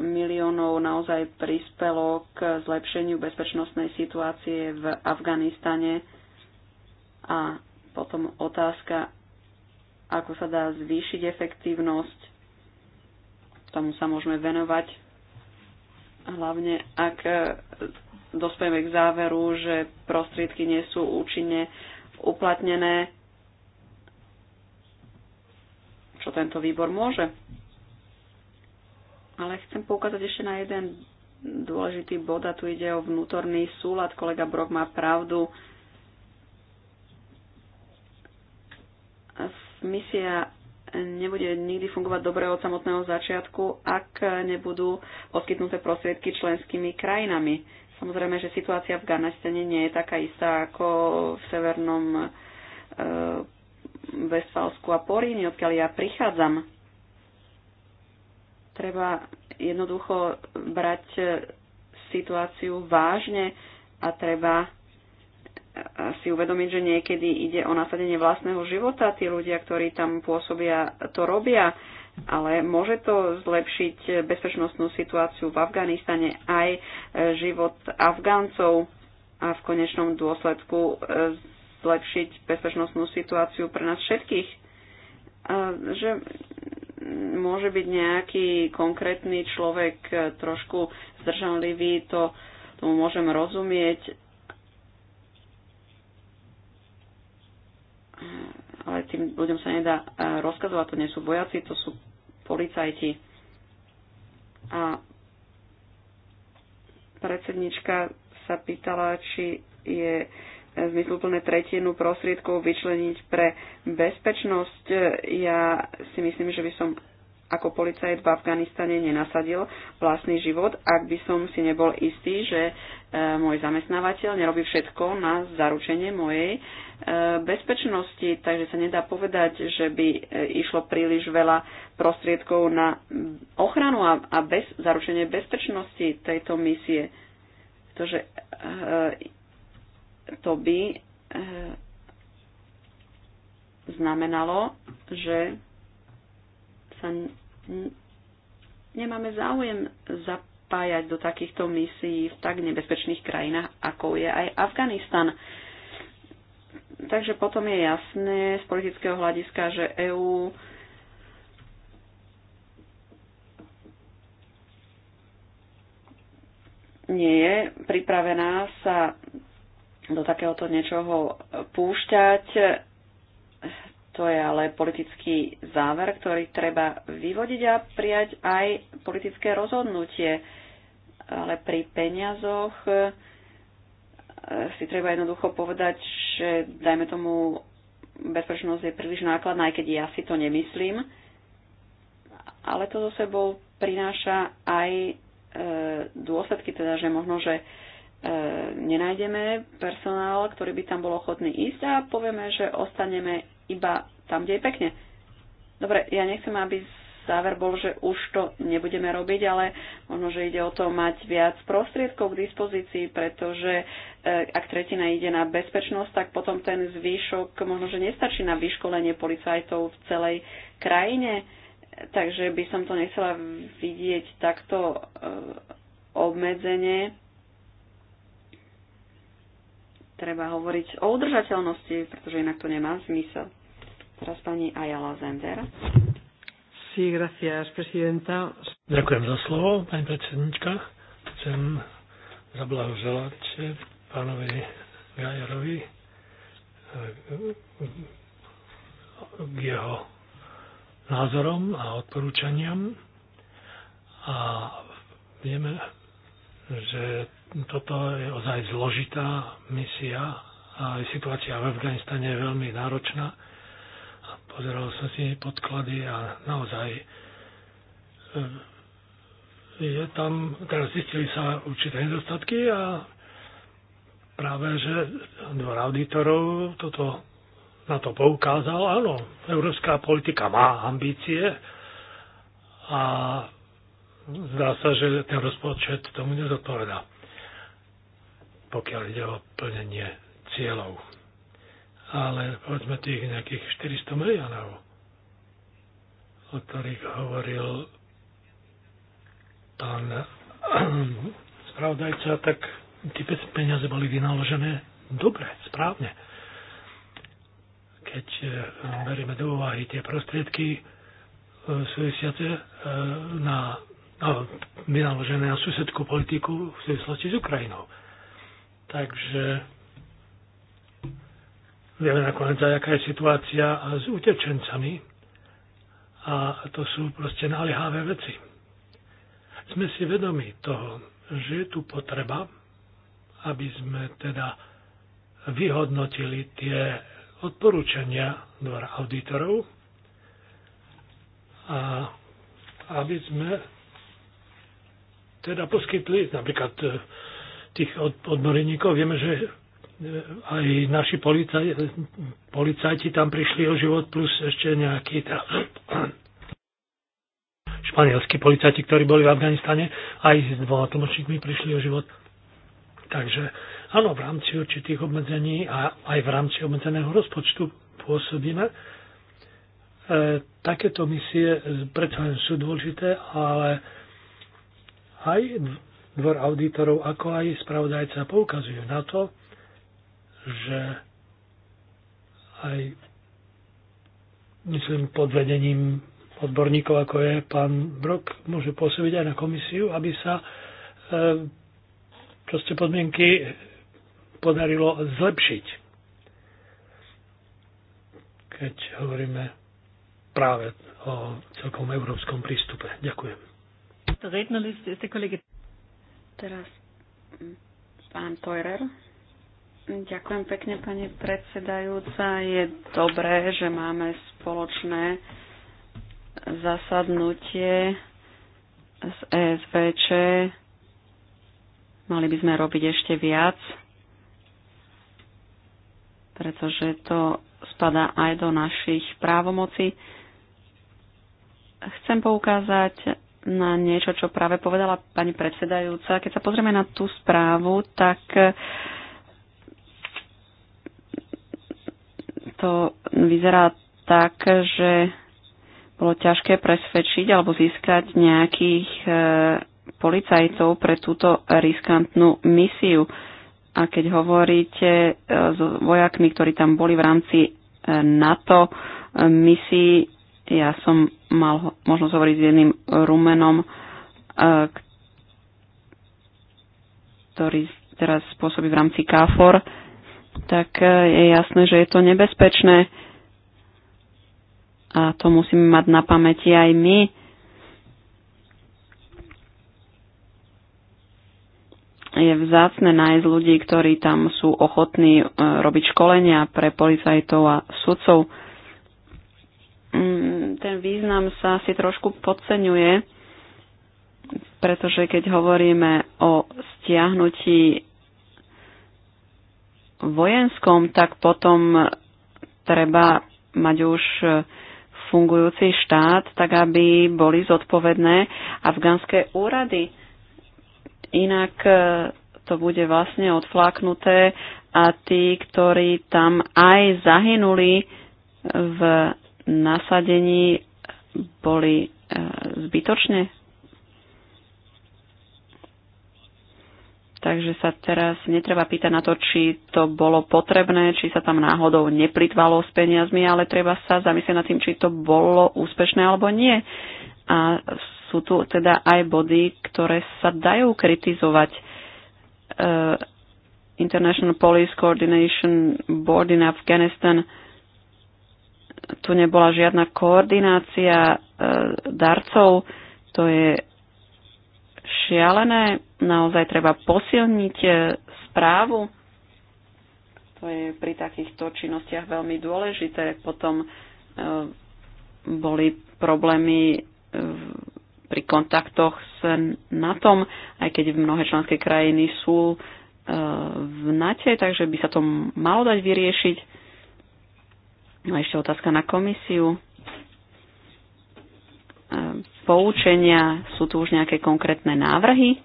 400 miliónov naozaj prispelo k zlepšeniu bezpečnostnej situácie v Afganistane a potom otázka, ako sa dá zvýšiť efektívnosť. Tomu sa môžeme venovať hlavne ak e, dospieme k záveru, že prostriedky nie sú účinne uplatnené, čo tento výbor môže. Ale chcem poukázať ešte na jeden dôležitý bod a tu ide o vnútorný súlad. Kolega Brok má pravdu. Misia nebude nikdy fungovať dobre od samotného začiatku, ak nebudú poskytnuté prostriedky členskými krajinami. Samozrejme, že situácia v Ganastene nie je taká istá ako v severnom e, Vestfalsku a Poríni, odkiaľ ja prichádzam. Treba jednoducho brať situáciu vážne a treba si uvedomiť, že niekedy ide o nasadenie vlastného života. Tí ľudia, ktorí tam pôsobia, to robia, ale môže to zlepšiť bezpečnostnú situáciu v Afganistane aj e, život Afgáncov a v konečnom dôsledku e, zlepšiť bezpečnostnú situáciu pre nás všetkých. Že môže byť nejaký konkrétny človek e, trošku zdržanlivý, to tomu môžem rozumieť, ale tým ľuďom sa nedá e, rozkazovať, to nie sú vojaci, to sú policajti. A predsednička sa pýtala, či je e, zmysluplné tretinu prostriedkov vyčleniť pre bezpečnosť. E, ja si myslím, že by som ako policajt v Afganistane nenasadil vlastný život, ak by som si nebol istý, že e, môj zamestnávateľ nerobí všetko na zaručenie mojej e, bezpečnosti, takže sa nedá povedať, že by e, išlo príliš veľa prostriedkov na ochranu a bez, zaručenie bezpečnosti tejto misie. Pretože to by znamenalo, že sa nemáme záujem zapájať do takýchto misií v tak nebezpečných krajinách, ako je aj Afganistan. Takže potom je jasné z politického hľadiska, že EÚ nie je pripravená sa do takéhoto niečoho púšťať to je ale politický záver, ktorý treba vyvodiť a prijať aj politické rozhodnutie. Ale pri peniazoch e, si treba jednoducho povedať, že dajme tomu bezpečnosť je príliš nákladná, aj keď ja si to nemyslím. Ale to so sebou prináša aj e, dôsledky, teda že možno, že e, nenájdeme personál, ktorý by tam bol ochotný ísť a povieme, že ostaneme iba tam, kde je pekne. Dobre, ja nechcem, aby záver bol, že už to nebudeme robiť, ale možno, že ide o to mať viac prostriedkov k dispozícii, pretože e, ak tretina ide na bezpečnosť, tak potom ten zvýšok možno, že nestačí na vyškolenie policajtov v celej krajine. Takže by som to nechcela vidieť takto e, obmedzenie treba hovoriť o udržateľnosti, pretože inak to nemá zmysel. Teraz pani Ayala Zender. Sí, gracias, presidenta. Ďakujem za slovo, pani predsednička. Chcem zablahoželať pánovi Gajerovi eh, k jeho názorom a odporúčaniam. A vieme, že toto je ozaj zložitá misia a aj situácia v Afganistane je veľmi náročná. Pozeral som si podklady a naozaj e, je tam, teraz zistili sa určité nedostatky a práve, že dvor auditorov toto, na to poukázal. Áno, európska politika má ambície a zdá sa, že ten rozpočet tomu nezodpoveda, pokiaľ ide o plnenie cieľov. Ale povedzme tých nejakých 400 miliónov, o ktorých hovoril pán spravodajca, tak tie peniaze boli vynaložené dobre, správne. Keď eh, berieme do úvahy tie prostriedky eh, súvisiace eh, na vynaložené na susedskú politiku v súvislosti s Ukrajinou. Takže vieme nakoniec aj, aká je situácia s utečencami a to sú proste naliehavé veci. Sme si vedomi toho, že je tu potreba, aby sme teda vyhodnotili tie odporúčania dvora auditorov a aby sme teda poskytli, napríklad e, tých odborníkov, vieme, že e, aj naši policaj, policajti tam prišli o život, plus ešte nejakí teda, španielskí policajti, ktorí boli v Afganistane, aj s dvoma tlmočníkmi prišli o život. Takže áno, v rámci určitých obmedzení a aj v rámci obmedzeného rozpočtu pôsobíme. E, takéto misie predsa len sú dôležité, ale aj dvor auditorov, ako aj spravodajca poukazujú na to, že aj myslím pod vedením odborníkov, ako je pán Brok, môže pôsobiť aj na komisiu, aby sa e, proste podmienky podarilo zlepšiť. Keď hovoríme práve o celkom európskom prístupe. Ďakujem. Nächste Rednerliste ist der Kollege. Teraz hm, pán Teurer. Ďakujem pekne, pani predsedajúca. Je dobré, že máme spoločné zasadnutie z ESVČ. Mali by sme robiť ešte viac, pretože to spada aj do našich právomocí. Chcem poukázať na niečo, čo práve povedala pani predsedajúca. Keď sa pozrieme na tú správu, tak to vyzerá tak, že bolo ťažké presvedčiť alebo získať nejakých e, policajtov pre túto riskantnú misiu. A keď hovoríte e, s vojakmi, ktorí tam boli v rámci e, NATO misií, ja som mal možnosť hovoriť s jedným Rumenom, e, ktorý teraz pôsobí v rámci KFOR, tak e, je jasné, že je to nebezpečné a to musíme mať na pamäti aj my. Je vzácne nájsť ľudí, ktorí tam sú ochotní e, robiť školenia pre policajtov a sudcov mm, ten význam sa si trošku podceňuje, pretože keď hovoríme o stiahnutí vojenskom, tak potom treba mať už fungujúci štát, tak aby boli zodpovedné afgánske úrady. Inak e, to bude vlastne odfláknuté a tí, ktorí tam aj zahynuli v nasadení boli e, zbytočne. Takže sa teraz netreba pýtať na to, či to bolo potrebné, či sa tam náhodou neplitvalo s peniazmi, ale treba sa zamyslieť nad tým, či to bolo úspešné alebo nie. A sú tu teda aj body, ktoré sa dajú kritizovať. E, International Police Coordination Board in Afghanistan tu nebola žiadna koordinácia e, darcov. To je šialené. Naozaj treba posilniť e, správu. To je pri takýchto činnostiach veľmi dôležité. Potom e, boli problémy pri kontaktoch s NATO, aj keď mnohé členské krajiny sú v NATE, takže by sa to malo dať vyriešiť No ešte otázka na komisiu. E, poučenia, sú tu už nejaké konkrétne návrhy,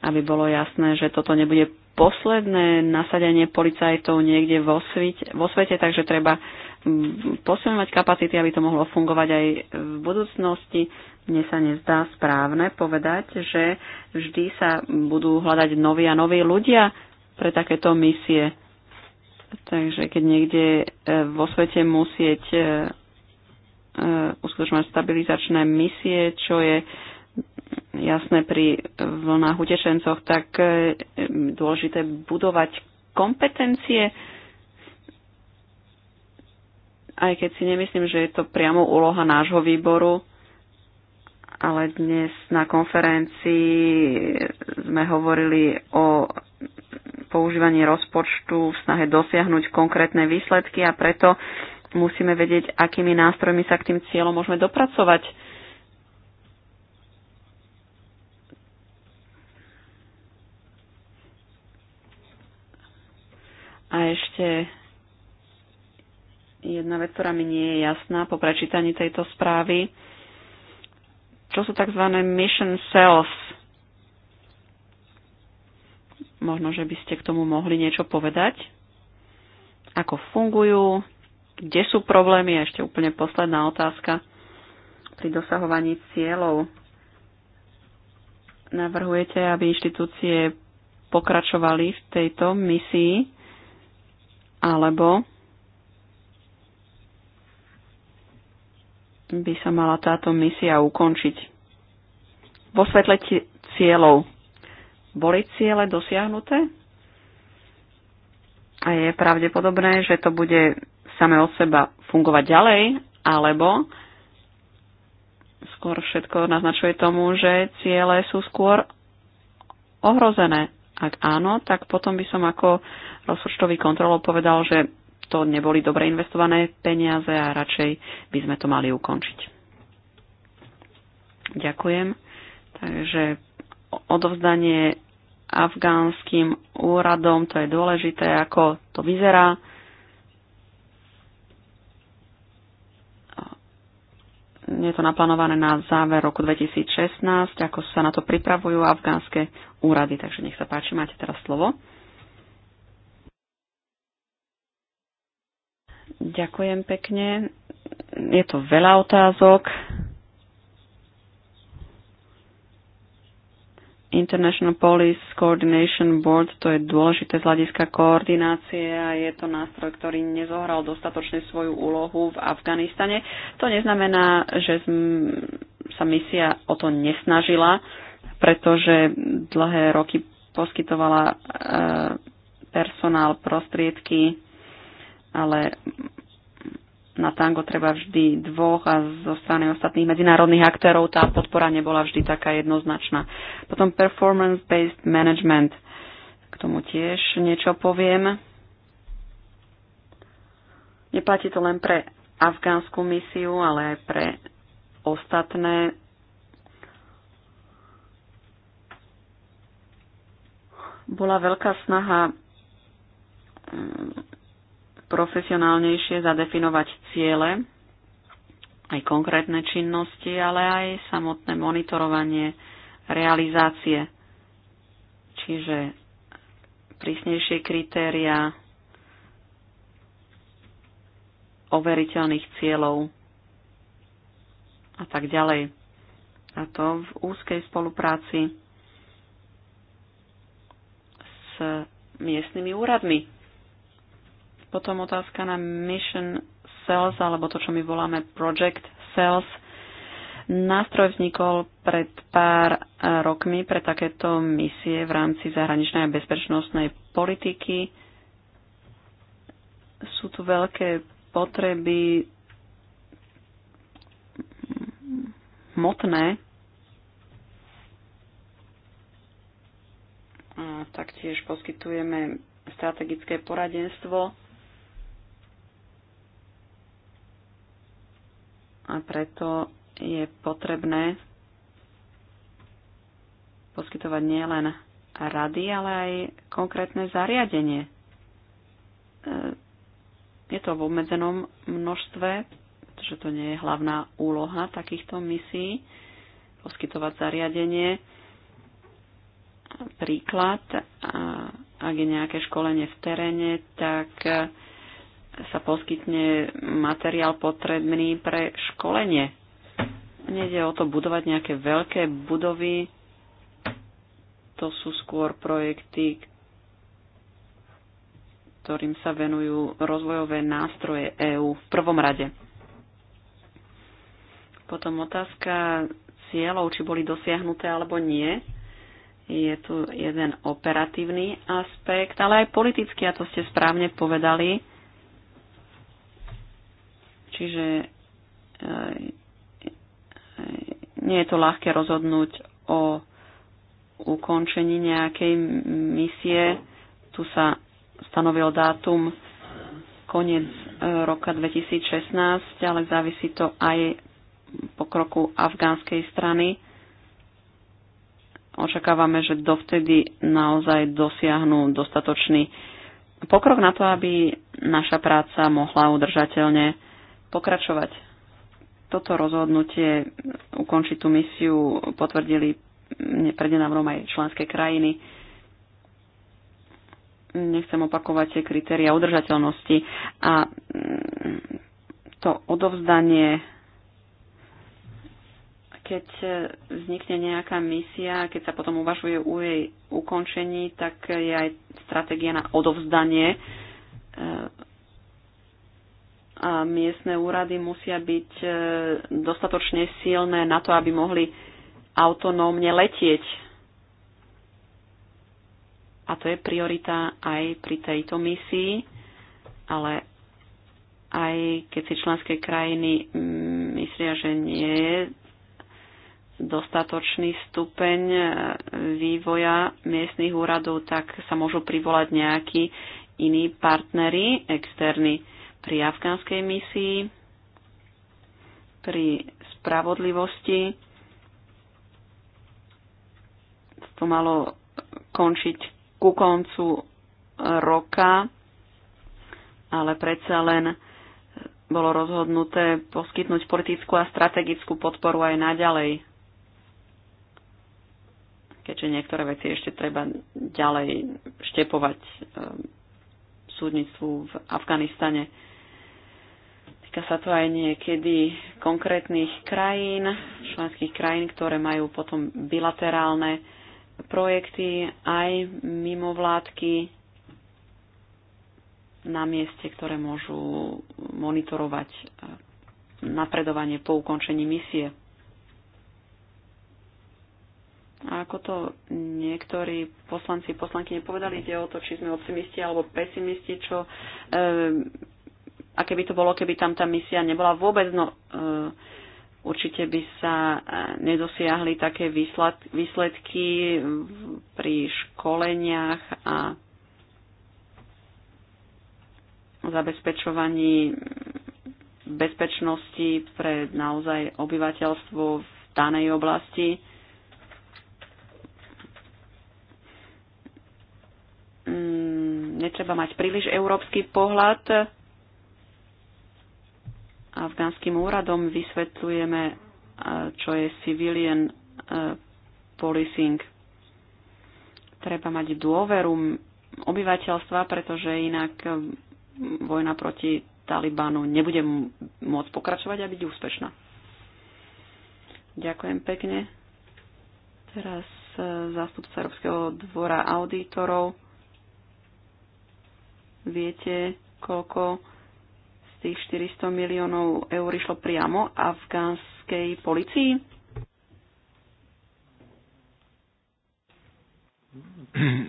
aby bolo jasné, že toto nebude posledné nasadenie policajtov niekde vo, svite, vo svete, takže treba posilňovať kapacity, aby to mohlo fungovať aj v budúcnosti. Mne sa nezdá správne povedať, že vždy sa budú hľadať noví a noví ľudia pre takéto misie Takže keď niekde e, vo svete musieť e, e, uskutočňovať stabilizačné misie, čo je jasné pri vlnách utečencoch, tak dôležité budovať kompetencie, aj keď si nemyslím, že je to priamo úloha nášho výboru, ale dnes na konferencii sme hovorili o používanie rozpočtu v snahe dosiahnuť konkrétne výsledky a preto musíme vedieť, akými nástrojmi sa k tým cieľom môžeme dopracovať. A ešte jedna vec, ktorá mi nie je jasná po prečítaní tejto správy. Čo sú tzv. mission cells? Možno, že by ste k tomu mohli niečo povedať, ako fungujú, kde sú problémy, a ešte úplne posledná otázka pri dosahovaní cieľov. Navrhujete, aby inštitúcie pokračovali v tejto misii, alebo by sa mala táto misia ukončiť. Vo svetle cieľov boli ciele dosiahnuté? A je pravdepodobné, že to bude same od seba fungovať ďalej, alebo skôr všetko naznačuje tomu, že ciele sú skôr ohrozené. Ak áno, tak potom by som ako rozpočtový kontrolov povedal, že to neboli dobre investované peniaze a radšej by sme to mali ukončiť. Ďakujem. Takže odovzdanie afgánskym úradom, to je dôležité, ako to vyzerá. Je to naplánované na záver roku 2016, ako sa na to pripravujú afgánske úrady. Takže nech sa páči, máte teraz slovo. Ďakujem pekne. Je to veľa otázok. International Police Coordination Board, to je dôležité z hľadiska koordinácie a je to nástroj, ktorý nezohral dostatočne svoju úlohu v Afganistane. To neznamená, že sa misia o to nesnažila, pretože dlhé roky poskytovala eh, personál, prostriedky, ale na tango treba vždy dvoch a zo strany ostatných medzinárodných aktérov tá podpora nebola vždy taká jednoznačná. Potom performance-based management. K tomu tiež niečo poviem. Neplatí to len pre afgánsku misiu, ale aj pre ostatné bola veľká snaha mm, profesionálnejšie zadefinovať ciele, aj konkrétne činnosti, ale aj samotné monitorovanie realizácie. Čiže prísnejšie kritéria overiteľných cieľov a tak ďalej. A to v úzkej spolupráci s miestnymi úradmi. Potom otázka na mission sales, alebo to, čo my voláme project sales. Nástroj vznikol pred pár e, rokmi pre takéto misie v rámci zahraničnej a bezpečnostnej politiky. Sú tu veľké potreby hmotné a taktiež poskytujeme strategické poradenstvo a preto je potrebné poskytovať nielen rady, ale aj konkrétne zariadenie. E, je to v obmedzenom množstve, pretože to nie je hlavná úloha takýchto misií, poskytovať zariadenie. Príklad, ak je nejaké školenie v teréne, tak sa poskytne materiál potrebný pre školenie. Nede o to budovať nejaké veľké budovy, to sú skôr projekty, ktorým sa venujú rozvojové nástroje EÚ v prvom rade. Potom otázka cieľov, či boli dosiahnuté alebo nie. Je tu jeden operatívny aspekt, ale aj politický, a to ste správne povedali Čiže eh, nie je to ľahké rozhodnúť o ukončení nejakej misie. Tu sa stanovil dátum koniec eh, roka 2016, ale závisí to aj pokroku afgánskej strany. Očakávame, že dovtedy naozaj dosiahnu dostatočný pokrok na to, aby naša práca mohla udržateľne pokračovať. Toto rozhodnutie ukončiť tú misiu potvrdili prednenávrom aj členské krajiny. Nechcem opakovať tie kritéria udržateľnosti a mm, to odovzdanie keď vznikne nejaká misia, keď sa potom uvažuje o jej ukončení, tak je aj stratégia na odovzdanie e, a miestne úrady musia byť e, dostatočne silné na to, aby mohli autonómne letieť. A to je priorita aj pri tejto misii, ale aj keď si členské krajiny myslia, že nie je dostatočný stupeň e, vývoja miestnych úradov, tak sa môžu privolať nejakí iní partnery externí pri afgánskej misii, pri spravodlivosti. To malo končiť ku koncu roka, ale predsa len bolo rozhodnuté poskytnúť politickú a strategickú podporu aj naďalej keďže niektoré veci ešte treba ďalej štepovať ehm, súdnictvu v Afganistane. Týka sa to aj niekedy konkrétnych krajín, členských krajín, ktoré majú potom bilaterálne projekty aj mimovládky na mieste, ktoré môžu monitorovať napredovanie po ukončení misie. A ako to niektorí poslanci, poslanky nepovedali, ide o to, či sme optimisti alebo pesimisti, čo e, aké by to bolo, keby tam tá misia nebola vôbec, no e, určite by sa e, nedosiahli také výsledky pri školeniach a zabezpečovaní bezpečnosti pre naozaj obyvateľstvo v danej oblasti. Mm, netreba mať príliš európsky pohľad afgánskym úradom vysvetľujeme, e, čo je civilian e, policing. Treba mať dôveru obyvateľstva, pretože inak e, vojna proti Talibanu nebude môcť pokračovať a byť úspešná. Ďakujem pekne. Teraz zástupca Európskeho dvora auditorov. Viete, koľko tých 400 miliónov eur išlo priamo afgánskej policii?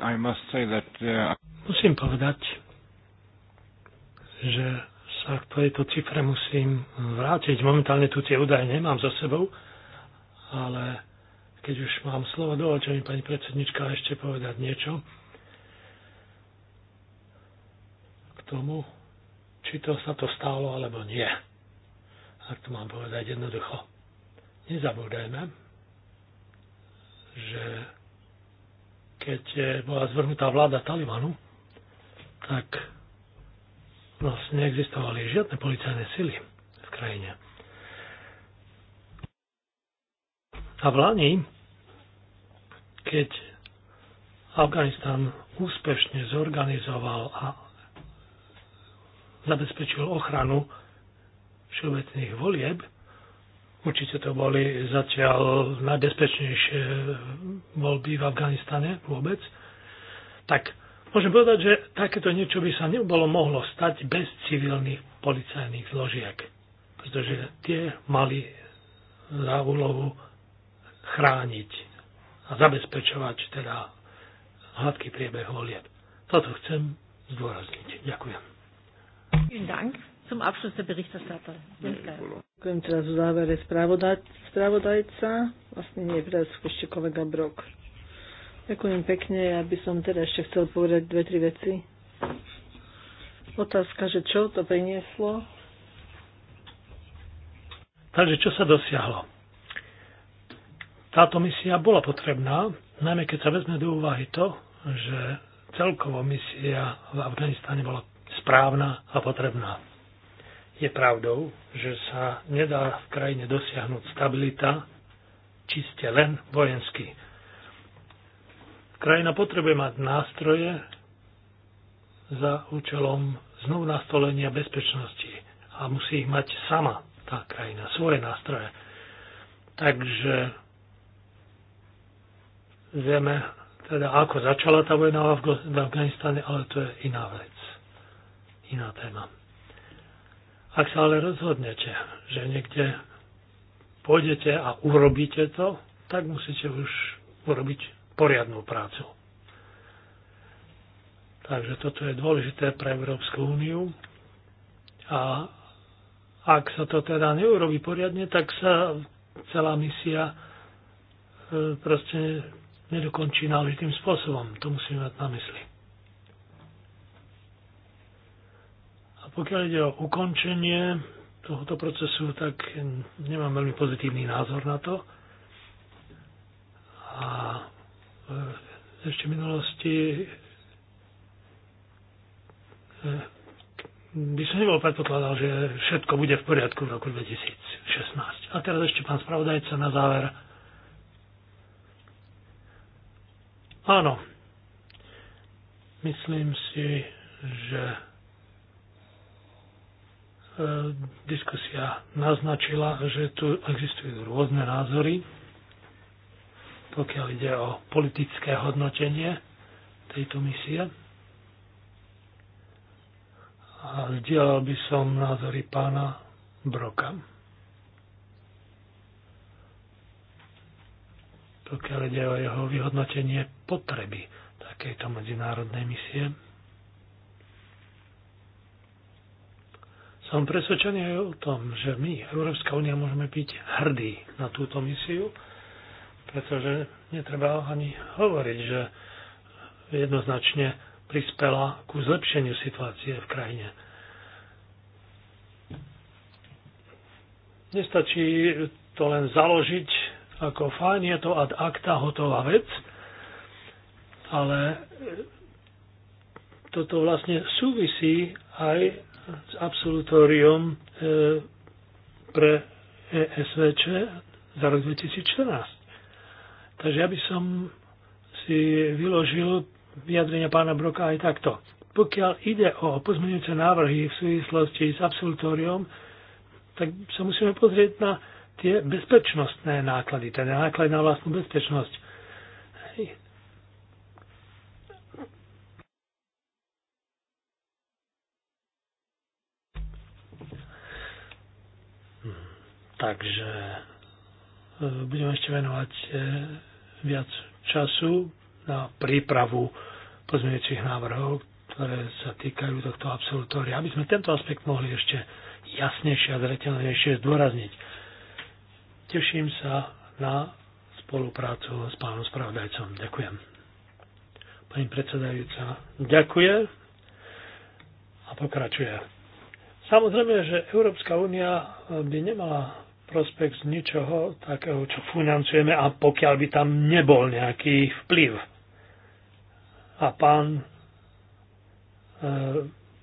I must say that, uh... Musím povedať, že sa k tejto cifre musím vrátiť. Momentálne tu tie údaje nemám za sebou, ale keď už mám slovo, dovolte mi pani predsednička ešte povedať niečo k tomu, či to sa to stálo alebo nie. Ak to mám povedať jednoducho. Nezabúdajme, že keď eh, bola zvrhnutá vláda Talibanu, tak vlastne neexistovali žiadne policajné sily v krajine. A v Lani, keď Afganistan úspešne zorganizoval a zabezpečil ochranu všeobecných volieb. Určite to boli zatiaľ najbezpečnejšie voľby v Afganistane vôbec. Tak môžem povedať, že takéto niečo by sa nebolo mohlo stať bez civilných policajných zložiek, pretože tie mali za úlohu chrániť a zabezpečovať teda hladký priebeh volieb. Toto chcem zdôrazniť. Ďakujem. Vielen Dank. Zum Abschluss der Berichterstatter. Ďakujem teraz v závere spravodajca. Vlastne nie, teraz ešte kolega Brok. Ďakujem pekne, ja by som teda ešte chcel povedať dve, tri veci. Otázka, že čo to prinieslo? Takže čo sa dosiahlo? Táto misia bola potrebná, najmä keď sa vezme do úvahy to, že celkovo misia v Afganistane bola správna a potrebná. Je pravdou, že sa nedá v krajine dosiahnuť stabilita čiste len vojensky. Krajina potrebuje mať nástroje za účelom znovu nastolenia bezpečnosti a musí ich mať sama tá krajina, svoje nástroje. Takže vieme teda, ako začala tá vojna v Afganistane, ale to je iná vec iná téma. Ak sa ale rozhodnete, že niekde pôjdete a urobíte to, tak musíte už urobiť poriadnú prácu. Takže toto je dôležité pre Európsku úniu a ak sa to teda neurobi poriadne, tak sa celá misia e, proste nedokončí náležitým spôsobom. To musíme mať na mysli. Pokiaľ ide o ukončenie tohoto procesu, tak nemám veľmi pozitívny názor na to. A e, ešte v minulosti by e, som nebol predpokladal, že všetko bude v poriadku v roku 2016. A teraz ešte pán spravodajca na záver. Áno, myslím si, že E, diskusia naznačila, že tu existujú rôzne názory, pokiaľ ide o politické hodnotenie tejto misie. A zdieľal by som názory pána Broka. Pokiaľ ide o jeho vyhodnotenie potreby takejto medzinárodnej misie. Som presvedčený aj o tom, že my, Európska únia, môžeme byť hrdí na túto misiu, pretože netreba ani hovoriť, že jednoznačne prispela ku zlepšeniu situácie v krajine. Nestačí to len založiť ako fajn, je to ad acta hotová vec, ale toto vlastne súvisí aj E, e s absolutóriom pre ESVČ za rok 2014. Takže ja by som si vyložil vyjadrenia pána Broka aj takto. Pokiaľ ide o pozmeňujúce návrhy v súvislosti s absolutóriom, tak sa musíme pozrieť na tie bezpečnostné náklady, teda náklady na vlastnú bezpečnosť. Takže e, budeme ešte venovať e, viac času na prípravu pozmeňujúcich návrhov, ktoré sa týkajú tohto absolutória, aby sme tento aspekt mohli ešte jasnejšie a zretelnejšie zdôrazniť. Teším sa na spoluprácu s pánom spravodajcom. Ďakujem. Pani predsedajúca, ďakuje a pokračuje. Samozrejme, že Európska únia by nemala prospekt z ničoho takého, čo financujeme a pokiaľ by tam nebol nejaký vplyv. A pán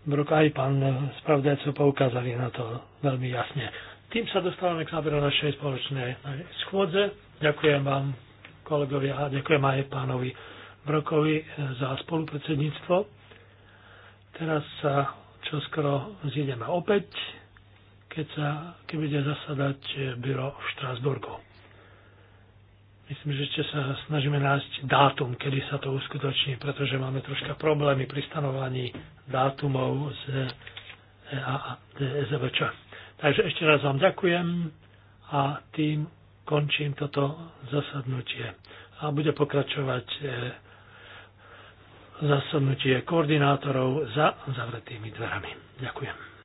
Brok e, aj pán spravodajcov poukázali na to veľmi jasne. Tým sa dostávame k záveru našej spoločnej schôdze. Ďakujem vám, kolegovia, a ďakujem aj pánovi Brokovi e, za spolupredsedníctvo. Teraz sa čoskoro zjedeme opäť keď, sa, keď bude zasadať eh, byro v Štrásburgu. Myslím, že ešte sa snažíme nájsť dátum, kedy sa to uskutoční, pretože máme troška problémy pri stanovaní dátumov z EZVČ. Eh, Takže ešte raz vám ďakujem a tým končím toto zasadnutie. A bude pokračovať eh, zasadnutie koordinátorov za zavretými dverami. Ďakujem.